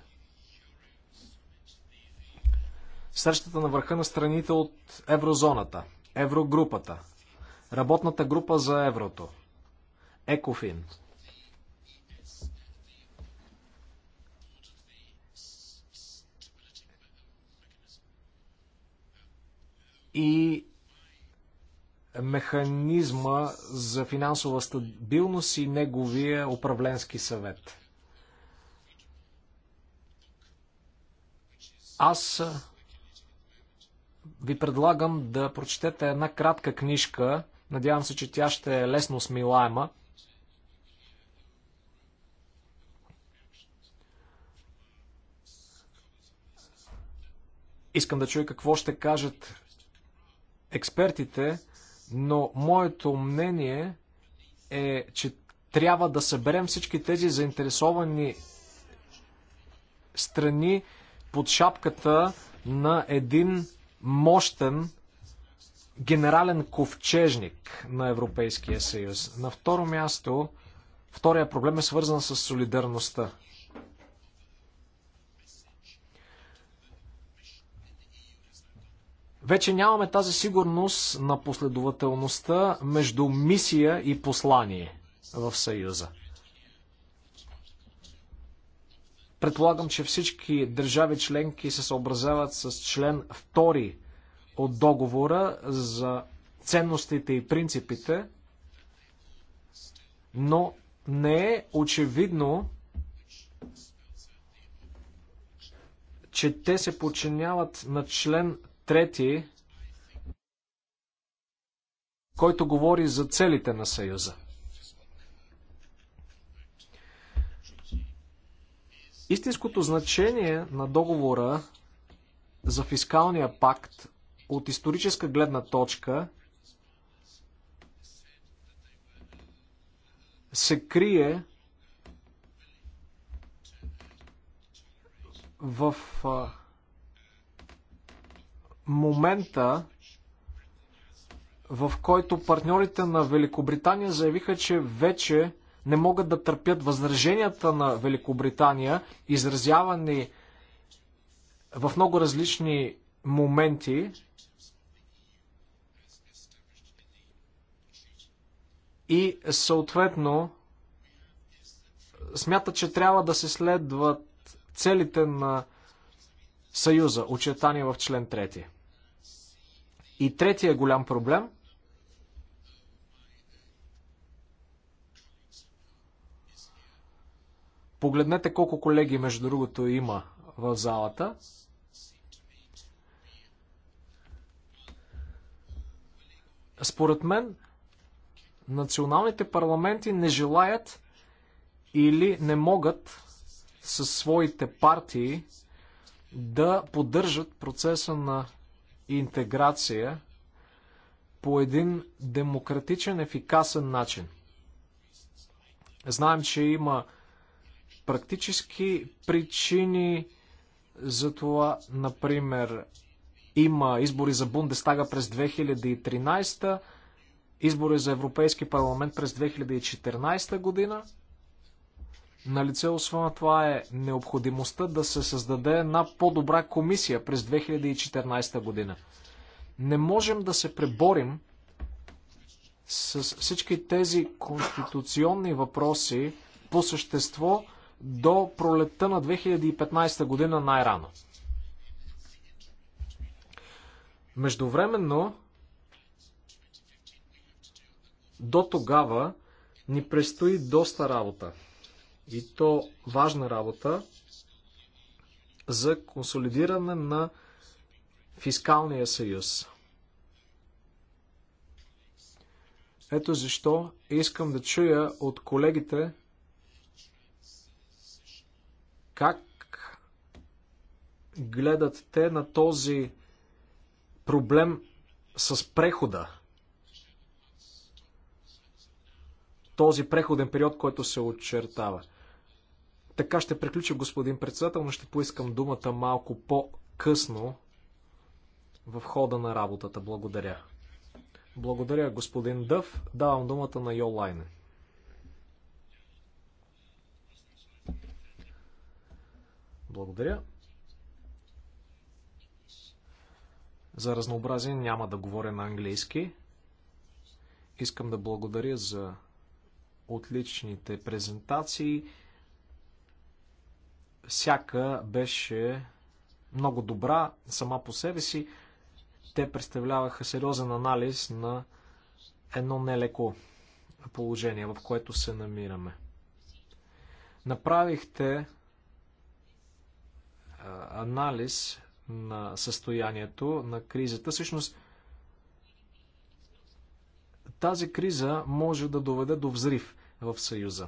Срещата на върха на страните от еврозоната, еврогрупата, работната група за еврото, ЕКОФИН. И механизма за финансова стабилност и неговия управленски съвет. Аз ви предлагам да прочетете една кратка книжка. Надявам се, че тя ще е лесно смилаема. Искам да чуя какво ще кажат експертите, но моето мнение е, че трябва да съберем всички тези заинтересовани страни, под шапката на един мощен генерален ковчежник на Европейския съюз. На второ място, втория проблем е свързан с солидарността. Вече нямаме тази сигурност на последователността между мисия и послание в Съюза. Предполагам, че всички държави членки се съобразяват с член 2 от договора за ценностите и принципите, но не е очевидно, че те се подчиняват на член 3, който говори за целите на Съюза. Истинското значение на договора за фискалния пакт от историческа гледна точка се крие в момента, в който партньорите на Великобритания заявиха, че вече не могат да търпят възраженията на Великобритания, изразявани в много различни моменти. И съответно смятат, че трябва да се следват целите на Съюза, очертани в член 3. И третия голям проблем – Погледнете колко колеги, между другото, има в залата. Според мен, националните парламенти не желаят или не могат със своите партии да поддържат процеса на интеграция по един демократичен, ефикасен начин. Знаем, че има практически причини за това, например, има избори за Бундестага през 2013, избори за Европейски парламент през 2014 година. На лице освен това е необходимостта да се създаде една по-добра комисия през 2014 година. Не можем да се преборим с всички тези конституционни въпроси по същество, до пролетта на 2015 година най-рано. Междувременно, до тогава ни предстои доста работа. И то важна работа за консолидиране на фискалния съюз. Ето защо искам да чуя от колегите как гледат те на този проблем с прехода? Този преходен период, който се очертава. Така ще приключа господин председател, но ще поискам думата малко по-късно в хода на работата. Благодаря. Благодаря, господин Дъв. Давам думата на Йолайне. Благодаря. За разнообразие няма да говоря на английски. Искам да благодаря за отличните презентации. Всяка беше много добра сама по себе си. Те представляваха сериозен анализ на едно нелеко положение, в което се намираме. Направихте анализ на състоянието на кризата. Всъщност, тази криза може да доведе до взрив в Съюза.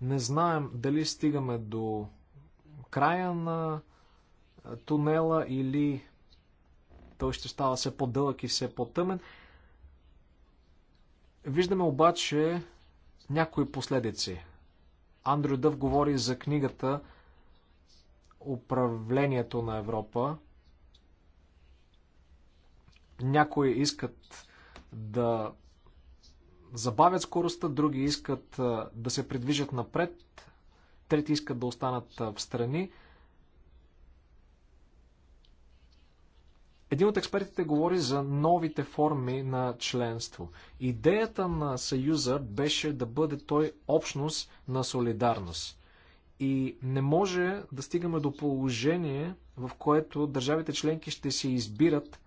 Не знаем дали стигаме до края на тунела или той ще става все по-дълъг и все по-тъмен. Виждаме обаче някои последици Андрю Дъв говори за книгата Управлението на Европа. Някои искат да забавят скоростта, други искат да се придвижат напред, трети искат да останат в страни. Един от експертите говори за новите форми на членство. Идеята на Съюза беше да бъде той общност на солидарност. И не може да стигаме до положение, в което държавите членки ще се избират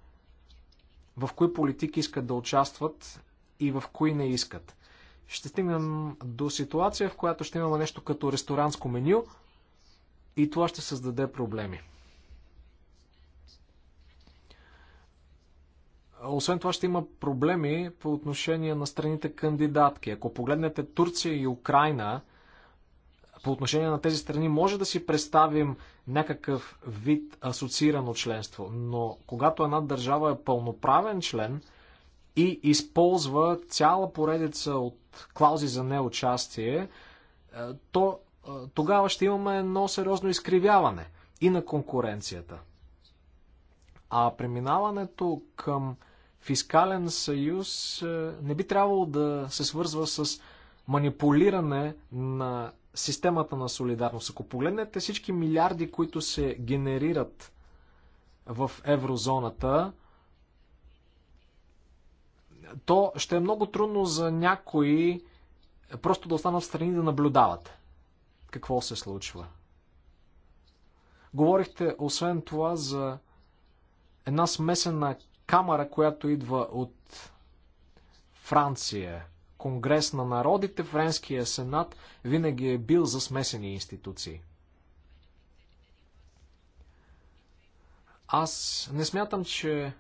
в кои политики искат да участват и в кои не искат. Ще стигнем до ситуация, в която ще имаме нещо като ресторанско меню и това ще създаде проблеми. Освен това ще има проблеми по отношение на страните кандидатки. Ако погледнете Турция и Украина, по отношение на тези страни може да си представим някакъв вид асоциирано членство, но когато една държава е пълноправен член и използва цяла поредица от клаузи за неучастие, е, то е, тогава ще имаме едно сериозно изкривяване и на конкуренцията. А преминаването към фискален съюз е, не би трябвало да се свързва с манипулиране на системата на солидарност. Ако погледнете всички милиарди, които се генерират в еврозоната, то ще е много трудно за някои просто да останат в страни да наблюдават какво се случва. Говорихте освен това за една смесена камера, която идва от Франция, Конгрес на народите, Френския сенат винаги е бил за смесени институции. Аз не смятам, че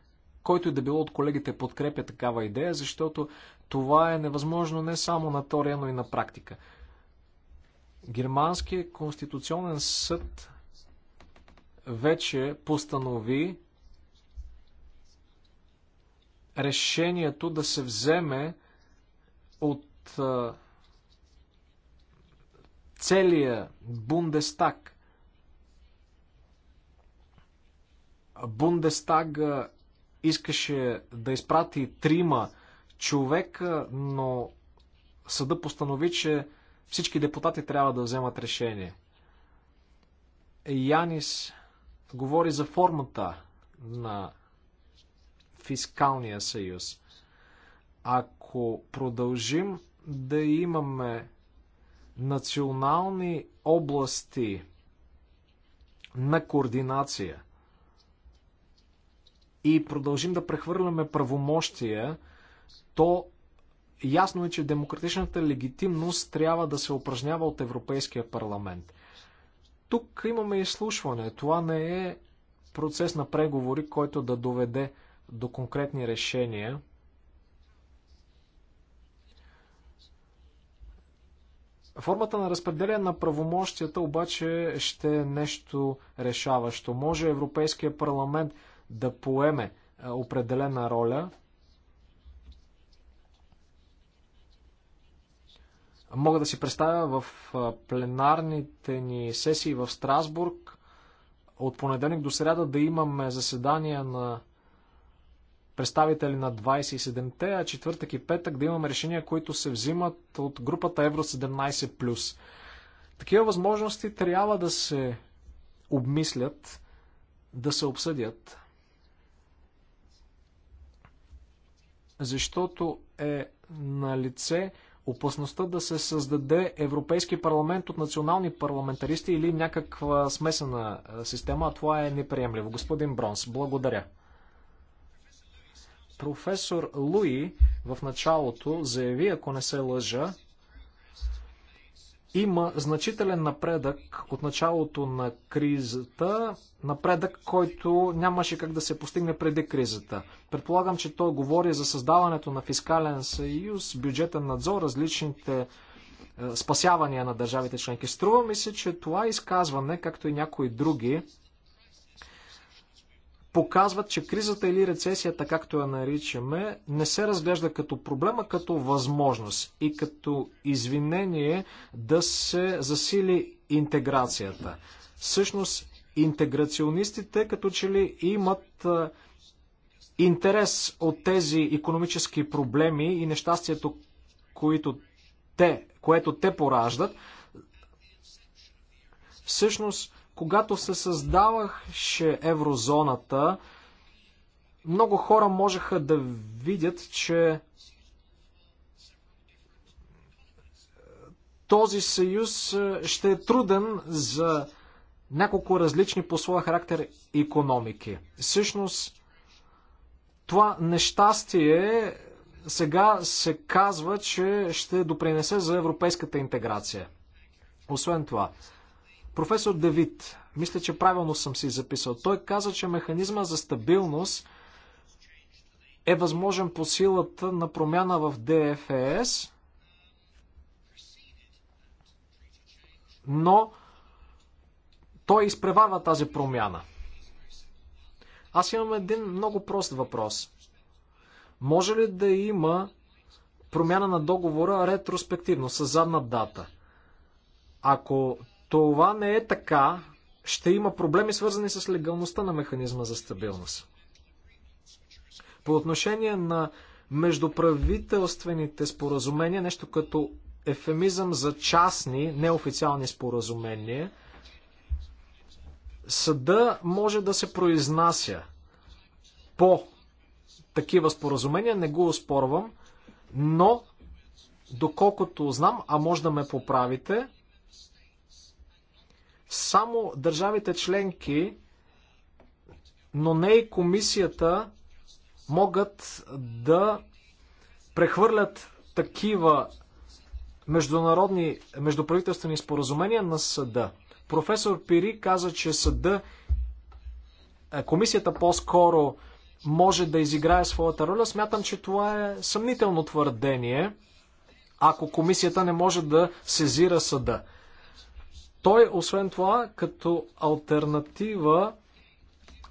който и да било от колегите подкрепя такава идея, защото това е невъзможно не само на теория, но и на практика. Германският конституционен съд вече постанови, решението да се вземе от целия Бундестаг. Бундестаг искаше да изпрати трима човека, но съда постанови, че всички депутати трябва да вземат решение. Янис говори за формата на фискалния съюз. Ако продължим да имаме национални области на координация и продължим да прехвърляме правомощия, то ясно е, че демократичната легитимност трябва да се упражнява от Европейския парламент. Тук имаме изслушване. Това не е процес на преговори, който да доведе до конкретни решения. Формата на разпределение на правомощията обаче ще е нещо решаващо. Може Европейския парламент да поеме е, определена роля. Мога да си представя в е, пленарните ни сесии в Страсбург от понеделник до сряда да имаме заседания на представители на 27-те, а четвъртък и петък да имаме решения, които се взимат от групата Евро 17+. Такива възможности трябва да се обмислят, да се обсъдят, защото е на лице опасността да се създаде Европейски парламент от национални парламентаристи или някаква смесена система, а това е неприемливо. Господин Бронс, благодаря. Професор Луи в началото заяви, ако не се лъжа, има значителен напредък от началото на кризата, напредък, който нямаше как да се постигне преди кризата. Предполагам, че той говори за създаването на фискален съюз, бюджетен надзор, различните е, спасявания на държавите членки. Струва ми се, че това изказване, както и някои други, показват, че кризата или рецесията, както я наричаме, не се разглежда като проблема, като възможност и като извинение да се засили интеграцията. Всъщност, интеграционистите като че ли имат интерес от тези економически проблеми и нещастието, които те, което те пораждат, всъщност когато се създаваше еврозоната, много хора можеха да видят, че този съюз е, ще е труден за няколко различни по своя характер економики. Всъщност, това нещастие сега се казва, че ще допринесе за европейската интеграция. Освен това, Професор Давид, мисля, че правилно съм си записал. Той каза, че механизма за стабилност е възможен по силата на промяна в ДФС, но той изпреварва тази промяна. Аз имам един много прост въпрос. Може ли да има промяна на договора ретроспективно, с задна дата? Ако това не е така, ще има проблеми свързани с легалността на механизма за стабилност. По отношение на междуправителствените споразумения, нещо като ефемизъм за частни, неофициални споразумения, съда може да се произнася по такива споразумения, не го оспорвам, но доколкото знам, а може да ме поправите, само държавите членки, но не и комисията, могат да прехвърлят такива международни, междуправителствени споразумения на съда. Професор Пири каза, че съда, е, комисията по-скоро може да изиграе своята роля. Смятам, че това е съмнително твърдение, ако комисията не може да сезира съда. Той, освен това, като альтернатива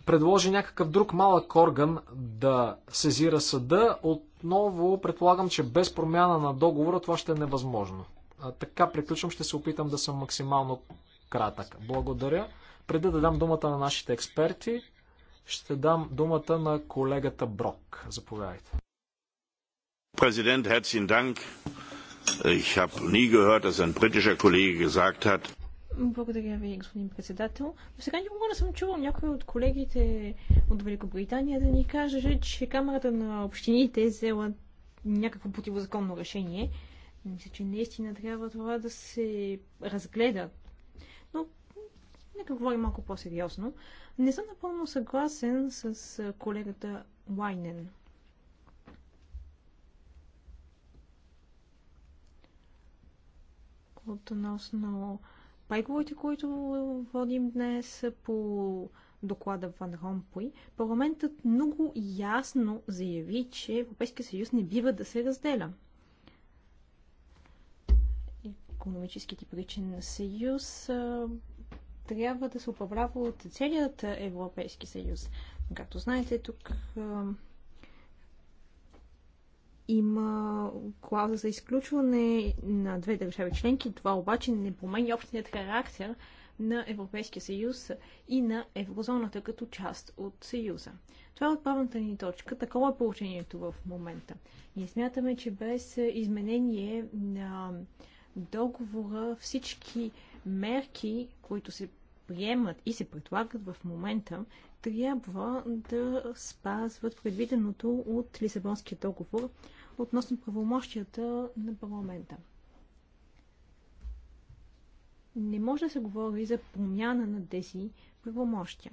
предложи някакъв друг малък орган да сезира съда. Отново предполагам, че без промяна на договора това ще е невъзможно. А, така приключвам, ще се опитам да съм максимално кратък. Благодаря. Преди да дам думата на нашите експерти, ще дам думата на колегата Брок. Заповядайте. Президент, herzlichen Dank. Ich habe nie gehört, dass ein britischer Kollege gesagt hat, благодаря ви, господин председател. До сега никога не съм чувал някой от колегите от Великобритания да ни каже, че Камерата на общините е взела някакво противозаконно решение. Мисля, че наистина трябва това да се разгледа. Но нека говорим малко по-сериозно. Не съм напълно съгласен с колегата Лайнен. Относно преговорите, които водим днес по доклада Ван Ромпой, парламентът много ясно заяви, че Европейския съюз не бива да се разделя. Економическите и на съюз а, трябва да се управлява от целият Европейски съюз. Както знаете, тук а, има клауза за изключване на две държави членки. Това обаче не променя общият характер на Европейския съюз и на еврозоната като част от съюза. Това е отправната ни точка. Такова е положението в момента. Ние смятаме, че без изменение на договора всички мерки, които се приемат и се предлагат в момента, трябва да спазват предвиденото от Лисабонския договор, относно правомощията на парламента. Не може да се говори за промяна на тези правомощия.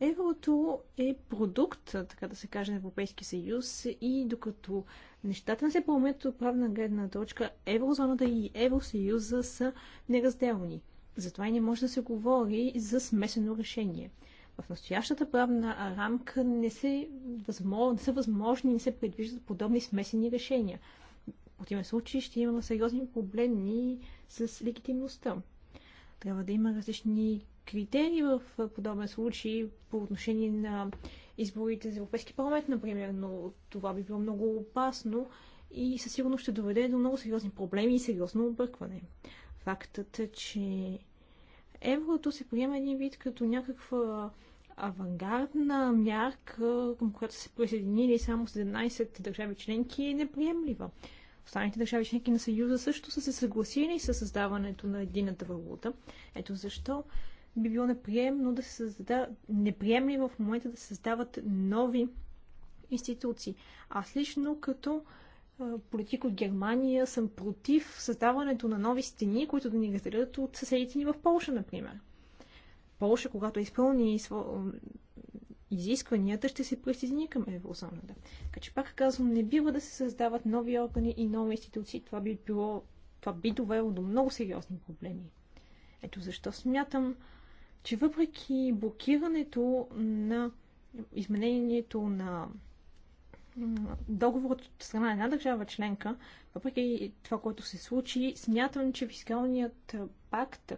Еврото е продукт, така да се каже, на Европейския съюз и докато нещата не се променят от правна гледна точка, еврозоната и евросъюза са неразделни. Затова и не може да се говори за смесено решение. В настоящата правна рамка не, се възможно, не са възможни, не се предвиждат подобни смесени решения. В противен случай ще имаме сериозни проблеми с легитимността. Трябва да има различни критерии в подобен случай по отношение на изборите за Европейски парламент, например, но това би било много опасно и със сигурност ще доведе до много сериозни проблеми и сериозно объркване. Фактът е, че еврото се приема един вид като някаква авангардна мярка, към която са се присъединили само 17 държави членки, е неприемлива. Останалите държави членки на Съюза също са се съгласили с създаването на едината валута. Ето защо би било неприемно да се създада неприемливо в момента да се създават нови институции. Аз лично като политик от Германия съм против създаването на нови стени, които да ни разделят от съседите ни в Польша, например. Польша, когато изпълни изискванията, ще се присъедини към еврозоната. Така че пак казвам, не бива да се създават нови органи и нови институции. Това би, било, това би довело до много сериозни проблеми. Ето защо смятам, че въпреки блокирането на изменението на договорът от страна на една държава членка, въпреки това, което се случи, смятам, че фискалният пакт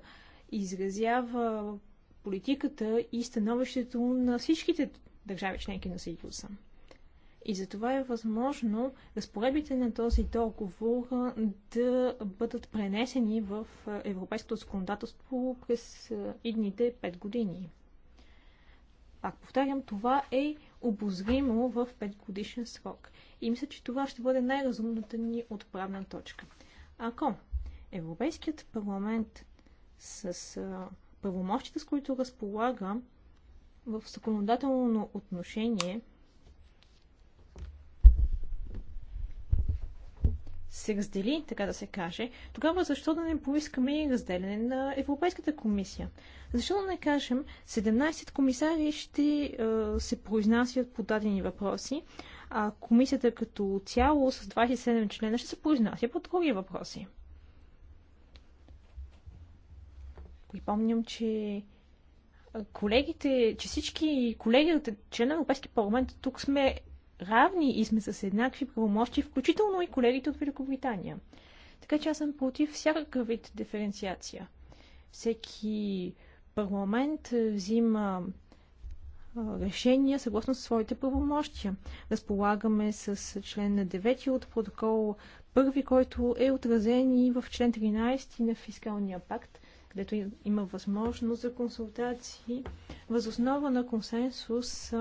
изразява политиката и становището на всичките държави членки на Съюза. И затова е възможно разпоредбите на този договор да бъдат пренесени в европейското законодателство през идните 5 години. Пак повтарям, това е обозримо в 5 годишен срок. И мисля, че това ще бъде най-разумната ни отправна точка. Ако Европейският парламент с правомощите, с които разполага в законодателно отношение, се раздели, така да се каже, тогава защо да не поискаме и разделяне на Европейската комисия? Защо да не кажем, 17 комисари ще е, се произнасят по дадени въпроси, а комисията като цяло с 27 члена ще се произнася по други въпроси? Припомням, че колегите, че всички колеги от члена на Европейския парламент тук сме равни и сме с еднакви правомощи, включително и колегите от Великобритания. Така че аз съм против всякакъв вид диференциация. Всеки парламент взима решения съгласно със своите правомощия. Разполагаме с член на 9 от протокол първи, който е отразен и в член 13 на фискалния пакт където има възможност за консултации възоснова на консенсус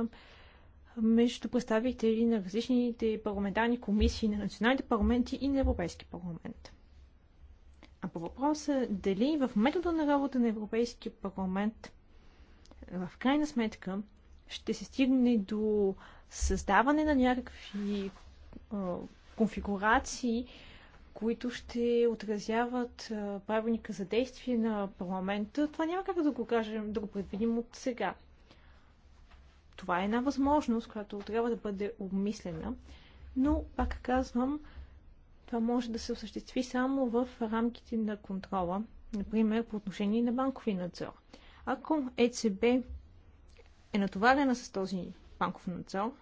между представители на различните парламентарни комисии на националните парламенти и на Европейски парламент. А по въпроса дали в метода на работа на Европейския парламент в крайна сметка ще се стигне до създаване на някакви конфигурации, които ще отразяват правилника за действие на парламента, това няма как да го кажем, да го предвидим от сега. Това е една възможност, която трябва да бъде обмислена, но, пак казвам, това може да се осъществи само в рамките на контрола, например по отношение на банкови надзор. Ако ЕЦБ е натоварена с този банков надзор,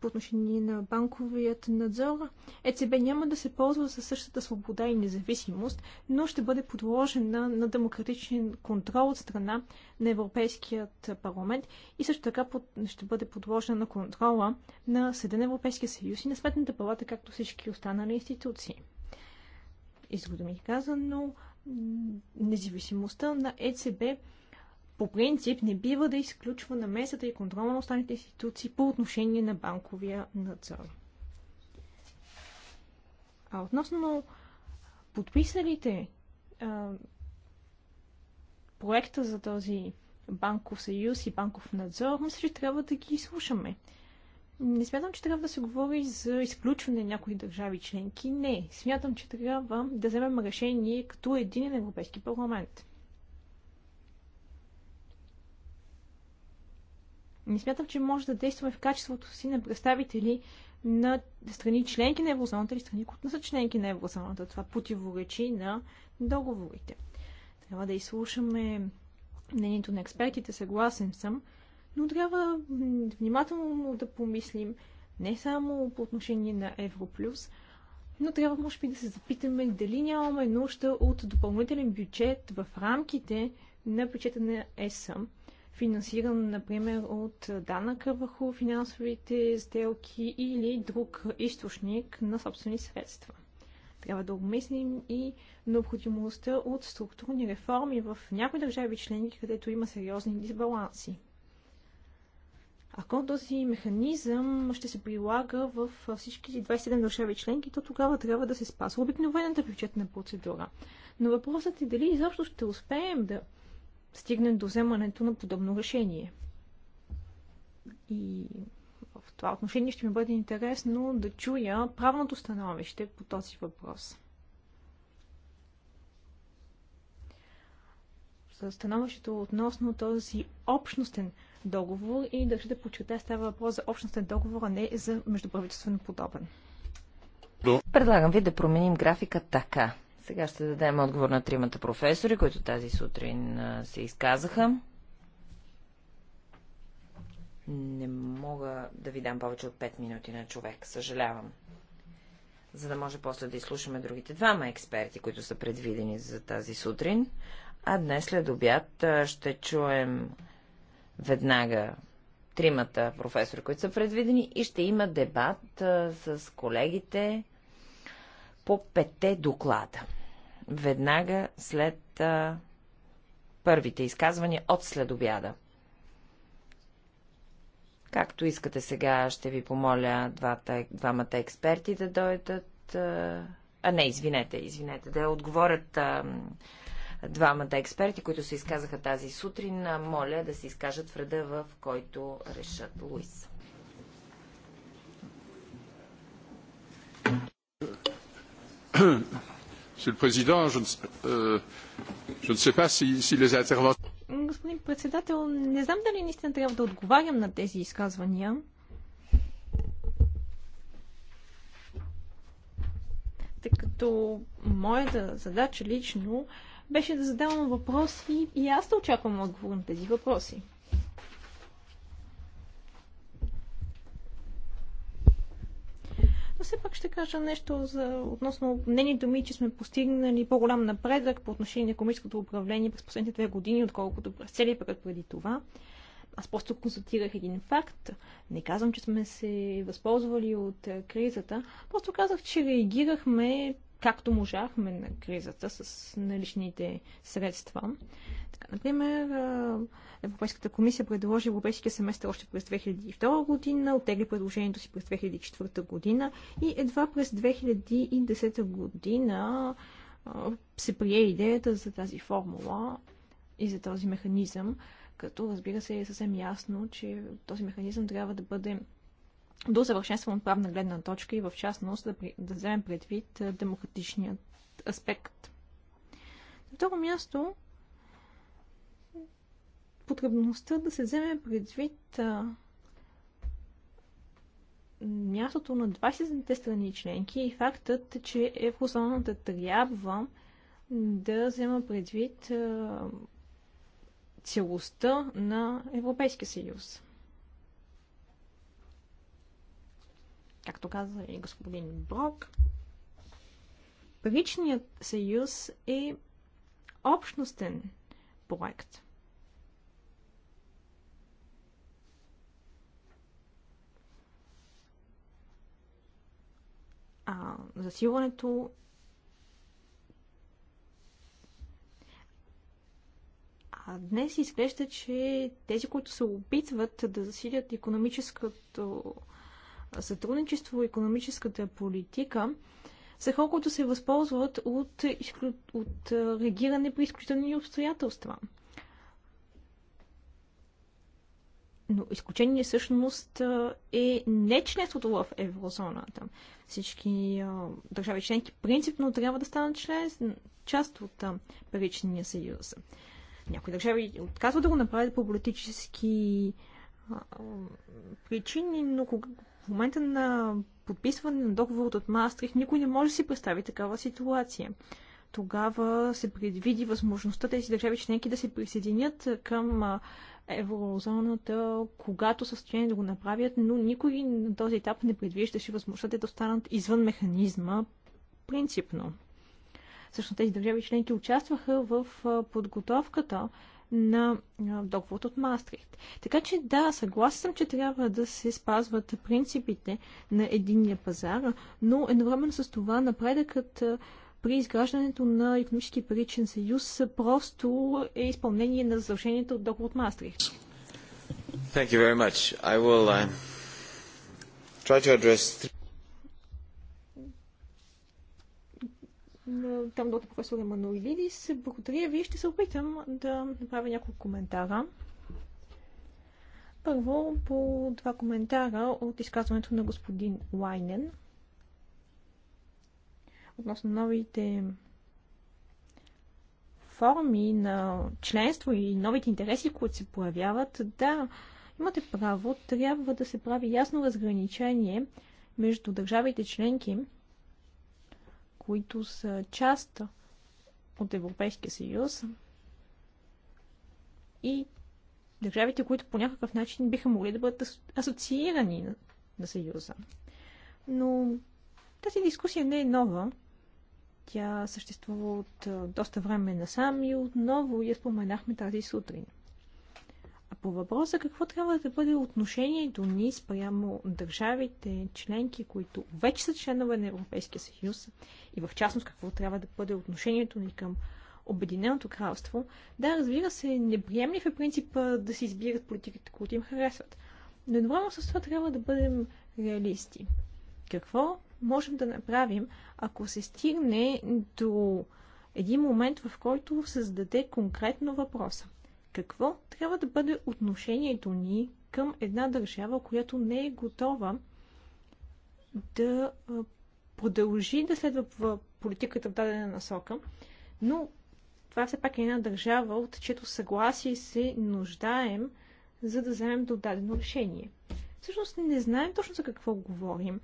по отношение на банковият надзор, ЕЦБ няма да се ползва със същата свобода и независимост, но ще бъде подложена на демократичен контрол от страна на Европейският парламент и също така под... ще бъде подложена на контрола на Съда на Европейския съюз и на Сметната палата, както всички останали институции. Изгодно ми е казано, независимостта на ЕЦБ по принцип не бива да изключва намесата и контрола на останалите институции по отношение на банковия надзор. А относно подписалите а, проекта за този банков съюз и банков надзор, мисля, че трябва да ги слушаме. Не смятам, че трябва да се говори за изключване на някои държави членки. Не. Смятам, че трябва да вземем решение като един европейски парламент. Не смятам, че може да действаме в качеството си на представители на страни членки на еврозоната или страни, които не са членки на еврозоната. Това противоречи на договорите. Трябва да изслушаме мнението на експертите, съгласен съм, но трябва внимателно да помислим не само по отношение на Европлюс, но трябва може би да се запитаме дали нямаме нужда от допълнителен бюджет в рамките на бюджета на ЕСАМ, финансиран, например, от данъка върху финансовите сделки или друг източник на собствени средства. Трябва да обмислим и необходимостта от структурни реформи в някои държави членки, където има сериозни дисбаланси. Ако този механизъм ще се прилага в всички 27 държави членки, то тогава трябва да се спазва обикновената бюджетна процедура. Но въпросът е дали изобщо ще успеем да Стигнем до вземането на подобно решение. И в това отношение ще ми бъде интересно да чуя правното становище по този въпрос. За становището относно този общностен договор и държа да почета, става въпрос за общностен договор, а не за междуправителствен подобен. Предлагам ви да променим графика така. Сега ще дадем отговор на тримата професори, които тази сутрин се изказаха. Не мога да ви дам повече от 5 минути на човек, съжалявам. За да може после да изслушаме другите двама експерти, които са предвидени за тази сутрин. А днес след обяд ще чуем веднага тримата професори, които са предвидени и ще има дебат с колегите по пете доклада веднага след а, първите изказвания от следобяда. Както искате сега, ще ви помоля двата, двамата експерти да дойдат. А, а не, извинете, извинете, да отговорят а, двамата експерти, които се изказаха тази сутрин. А, моля да се изкажат в реда, в който решат Луис. Monsieur le Président, je ne, sais euh, pas si, les interventions... Господин председател, не знам дали наистина трябва да отговарям на тези изказвания. Тъй като моята задача лично беше да задавам въпроси и аз да очаквам отговор на тези въпроси. все пак ще кажа нещо за, относно мнението ми, че сме постигнали по-голям напредък по отношение на економическото управление през последните две години, отколкото през целия период преди това. Аз просто констатирах един факт. Не казвам, че сме се възползвали от е, кризата. Просто казах, че реагирахме както можахме на кризата с наличните средства. Така, например, Европейската комисия предложи Европейския семестър още през 2002 година, отегли предложението си през 2004 година и едва през 2010 година се прие идеята за тази формула и за този механизъм, като разбира се е съвсем ясно, че този механизъм трябва да бъде до съвършенстване от правна гледна точка и в частност да, да вземем предвид демократичният аспект. На второ място, потребността да се вземе предвид а, мястото на 20-те страни членки и фактът, че еврозоната трябва да взема предвид а, целостта на Европейския съюз. както каза и господин Брок, Паричният съюз е общностен проект. А засилването А днес изглежда, че тези, които се опитват да засилят економическото сътрудничество, економическата политика, са хора, които се възползват от, изклю... от реагиране при изключителни обстоятелства. Но изключение всъщност е не членството в еврозоната. Всички държави членки принципно трябва да станат член, част от паричния съюз. Някои държави отказват да го направят по политически а, причини, но в момента на подписване на договорът от Мастрих никой не може да си представи такава ситуация. Тогава се предвиди възможността тези държави членки да се присъединят към еврозоната, когато са състояние да го направят, но никой на този етап не предвиждаше възможността да останат извън механизма принципно. Също тези държави членки участваха в подготовката на договорът от Мастрихт. Така че да, съгласен съм, че трябва да се спазват принципите на единния пазар, но едновременно с това напредъкът при изграждането на економически паричен съюз просто е изпълнение на задълженията от договор от Мастрихт. Thank you very much. I will uh, try to address three на там дота професор Емануилидис. Благодаря ви. Ще се опитам да направя няколко коментара. Първо по два коментара от изказването на господин Лайнен относно новите форми на членство и новите интереси, които се появяват. Да, имате право, трябва да се прави ясно разграничение между държавите членки които са част от Европейския съюз и държавите, които по някакъв начин биха могли да бъдат асоциирани на, на съюза. Но тази дискусия не е нова. Тя съществува от доста време насам и отново я споменахме тази сутрин – по въпроса какво трябва да бъде отношението ни спрямо държавите, членки, които вече са членове на Европейския съюз и в частност какво трябва да бъде отношението ни към Обединеното кралство, да, разбира се, неприемлив е принципа да се избират политиките, които им харесват. Но едновременно с това трябва да бъдем реалисти. Какво можем да направим, ако се стигне до един момент, в който създаде конкретно въпроса? Какво трябва да бъде отношението ни към една държава, която не е готова да продължи да следва политиката в дадена насока, но това все пак е една държава, от чието съгласие се нуждаем, за да вземем до дадено решение. Всъщност не знаем точно за какво говорим.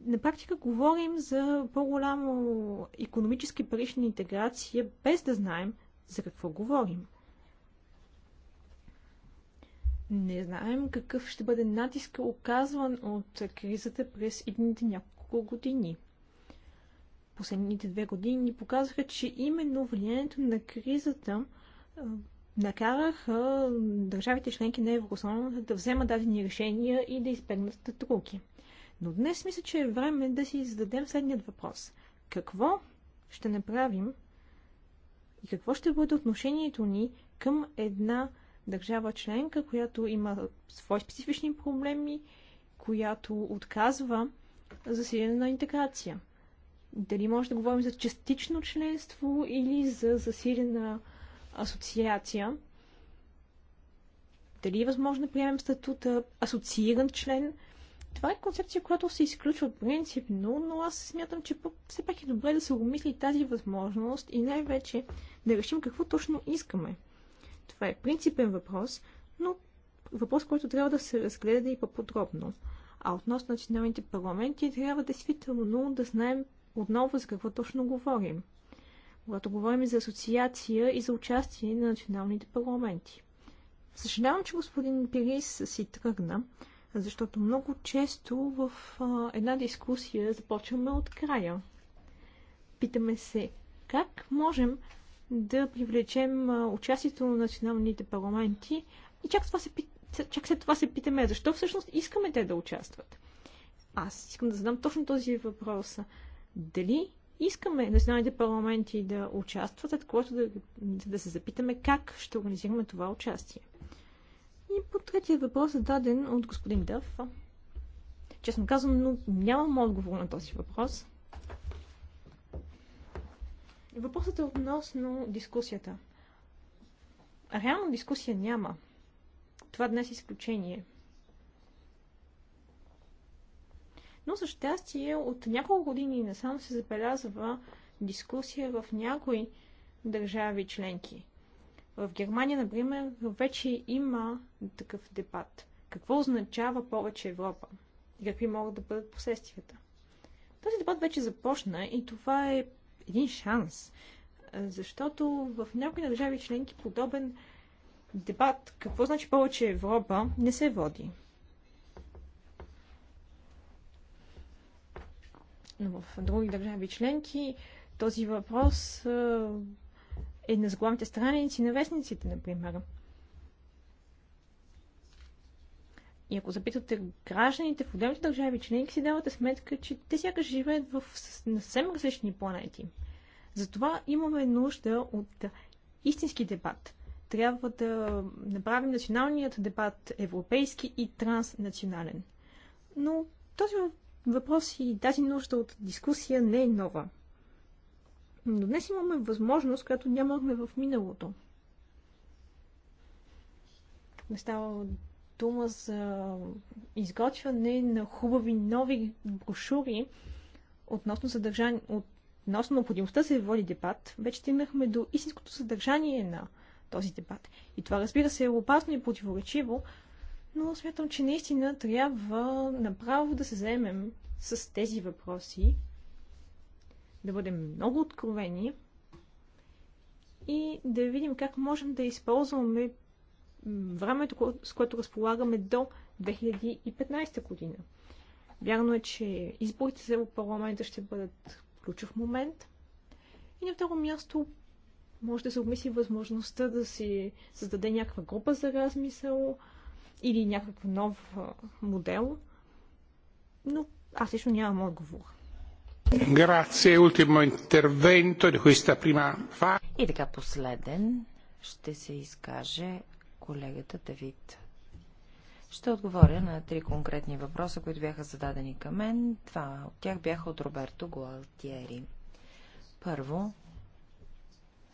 На практика говорим за по-голямо економически парична интеграция, без да знаем за какво говорим. Не знаем какъв ще бъде натиск оказван от кризата през едните няколко години. Последните две години ни показаха, че именно влиянието на кризата накараха държавите членки на Еврозоната да вземат дадени решения и да избегнат други. Но днес мисля, че е време да си зададем следният въпрос. Какво ще направим, и какво ще бъде отношението ни към една държава членка, която има свои специфични проблеми, която отказва засилена интеграция. Дали може да говорим за частично членство или за засилена асоциация? Дали е възможно да приемем статута асоцииран член това е концепция, която се изключва принципно, но аз смятам, че все пак е добре да се обмисли тази възможност и най-вече да решим какво точно искаме. Това е принципен въпрос, но въпрос, който трябва да се разгледа и по-подробно. А относно националните парламенти, трябва действително да знаем отново за какво точно говорим. Когато говорим за асоциация и за участие на националните парламенти. Съжалявам, че господин Пирис си тръгна, защото много често в една дискусия започваме от края. Питаме се как можем да привлечем участието на националните парламенти и чак, това се, чак след това се питаме защо всъщност искаме те да участват. Аз искам да задам точно този въпрос. Дали искаме националните парламенти да участват, от което да, да се запитаме как ще организираме това участие. И по третия въпрос е даден от господин Дъв. Честно казвам, но нямам отговор на този въпрос. Въпросът е относно дискусията. Реално дискусия няма. Това днес е изключение. Но за щастие от няколко години насам се забелязва дискусия в някои държави членки. В Германия, например, вече има такъв дебат. Какво означава повече Европа? И какви могат да бъдат последствията? Този дебат вече започна и това е един шанс. Защото в някои държави членки подобен дебат, какво значи повече Европа, не се води. Но в други държави членки този въпрос е на заглавните страници на вестниците, например. И ако запитате гражданите в отделните държави членки, си давате сметка, че те сякаш живеят в съвсем различни планети. Затова имаме нужда от истински дебат. Трябва да направим националният дебат европейски и транснационален. Но този въпрос и тази нужда от дискусия не е нова. Но днес имаме възможност, която нямахме в миналото. Не става дума за изготвяне на хубави нови брошури относно, съдържание, относно необходимостта да се води дебат. Вече стигнахме до истинското съдържание на този дебат. И това, разбира се, е опасно и противоречиво, но смятам, че наистина трябва направо да се заемем с тези въпроси да бъдем много откровени и да видим как можем да използваме времето, с което разполагаме до 2015 година. Вярно е, че изборите за парламента ще бъдат ключов момент. И на второ място може да се обмисли възможността да се създаде някаква група за размисъл или някакъв нов модел. Но аз лично нямам отговор. И така последен ще се изкаже колегата Давид. Ще отговоря на три конкретни въпроса, които бяха зададени към мен. Два от тях бяха от Роберто Гуалтиери. Първо,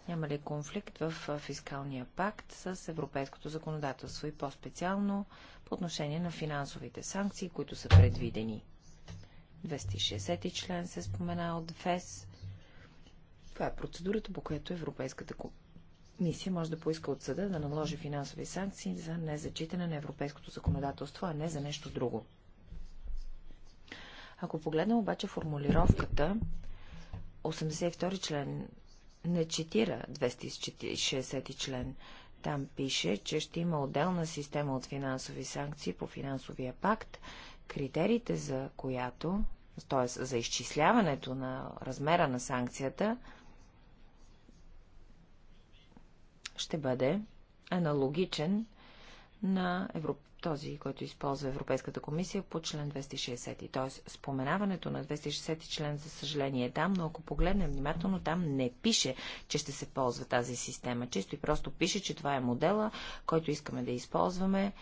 няма ли конфликт в фискалния пакт с европейското законодателство и по-специално по отношение на финансовите санкции, които са предвидени? 260 член се спомена от ФЕС. Това е процедурата, по която Европейската комисия може да поиска от съда да наложи финансови санкции за незачитане на европейското законодателство, а не за нещо друго. Ако погледнем обаче формулировката, 82 член не четира 260 член. Там пише, че ще има отделна система от финансови санкции по финансовия пакт критериите за която, т.е. за изчисляването на размера на санкцията, ще бъде аналогичен на Европ... този, който използва Европейската комисия по член 260. Т.е. споменаването на 260 член, за съжаление, е там, но ако погледнем внимателно, там не пише, че ще се ползва тази система. Чисто и просто пише, че това е модела, който искаме да използваме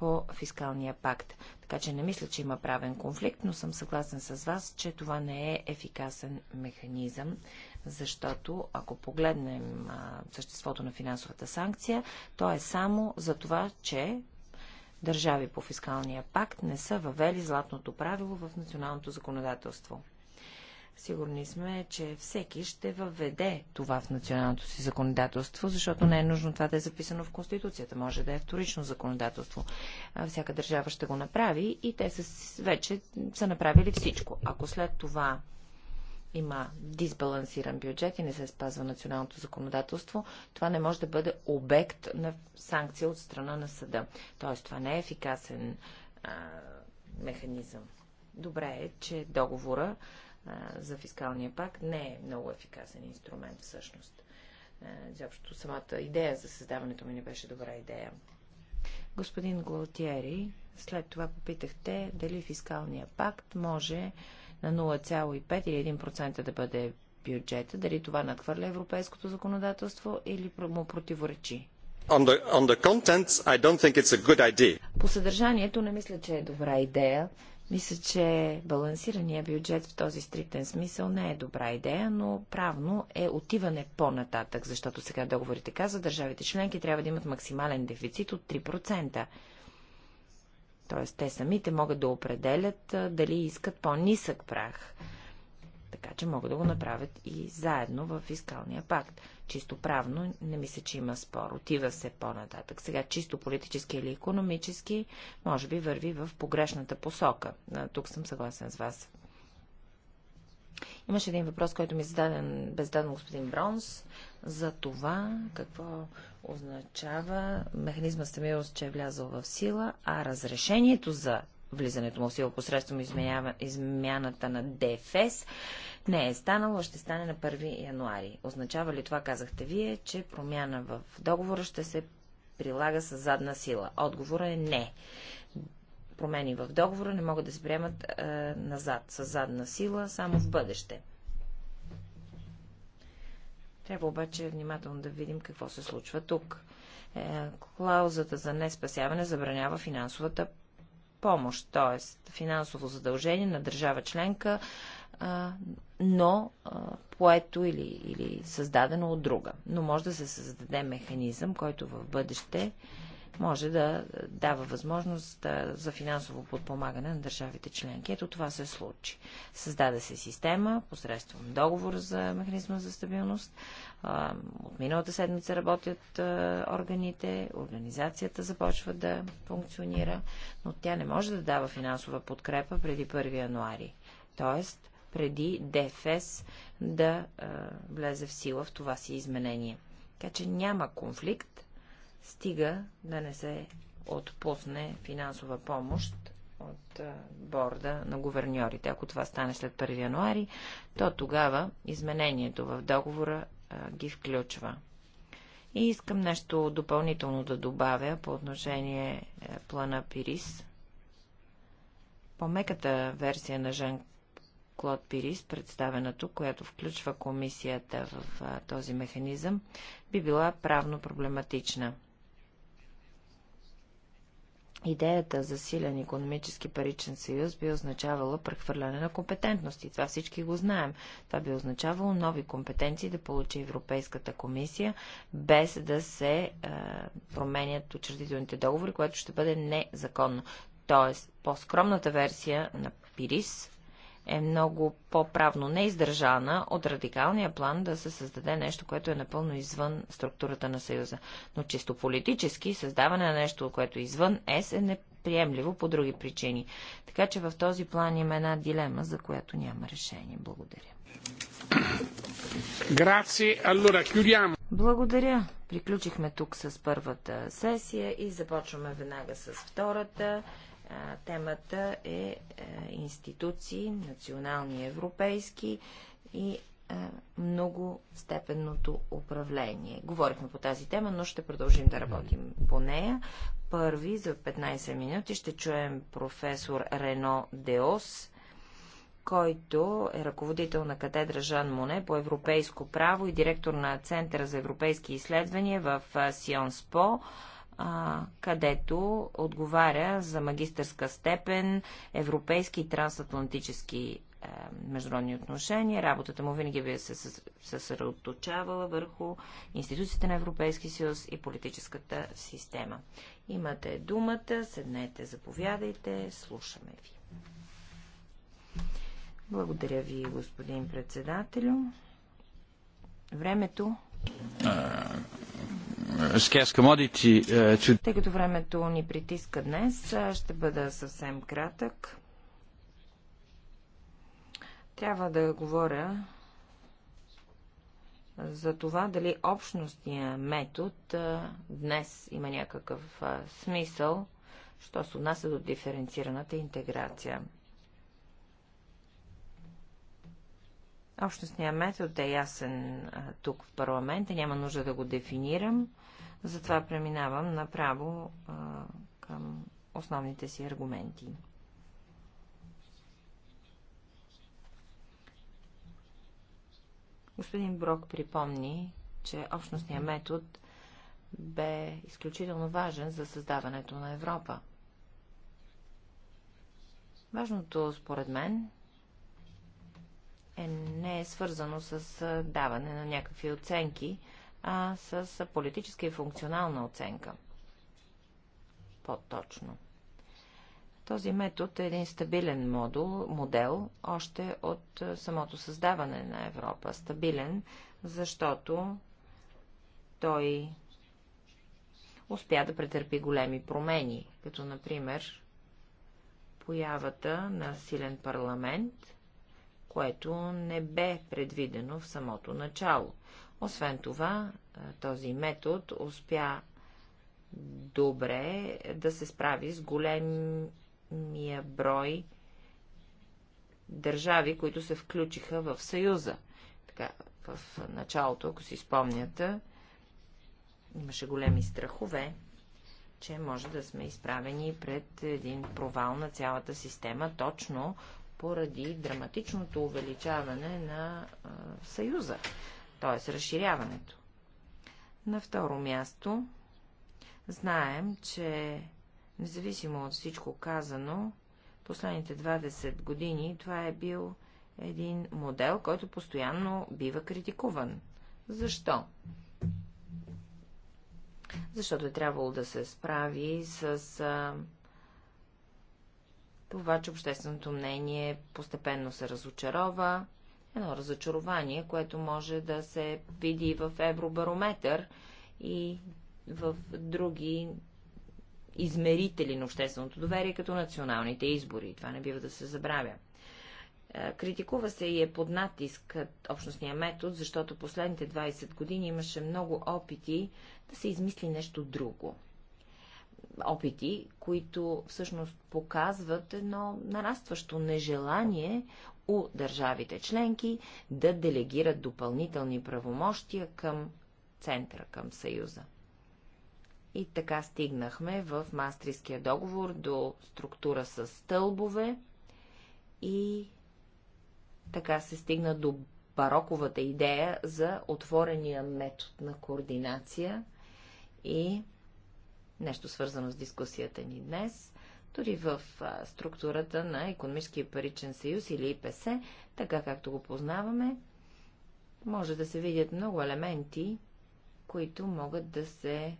по фискалния пакт. Така че не мисля, че има правен конфликт, но съм съгласен с вас, че това не е ефикасен механизъм, защото ако погледнем а, съществото на финансовата санкция, то е само за това, че държави по фискалния пакт не са въвели златното правило в националното законодателство. Сигурни сме, че всеки ще въведе това в националното си законодателство, защото не е нужно това да е записано в Конституцията. Може да е вторично законодателство. Всяка държава ще го направи и те са, вече са направили всичко. Ако след това има дисбалансиран бюджет и не се спазва националното законодателство, това не може да бъде обект на санкция от страна на съда. Тоест, това не е ефикасен а, механизъм. Добре е, че договора за фискалния пакт не е много ефикасен инструмент всъщност. Изобщо самата идея за създаването ми не беше добра идея. Господин Глаутиери, след това попитахте дали фискалния пакт може на 0,5 или 1% да бъде бюджета, дали това надхвърля европейското законодателство или му противоречи. On the, on the По съдържанието не мисля, че е добра идея мисля, че балансирания бюджет в този стриктен смисъл не е добра идея, но правно е отиване по-нататък, защото сега договорите каза, държавите членки трябва да имат максимален дефицит от 3%. Тоест, те самите могат да определят дали искат по-нисък прах. Така че могат да го направят и заедно в фискалния пакт. Чисто правно не мисля, че има спор. Отива се по-нататък. Сега чисто политически или економически, може би върви в погрешната посока. Тук съм съгласен с вас. Имаше един въпрос, който ми е зададен, бе зададен господин Бронс, за това какво означава механизма стабилност, че е влязъл в сила, а разрешението за влизането му в сила посредством измяната на ДФС, не е станало, ще стане на 1 януари. Означава ли това, казахте вие, че промяна в договора ще се прилага с задна сила? Отговора е не. Промени в договора не могат да се приемат е, назад, с задна сила, само в бъдеще. Трябва обаче внимателно да видим какво се случва тук. Е, клаузата за неспасяване забранява финансовата помощ, т.е. финансово задължение на държава членка, но поето или, или създадено от друга. Но може да се създаде механизъм, който в бъдеще може да дава възможност за финансово подпомагане на държавите членки. Ето това се случи. Създаде се система посредством договор за механизма за стабилност. От миналата седмица работят органите, организацията започва да функционира, но тя не може да дава финансова подкрепа преди 1 януари. Тоест, преди ДФС да влезе в сила в това си изменение. Така че няма конфликт, стига да не се отпусне финансова помощ от борда на говерньорите. Ако това стане след 1 януари, то тогава изменението в договора ги включва. И искам нещо допълнително да добавя по отношение е, плана Пирис. По-меката версия на Жан Клод Пирис, представената, която включва комисията в този механизъм, би била правно проблематична – Идеята за силен економически паричен съюз би означавала прехвърляне на компетентности. Това всички го знаем. Това би означавало нови компетенции да получи Европейската комисия, без да се е, променят учредителните договори, което ще бъде незаконно. Тоест, по-скромната версия на ПИРИС е много по-правно неиздържана от радикалния план да се създаде нещо, което е напълно извън структурата на Съюза. Но чисто политически създаване на нещо, което е извън ЕС е неприемливо по други причини. Така че в този план има една дилема, за която няма решение. Благодаря. Благодаря. Приключихме тук с първата сесия и започваме веднага с втората темата е, е институции, национални, европейски и е, многостепенното управление. Говорихме по тази тема, но ще продължим да работим по нея. Първи за 15 минути ще чуем професор Рено Деос, който е ръководител на катедра Жан Моне по европейско право и директор на Центъра за европейски изследвания в е, Сионспо. По където отговаря за магистърска степен европейски и трансатлантически е, международни отношения. Работата му винаги би се съсредоточавала върху институциите на Европейски съюз и политическата система. Имате думата, седнете, заповядайте, слушаме ви. Благодаря ви, господин председателю. Времето Uh, uh, Тъй като времето ни притиска днес, ще бъда съвсем кратък. Трябва да говоря за това дали общностния метод днес има някакъв смисъл, що се отнася до диференцираната интеграция. Общностният метод е ясен тук в парламента, няма нужда да го дефинирам, затова преминавам направо а, към основните си аргументи. Господин Брок припомни, че общностният метод бе изключително важен за създаването на Европа. Важното, според мен, е, не е свързано с даване на някакви оценки, а с политическа и функционална оценка. По-точно. Този метод е един стабилен модул, модел още от самото създаване на Европа. Стабилен, защото той успя да претърпи големи промени, като например появата на силен парламент – което не бе предвидено в самото начало. Освен това, този метод успя добре да се справи с големия брой държави, които се включиха в Съюза. Така, в началото, ако си спомняте, имаше големи страхове, че може да сме изправени пред един провал на цялата система, точно поради драматичното увеличаване на а, Съюза, т.е. разширяването. На второ място знаем, че независимо от всичко казано, последните 20 години това е бил един модел, който постоянно бива критикуван. Защо? Защото е трябвало да се справи с а, това, че общественото мнение постепенно се разочарова. Едно разочарование, което може да се види в Евробарометър и в други измерители на общественото доверие, като националните избори. Това не бива да се забравя. Е, критикува се и е под натиск общностния метод, защото последните 20 години имаше много опити да се измисли нещо друго опити, които всъщност показват едно нарастващо нежелание у държавите членки да делегират допълнителни правомощия към центъра, към Съюза. И така стигнахме в Мастриския договор до структура с стълбове и така се стигна до бароковата идея за отворения метод на координация и нещо свързано с дискусията ни днес, дори в структурата на економическия паричен съюз или ИПС, така както го познаваме, може да се видят много елементи, които могат да се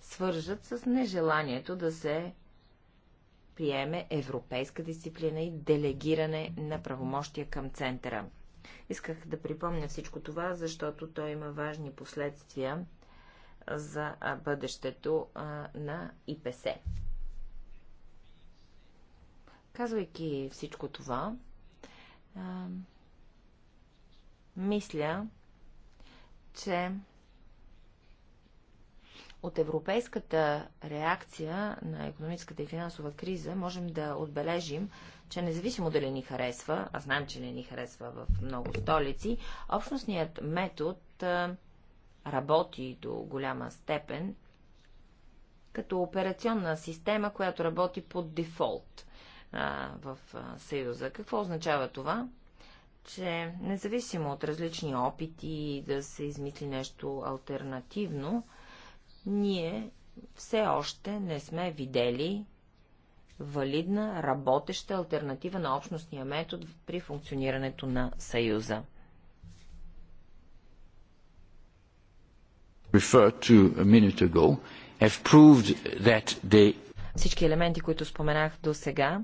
свържат с нежеланието да се приеме европейска дисциплина и делегиране на правомощия към центъра. Исках да припомня всичко това, защото то има важни последствия за бъдещето на ИПС. Казвайки всичко това, мисля, че от европейската реакция на економическата и финансова криза можем да отбележим, че независимо дали ни харесва, а знаем, че не ни харесва в много столици, общностният метод работи до голяма степен като операционна система, която работи под дефолт а, в Съюза. Какво означава това? Че независимо от различни опити да се измисли нещо альтернативно, ние все още не сме видели валидна, работеща альтернатива на общностния метод при функционирането на Съюза. referred to a minute ago, have proved that they... Всички елементи, които споменах до сега,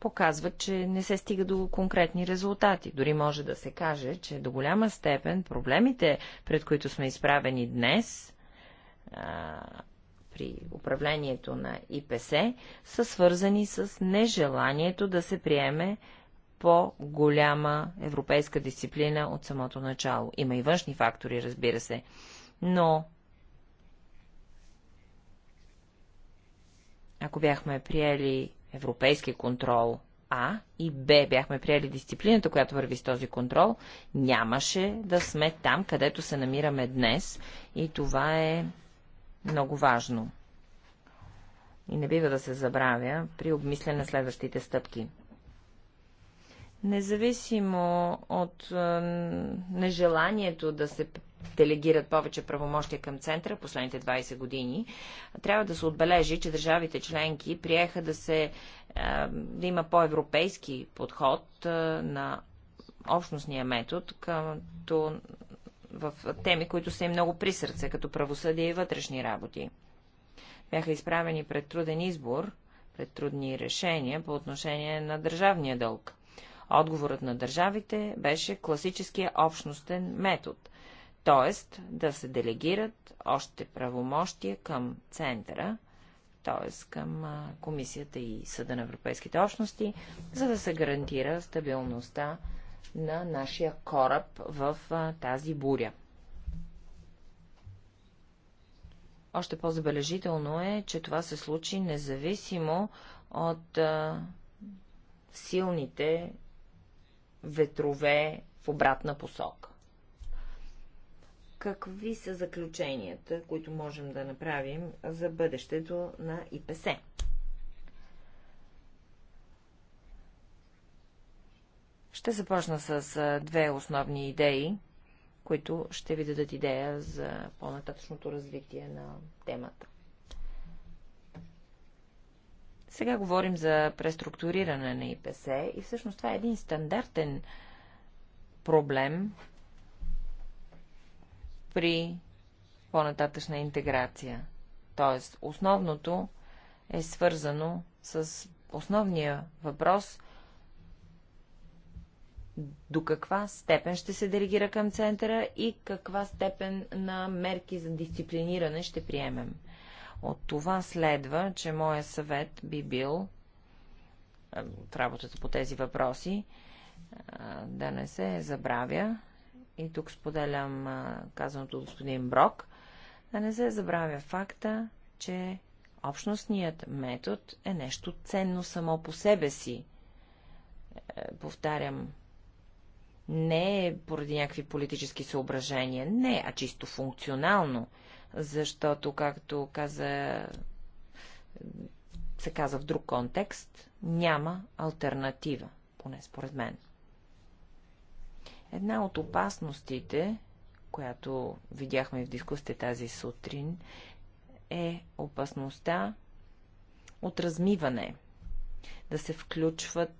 показват, че не се стига до конкретни резултати. Дори може да се каже, че до голяма степен проблемите, пред които сме изправени днес, а, при управлението на ИПС, са свързани с нежеланието да се приеме по-голяма европейска дисциплина от самото начало. Има и външни фактори, разбира се, но ако бяхме приели европейски контрол А и Б бяхме приели дисциплината, която върви с този контрол, нямаше да сме там, където се намираме днес и това е много важно. И не бива да се забравя при обмислене на следващите стъпки. Независимо от нежеланието да се делегират повече правомощия към центъра последните 20 години, трябва да се отбележи, че държавите членки приеха да се да има по-европейски подход на общностния метод, като в теми, които са им много при сърце, като правосъдие и вътрешни работи. Бяха изправени пред труден избор, пред трудни решения по отношение на държавния дълг. Отговорът на държавите беше класическия общностен метод, т.е. да се делегират още правомощия към центъра, т.е. към Комисията и Съда на Европейските общности, за да се гарантира стабилността на нашия кораб в тази буря. Още по-забележително е, че това се случи независимо от а, силните ветрове в обратна посока. Какви са заключенията, които можем да направим за бъдещето на ИПС? Ще започна с две основни идеи, които ще ви дадат идея за по-нататъчното развитие на темата. Сега говорим за преструктуриране на ИПС и всъщност това е един стандартен проблем при по-нататъчна интеграция. Тоест, основното е свързано с основния въпрос до каква степен ще се делегира към центъра и каква степен на мерки за дисциплиниране ще приемем. От това следва, че моя съвет би бил в работата по тези въпроси, да не се забравя, и тук споделям казаното от господин Брок, да не се забравя факта, че общностният метод е нещо ценно само по себе си. Е, повтарям, не е поради някакви политически съображения, не, а чисто функционално – защото, както каза, се каза в друг контекст, няма альтернатива, поне според мен. Една от опасностите, която видяхме в дискусите тази сутрин, е опасността от размиване. Да се включват,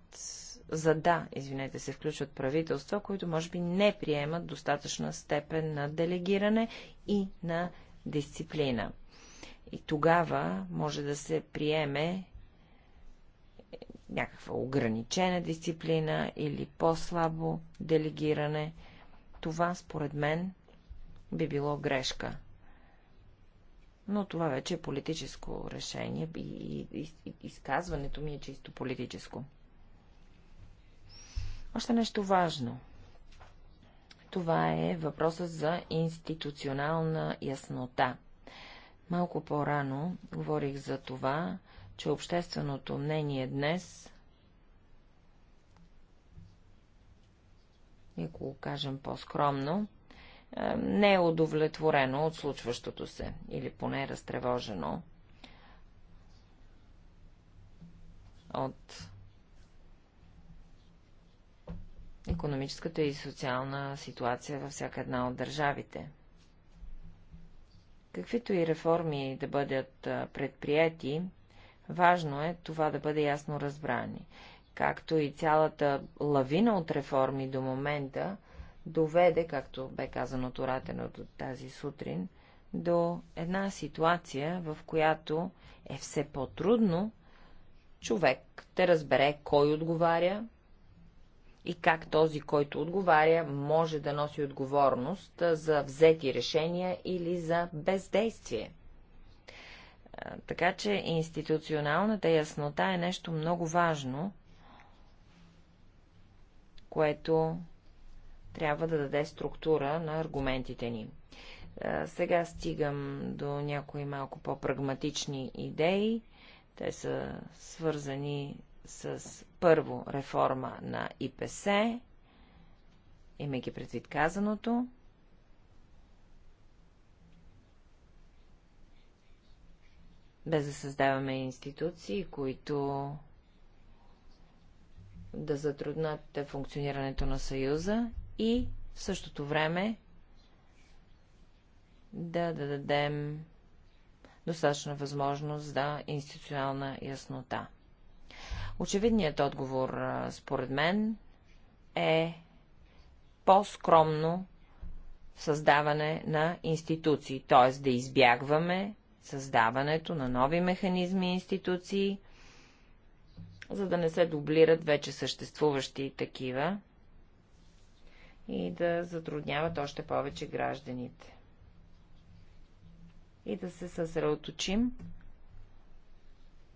за да, извинете, се включват правителства, които може би не приемат достатъчна степен на делегиране и на дисциплина. И тогава може да се приеме някаква ограничена дисциплина или по-слабо делегиране. Това, според мен, би било грешка. Но това вече е политическо решение и, и, и, изказването ми е чисто политическо. Още нещо важно – това е въпросът за институционална яснота. Малко по-рано говорих за това, че общественото мнение днес, ако го кажем по-скромно, е, не е удовлетворено от случващото се, или поне е разтревожено от економическата и социална ситуация във всяка една от държавите. Каквито и реформи да бъдат предприяти, важно е това да бъде ясно разбрани, както и цялата лавина от реформи до момента доведе, както бе казано от ораторът тази сутрин, до една ситуация, в която е все по-трудно човек да разбере кой отговаря, и как този, който отговаря, може да носи отговорност за взети решения или за бездействие. Така че институционалната яснота е нещо много важно, което трябва да даде структура на аргументите ни. Сега стигам до някои малко по-прагматични идеи. Те са свързани с първо реформа на ИПС, имайки предвид казаното, без да създаваме институции, които да затруднат функционирането на Съюза и в същото време да, да дадем достатъчна възможност за да институционална яснота. Очевидният отговор, според мен, е по-скромно създаване на институции, т.е. да избягваме създаването на нови механизми и институции, за да не се дублират вече съществуващи такива и да затрудняват още повече гражданите. И да се съсредоточим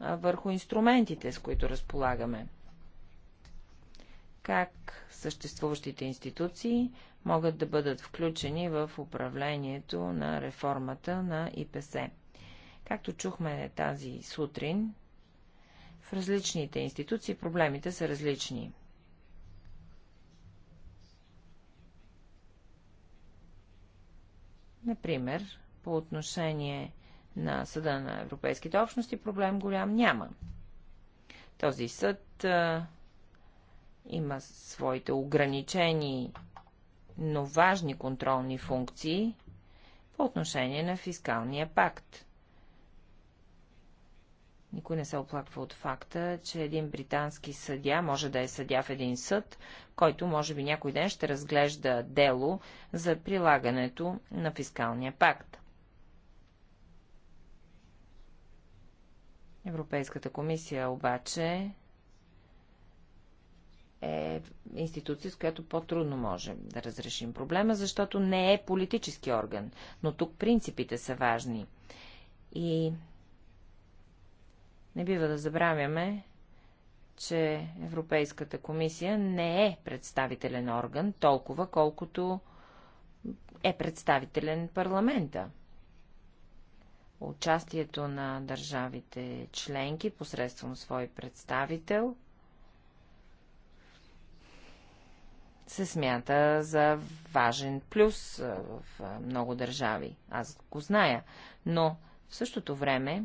върху инструментите, с които разполагаме. Как съществуващите институции могат да бъдат включени в управлението на реформата на ИПС. Както чухме тази сутрин, в различните институции проблемите са различни. Например, по отношение на Съда на Европейските общности проблем голям няма. Този съд а, има своите ограничени, но важни контролни функции по отношение на фискалния пакт. Никой не се оплаква от факта, че един британски съдя може да е съдя в един съд, който може би някой ден ще разглежда дело за прилагането на фискалния пакт. Европейската комисия обаче е институция, с която по-трудно може да разрешим проблема, защото не е политически орган. Но тук принципите са важни. И не бива да забравяме, че Европейската комисия не е представителен орган толкова, колкото е представителен парламента участието на държавите членки посредством свой представител се смята за важен плюс в много държави. Аз го зная, но в същото време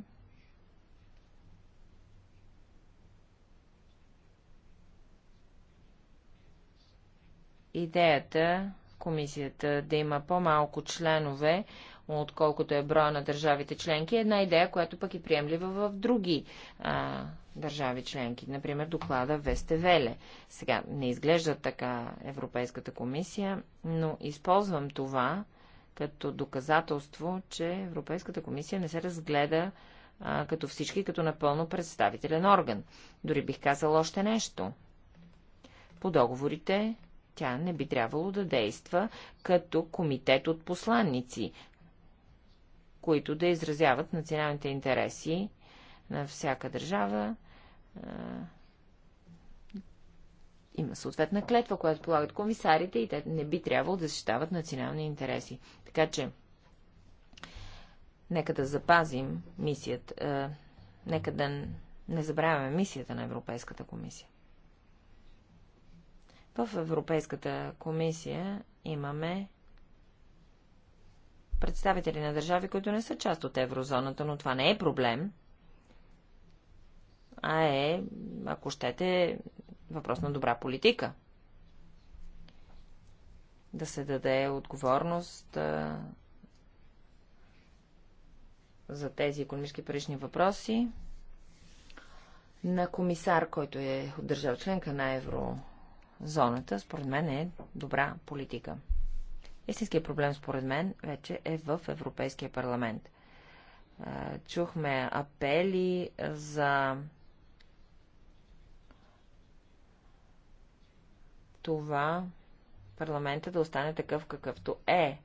идеята комисията да има по-малко членове отколкото е броя на държавите членки, е една идея, която пък е приемлива в други а, държави членки. Например, доклада Вестевеле. Сега не изглежда така Европейската комисия, но използвам това като доказателство, че Европейската комисия не се разгледа а, като всички, като напълно представителен орган. Дори бих казал още нещо. По договорите тя не би трябвало да действа като комитет от посланници, които да изразяват националните интереси на всяка държава. Има съответна клетва, която полагат комисарите и те не би трябвало да защитават национални интереси. Така че, нека да запазим мисията, нека да не забравяме мисията на Европейската комисия. В Европейската комисия имаме представители на държави, които не са част от еврозоната, но това не е проблем, а е, ако щете, въпрос на добра политика. Да се даде отговорност а, за тези економически парични въпроси на комисар, който е от държава членка на еврозоната, според мен е добра политика. Истинският проблем, според мен, вече е в Европейския парламент. Чухме апели за това парламента да остане такъв какъвто е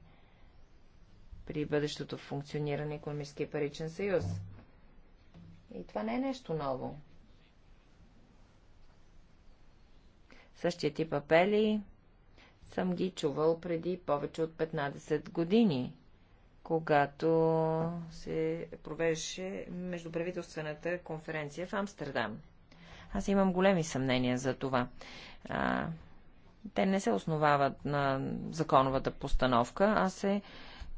при бъдещото функциониране на економическия паричен съюз. И това не е нещо ново. Същия тип апели съм ги чувал преди повече от 15 години, когато се провеждаше междуправителствената конференция в Амстердам. Аз имам големи съмнения за това. А, те не се основават на законовата постановка, а се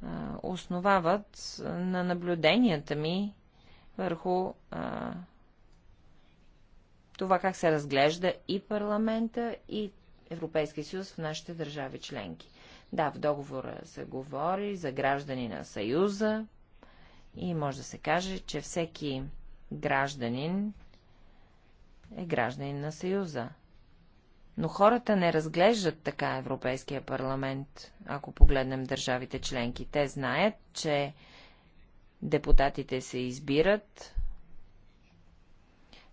а, основават на наблюденията ми върху а, това как се разглежда и парламента, и Европейския съюз в нашите държави членки. Да, в договора се говори за граждани на Съюза и може да се каже, че всеки гражданин е гражданин на Съюза. Но хората не разглеждат така Европейския парламент, ако погледнем държавите членки. Те знаят, че депутатите се избират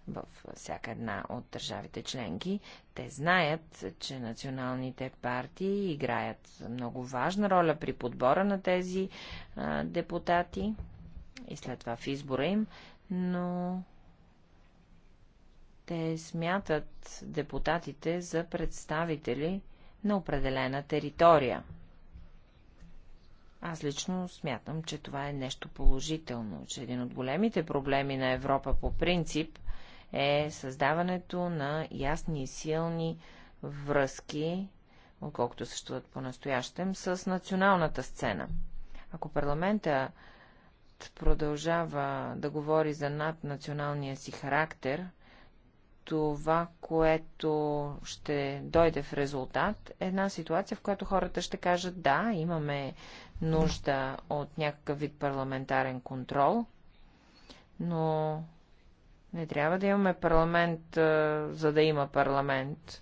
в всяка една от държавите членки. Те знаят, че националните партии играят много важна роля при подбора на тези а, депутати и след това в избора им, но те смятат депутатите за представители на определена територия. Аз лично смятам, че това е нещо положително, че един от големите проблеми на Европа по принцип е създаването на ясни и силни връзки, отколкото съществуват по-настоящем, с националната сцена. Ако парламента продължава да говори за наднационалния си характер, това, което ще дойде в резултат, е една ситуация, в която хората ще кажат да, имаме нужда от някакъв вид парламентарен контрол, но не трябва да имаме парламент, за да има парламент,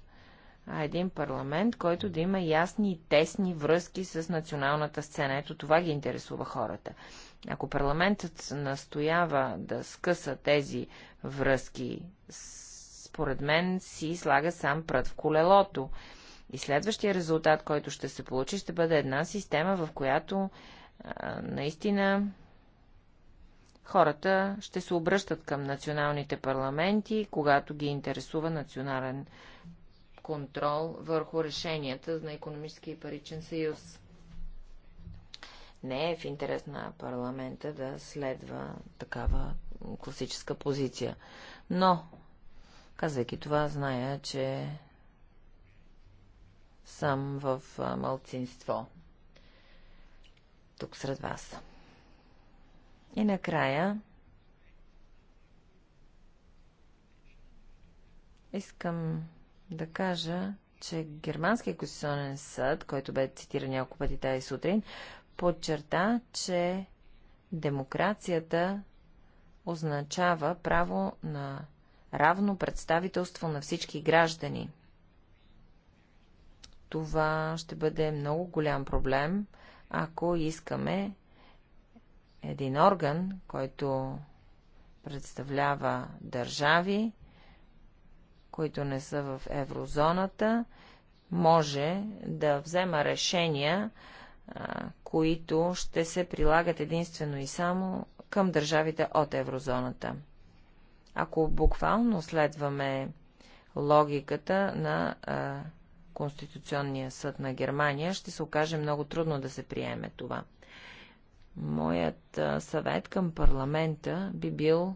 а един парламент, който да има ясни и тесни връзки с националната сцена. Ето това ги интересува хората. Ако парламентът настоява да скъса тези връзки, според мен си слага сам прът в колелото. И следващия резултат, който ще се получи, ще бъде една система, в която а, наистина Хората ще се обръщат към националните парламенти, когато ги интересува национален контрол върху решенията на економически и паричен съюз. Не е в интерес на парламента да следва такава класическа позиция. Но, казвайки това, зная, че съм в малцинство. Тук сред вас. И накрая искам да кажа, че Германския конституционен съд, който бе цитиран няколко пъти тази сутрин, подчерта, че демокрацията означава право на равно представителство на всички граждани. Това ще бъде много голям проблем, ако искаме един орган, който представлява държави, които не са в еврозоната, може да взема решения, които ще се прилагат единствено и само към държавите от еврозоната. Ако буквално следваме логиката на Конституционния съд на Германия, ще се окаже много трудно да се приеме това. Моят съвет към парламента би бил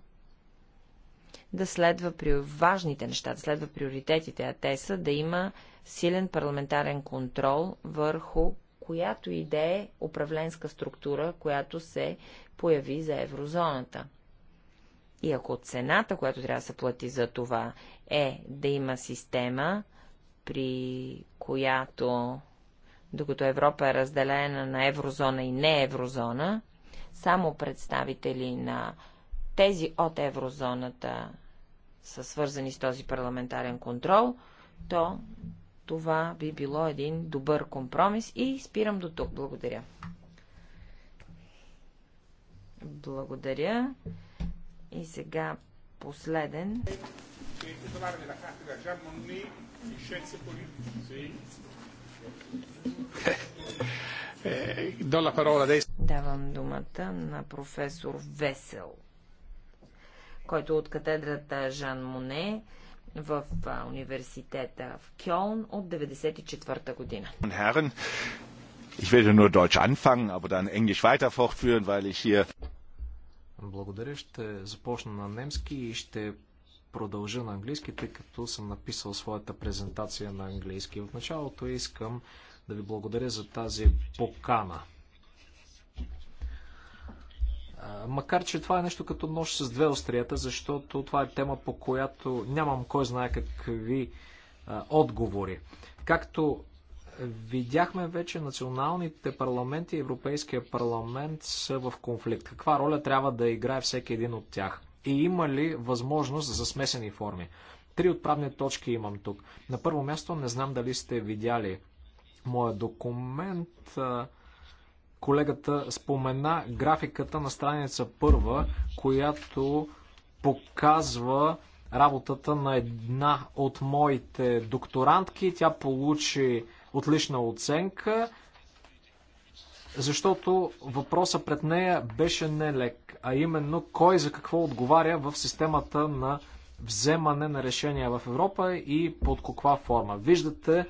да следва при важните неща, да следва приоритетите, а те са да има силен парламентарен контрол върху която и да е управленска структура, която се появи за еврозоната. И ако цената, която трябва да се плати за това, е да има система, при която докато Европа е разделена на еврозона и не еврозона, само представители на тези от еврозоната са свързани с този парламентарен контрол, то това би било един добър компромис и спирам до тук. Благодаря. Благодаря. И сега последен. you. Давам думата на професор Весел, който е от катедрата Жан Моне в университета в Кьолн от 1994-та година. Ich werde nur Deutsch anfangen, aber dann Englisch weiter fortführen, weil ich hier... Благодаря, ще започна на немски и ще продължа на английски, тъй като съм написал своята презентация на английски. В началото искам да ви благодаря за тази покана. Макар, че това е нещо като нож с две острията, защото това е тема, по която нямам кой знае какви отговори. Както видяхме вече, националните парламенти и Европейския парламент са в конфликт. Каква роля трябва да играе всеки един от тях? И има ли възможност за смесени форми? Три отправни точки имам тук. На първо място не знам дали сте видяли моя документ. Колегата спомена графиката на страница първа, която показва работата на една от моите докторантки. Тя получи отлична оценка, защото въпросът пред нея беше нелек, а именно кой за какво отговаря в системата на вземане на решения в Европа и под каква форма. Виждате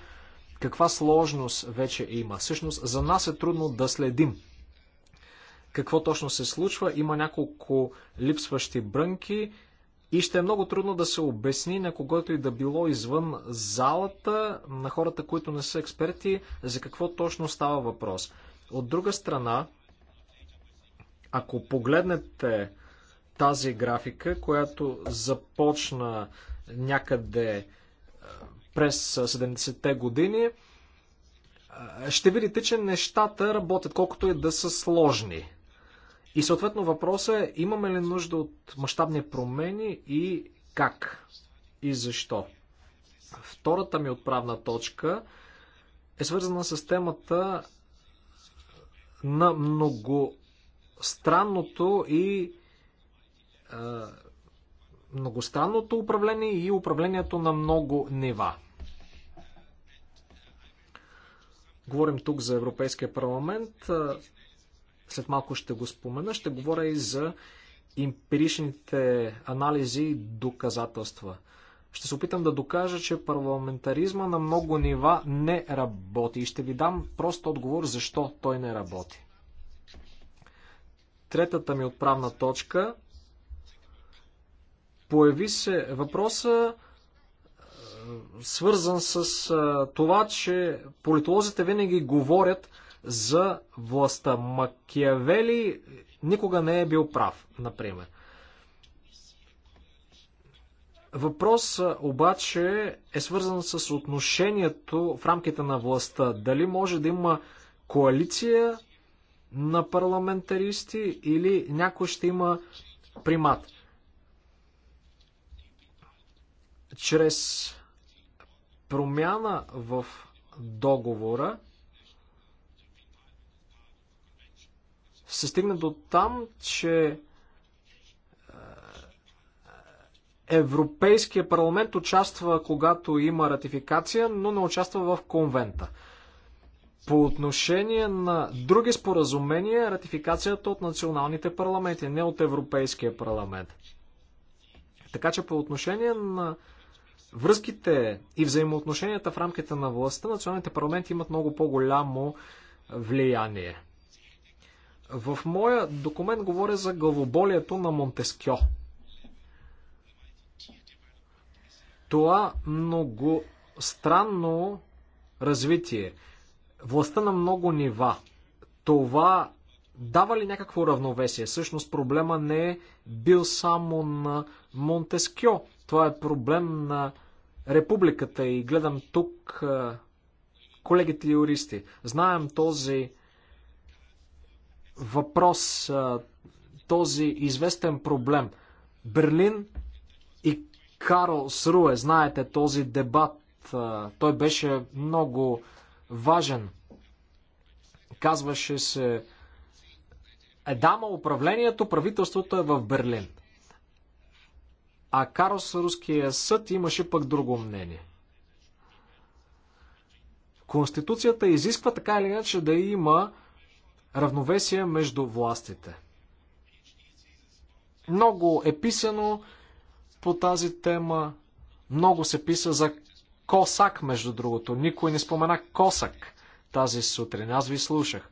каква сложност вече има. Всъщност за нас е трудно да следим какво точно се случва. Има няколко липсващи брънки и ще е много трудно да се обясни на когото и да било извън залата, на хората, които не са експерти, за какво точно става въпрос. От друга страна, ако погледнете тази графика, която започна някъде през 70-те години, ще видите, че нещата работят колкото и да са сложни. И съответно въпросът е, имаме ли нужда от мащабни промени и как и защо. Втората ми отправна точка е свързана с темата на многостранното и е, многостранното управление и управлението на много нива. Говорим тук за Европейския парламент. След малко ще го спомена. Ще говоря и за емпиричните анализи и доказателства. Ще се опитам да докажа, че парламентаризма на много нива не работи. И ще ви дам прост отговор защо той не работи. Третата ми отправна точка. Появи се въпроса свързан с това, че политолозите винаги говорят за властта. Макиавели никога не е бил прав, например. Въпрос обаче е свързан с отношението в рамките на властта. Дали може да има коалиция на парламентаристи или някой ще има примат. Чрез промяна в договора се стигна до там, че е, Европейския парламент участва, когато има ратификация, но не участва в конвента. По отношение на други споразумения, ратификацията от националните парламенти, не от Европейския парламент. Така че по отношение на връзките и взаимоотношенията в рамките на властта, националните парламенти имат много по-голямо влияние. В моя документ говоря за главоболието на Монтескьо. Това много странно развитие, властта на много нива, това дава ли някакво равновесие? Същност, проблема не е бил само на Монтескьо. Това е проблем на републиката и гледам тук колегите юристи. Знаем този въпрос, този известен проблем. Берлин и Карл Сруе, знаете този дебат, той беше много важен. Казваше се, е дама управлението, правителството е в Берлин. А Карлс Руския съд имаше пък друго мнение. Конституцията изисква така или иначе да има равновесие между властите. Много е писано по тази тема, много се писа за Косак, между другото. Никой не спомена Косак тази сутрин. Аз ви слушах.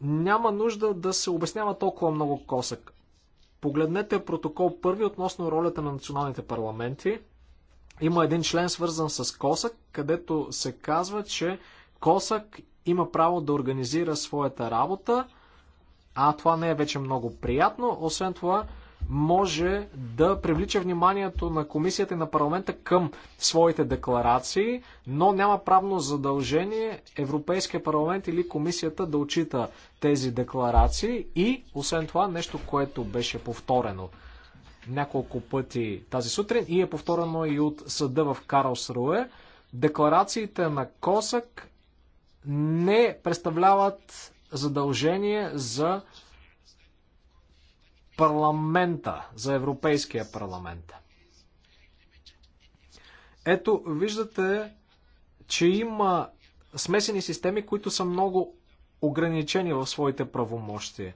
Няма нужда да се обяснява толкова много Косак. Погледнете протокол първи относно ролята на националните парламенти. Има един член свързан с Косък, където се казва, че Косък има право да организира своята работа, а това не е вече много приятно. Освен това, може да привлича вниманието на комисията и на парламента към своите декларации, но няма правно задължение Европейския парламент или комисията да отчита тези декларации и, освен това, нещо, което беше повторено няколко пъти тази сутрин и е повторено и от съда в Карлс Руе, декларациите на Косък не представляват задължение за парламента, за Европейския парламент. Ето, виждате, че има смесени системи, които са много ограничени в своите правомощия.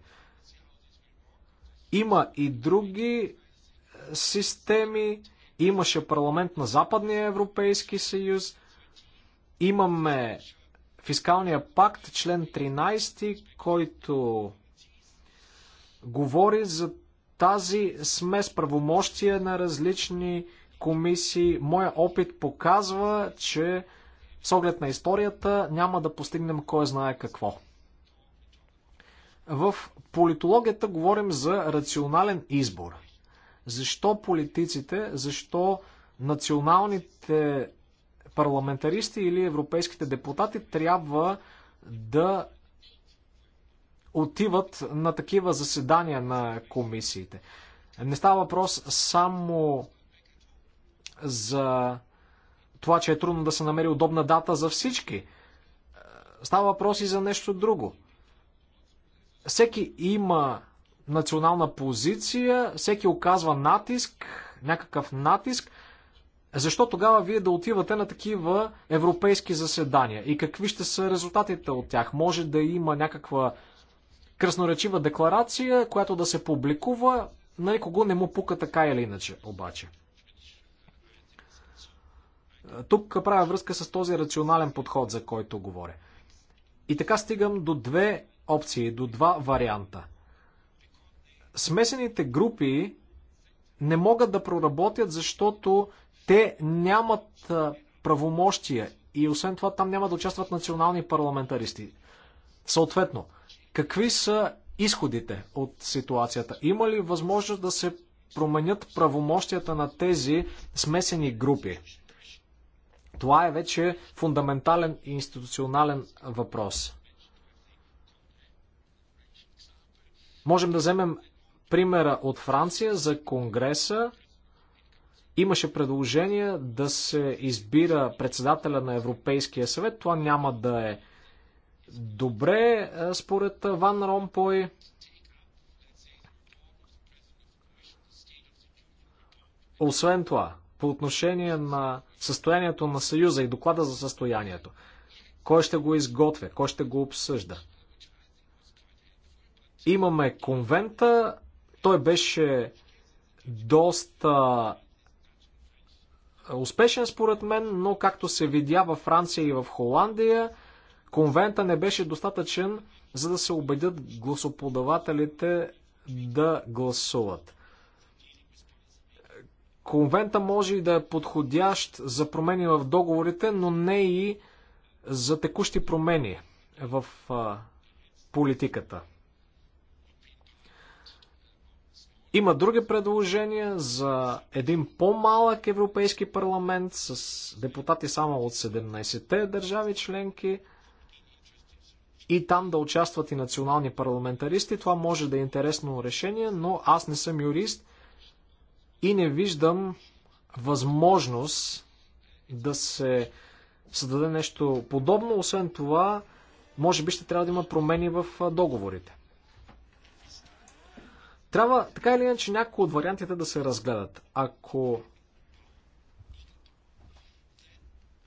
Има и други системи. Имаше парламент на Западния Европейски съюз. Имаме фискалния пакт, член 13, който говори за тази смес правомощия на различни комисии. Моя опит показва, че с оглед на историята няма да постигнем кой знае какво. В политологията говорим за рационален избор. Защо политиците, защо националните парламентаристи или европейските депутати трябва да отиват на такива заседания на комисиите. Не става въпрос само за това, че е трудно да се намери удобна дата за всички. Става въпрос и за нещо друго. Всеки има национална позиция, всеки оказва натиск, някакъв натиск. Защо тогава вие да отивате на такива европейски заседания? И какви ще са резултатите от тях? Може да има някаква кръсноречива декларация, която да се публикува, на никого не му пука така или иначе, обаче. Тук правя връзка с този рационален подход, за който говоря. И така стигам до две опции, до два варианта. Смесените групи не могат да проработят, защото те нямат правомощия и освен това там няма да участват национални парламентаристи. Съответно, Какви са изходите от ситуацията? Има ли възможност да се променят правомощията на тези смесени групи? Това е вече фундаментален и институционален въпрос. Можем да вземем примера от Франция за Конгреса. Имаше предложение да се избира председателя на Европейския съвет. Това няма да е добре е, според Ван Ромпой. Освен това, по отношение на състоянието на Съюза и доклада за състоянието, кой ще го изготвя, кой ще го обсъжда? Имаме конвента, той беше доста е, успешен според мен, но както се видя във Франция и в Холандия, Конвента не беше достатъчен, за да се убедят гласоподавателите да гласуват. Конвента може и да е подходящ за промени в договорите, но не и за текущи промени в а, политиката. Има други предложения за един по-малък Европейски парламент с депутати само от 17-те държави членки – и там да участват и национални парламентаристи. Това може да е интересно решение, но аз не съм юрист и не виждам възможност да се създаде нещо подобно. Освен това, може би ще трябва да има промени в договорите. Трябва така или иначе някои от вариантите да се разгледат. Ако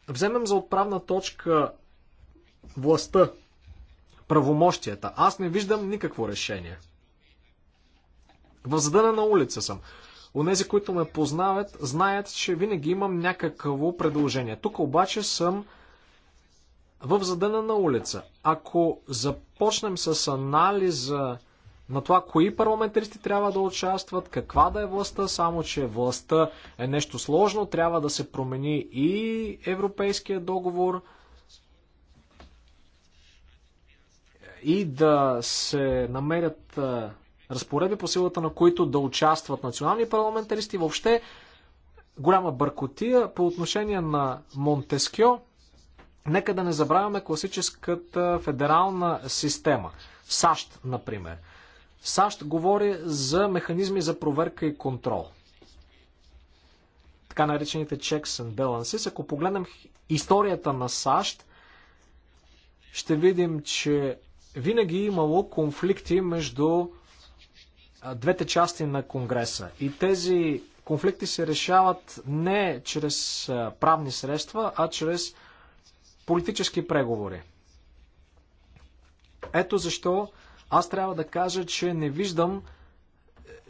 вземем за отправна точка властта правомощията. Аз не виждам никакво решение. В на улица съм. Онези, които ме познават, знаят, че винаги имам някакво предложение. Тук обаче съм в на улица. Ако започнем с анализа на това, кои парламентаристи трябва да участват, каква да е властта, само че властта е нещо сложно, трябва да се промени и Европейския договор – и да се намерят разпореди по силата на които да участват национални парламентаристи. Въобще голяма бъркотия по отношение на Монтескио. Нека да не забравяме класическата федерална система. САЩ, например. САЩ говори за механизми за проверка и контрол. Така наречените checks and balances. Ако погледнем историята на САЩ, ще видим, че винаги е имало конфликти между двете части на Конгреса. И тези конфликти се решават не чрез правни средства, а чрез политически преговори. Ето защо аз трябва да кажа, че не виждам е,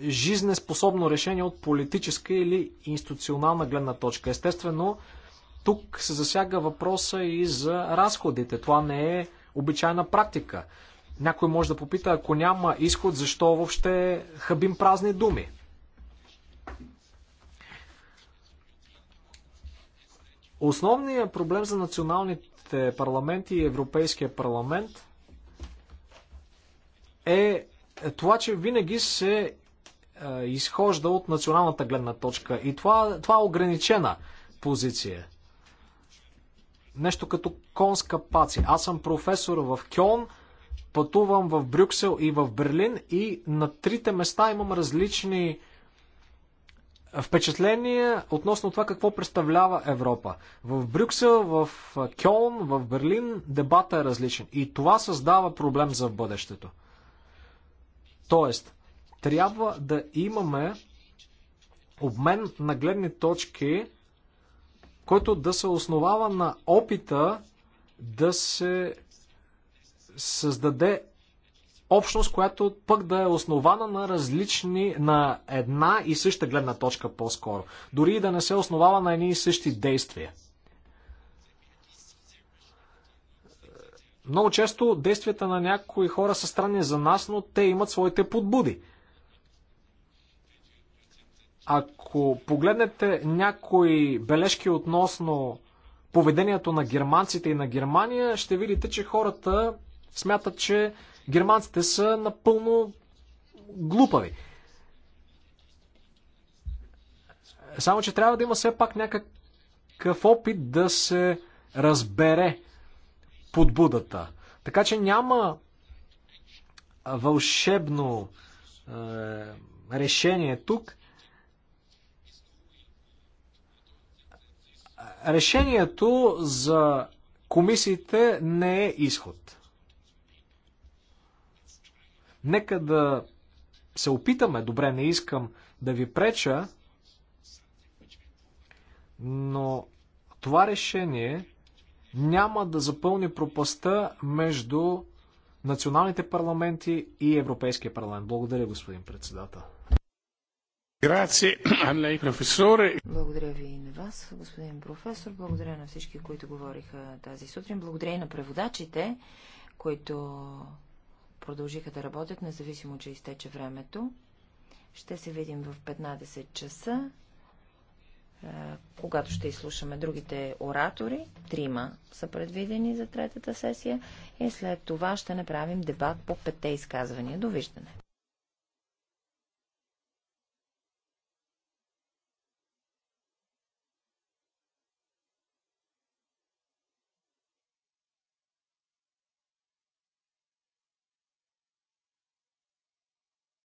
жизнеспособно решение от политическа или институционална гледна точка. Естествено, тук се засяга въпроса и за разходите. Това не е обичайна практика. Някой може да попита, ако няма изход, защо въобще хабим празни думи? Основният проблем за националните парламенти и Европейския парламент е това, че винаги се е, изхожда от националната гледна точка. И това, това е ограничена позиция нещо като конска паци. Аз съм професор в Кьон, пътувам в Брюксел и в Берлин и на трите места имам различни впечатления относно това какво представлява Европа. В Брюксел, в Кьон, в Берлин дебата е различен. И това създава проблем за бъдещето. Тоест, трябва да имаме обмен на гледни точки който да се основава на опита да се създаде общност, която пък да е основана на различни, на една и съща гледна точка по-скоро. Дори и да не се основава на едни и същи действия. Много често действията на някои хора са странни за нас, но те имат своите подбуди – ако погледнете някои бележки относно поведението на германците и на Германия, ще видите, че хората смятат, че германците са напълно глупави. Само, че трябва да има все пак някакъв опит да се разбере подбудата. Така че няма вълшебно е, решение тук. решението за комисиите не е изход. Нека да се опитаме, добре, не искам да ви преча, но това решение няма да запълни пропаста между националните парламенти и Европейския парламент. Благодаря, господин председател. Благодаря ви, вас, господин професор. Благодаря на всички, които говориха тази сутрин. Благодаря и на преводачите, които продължиха да работят, независимо, че изтече времето. Ще се видим в 15 часа, е, когато ще изслушаме другите оратори. Трима са предвидени за третата сесия и след това ще направим дебат по петте изказвания. Довиждане!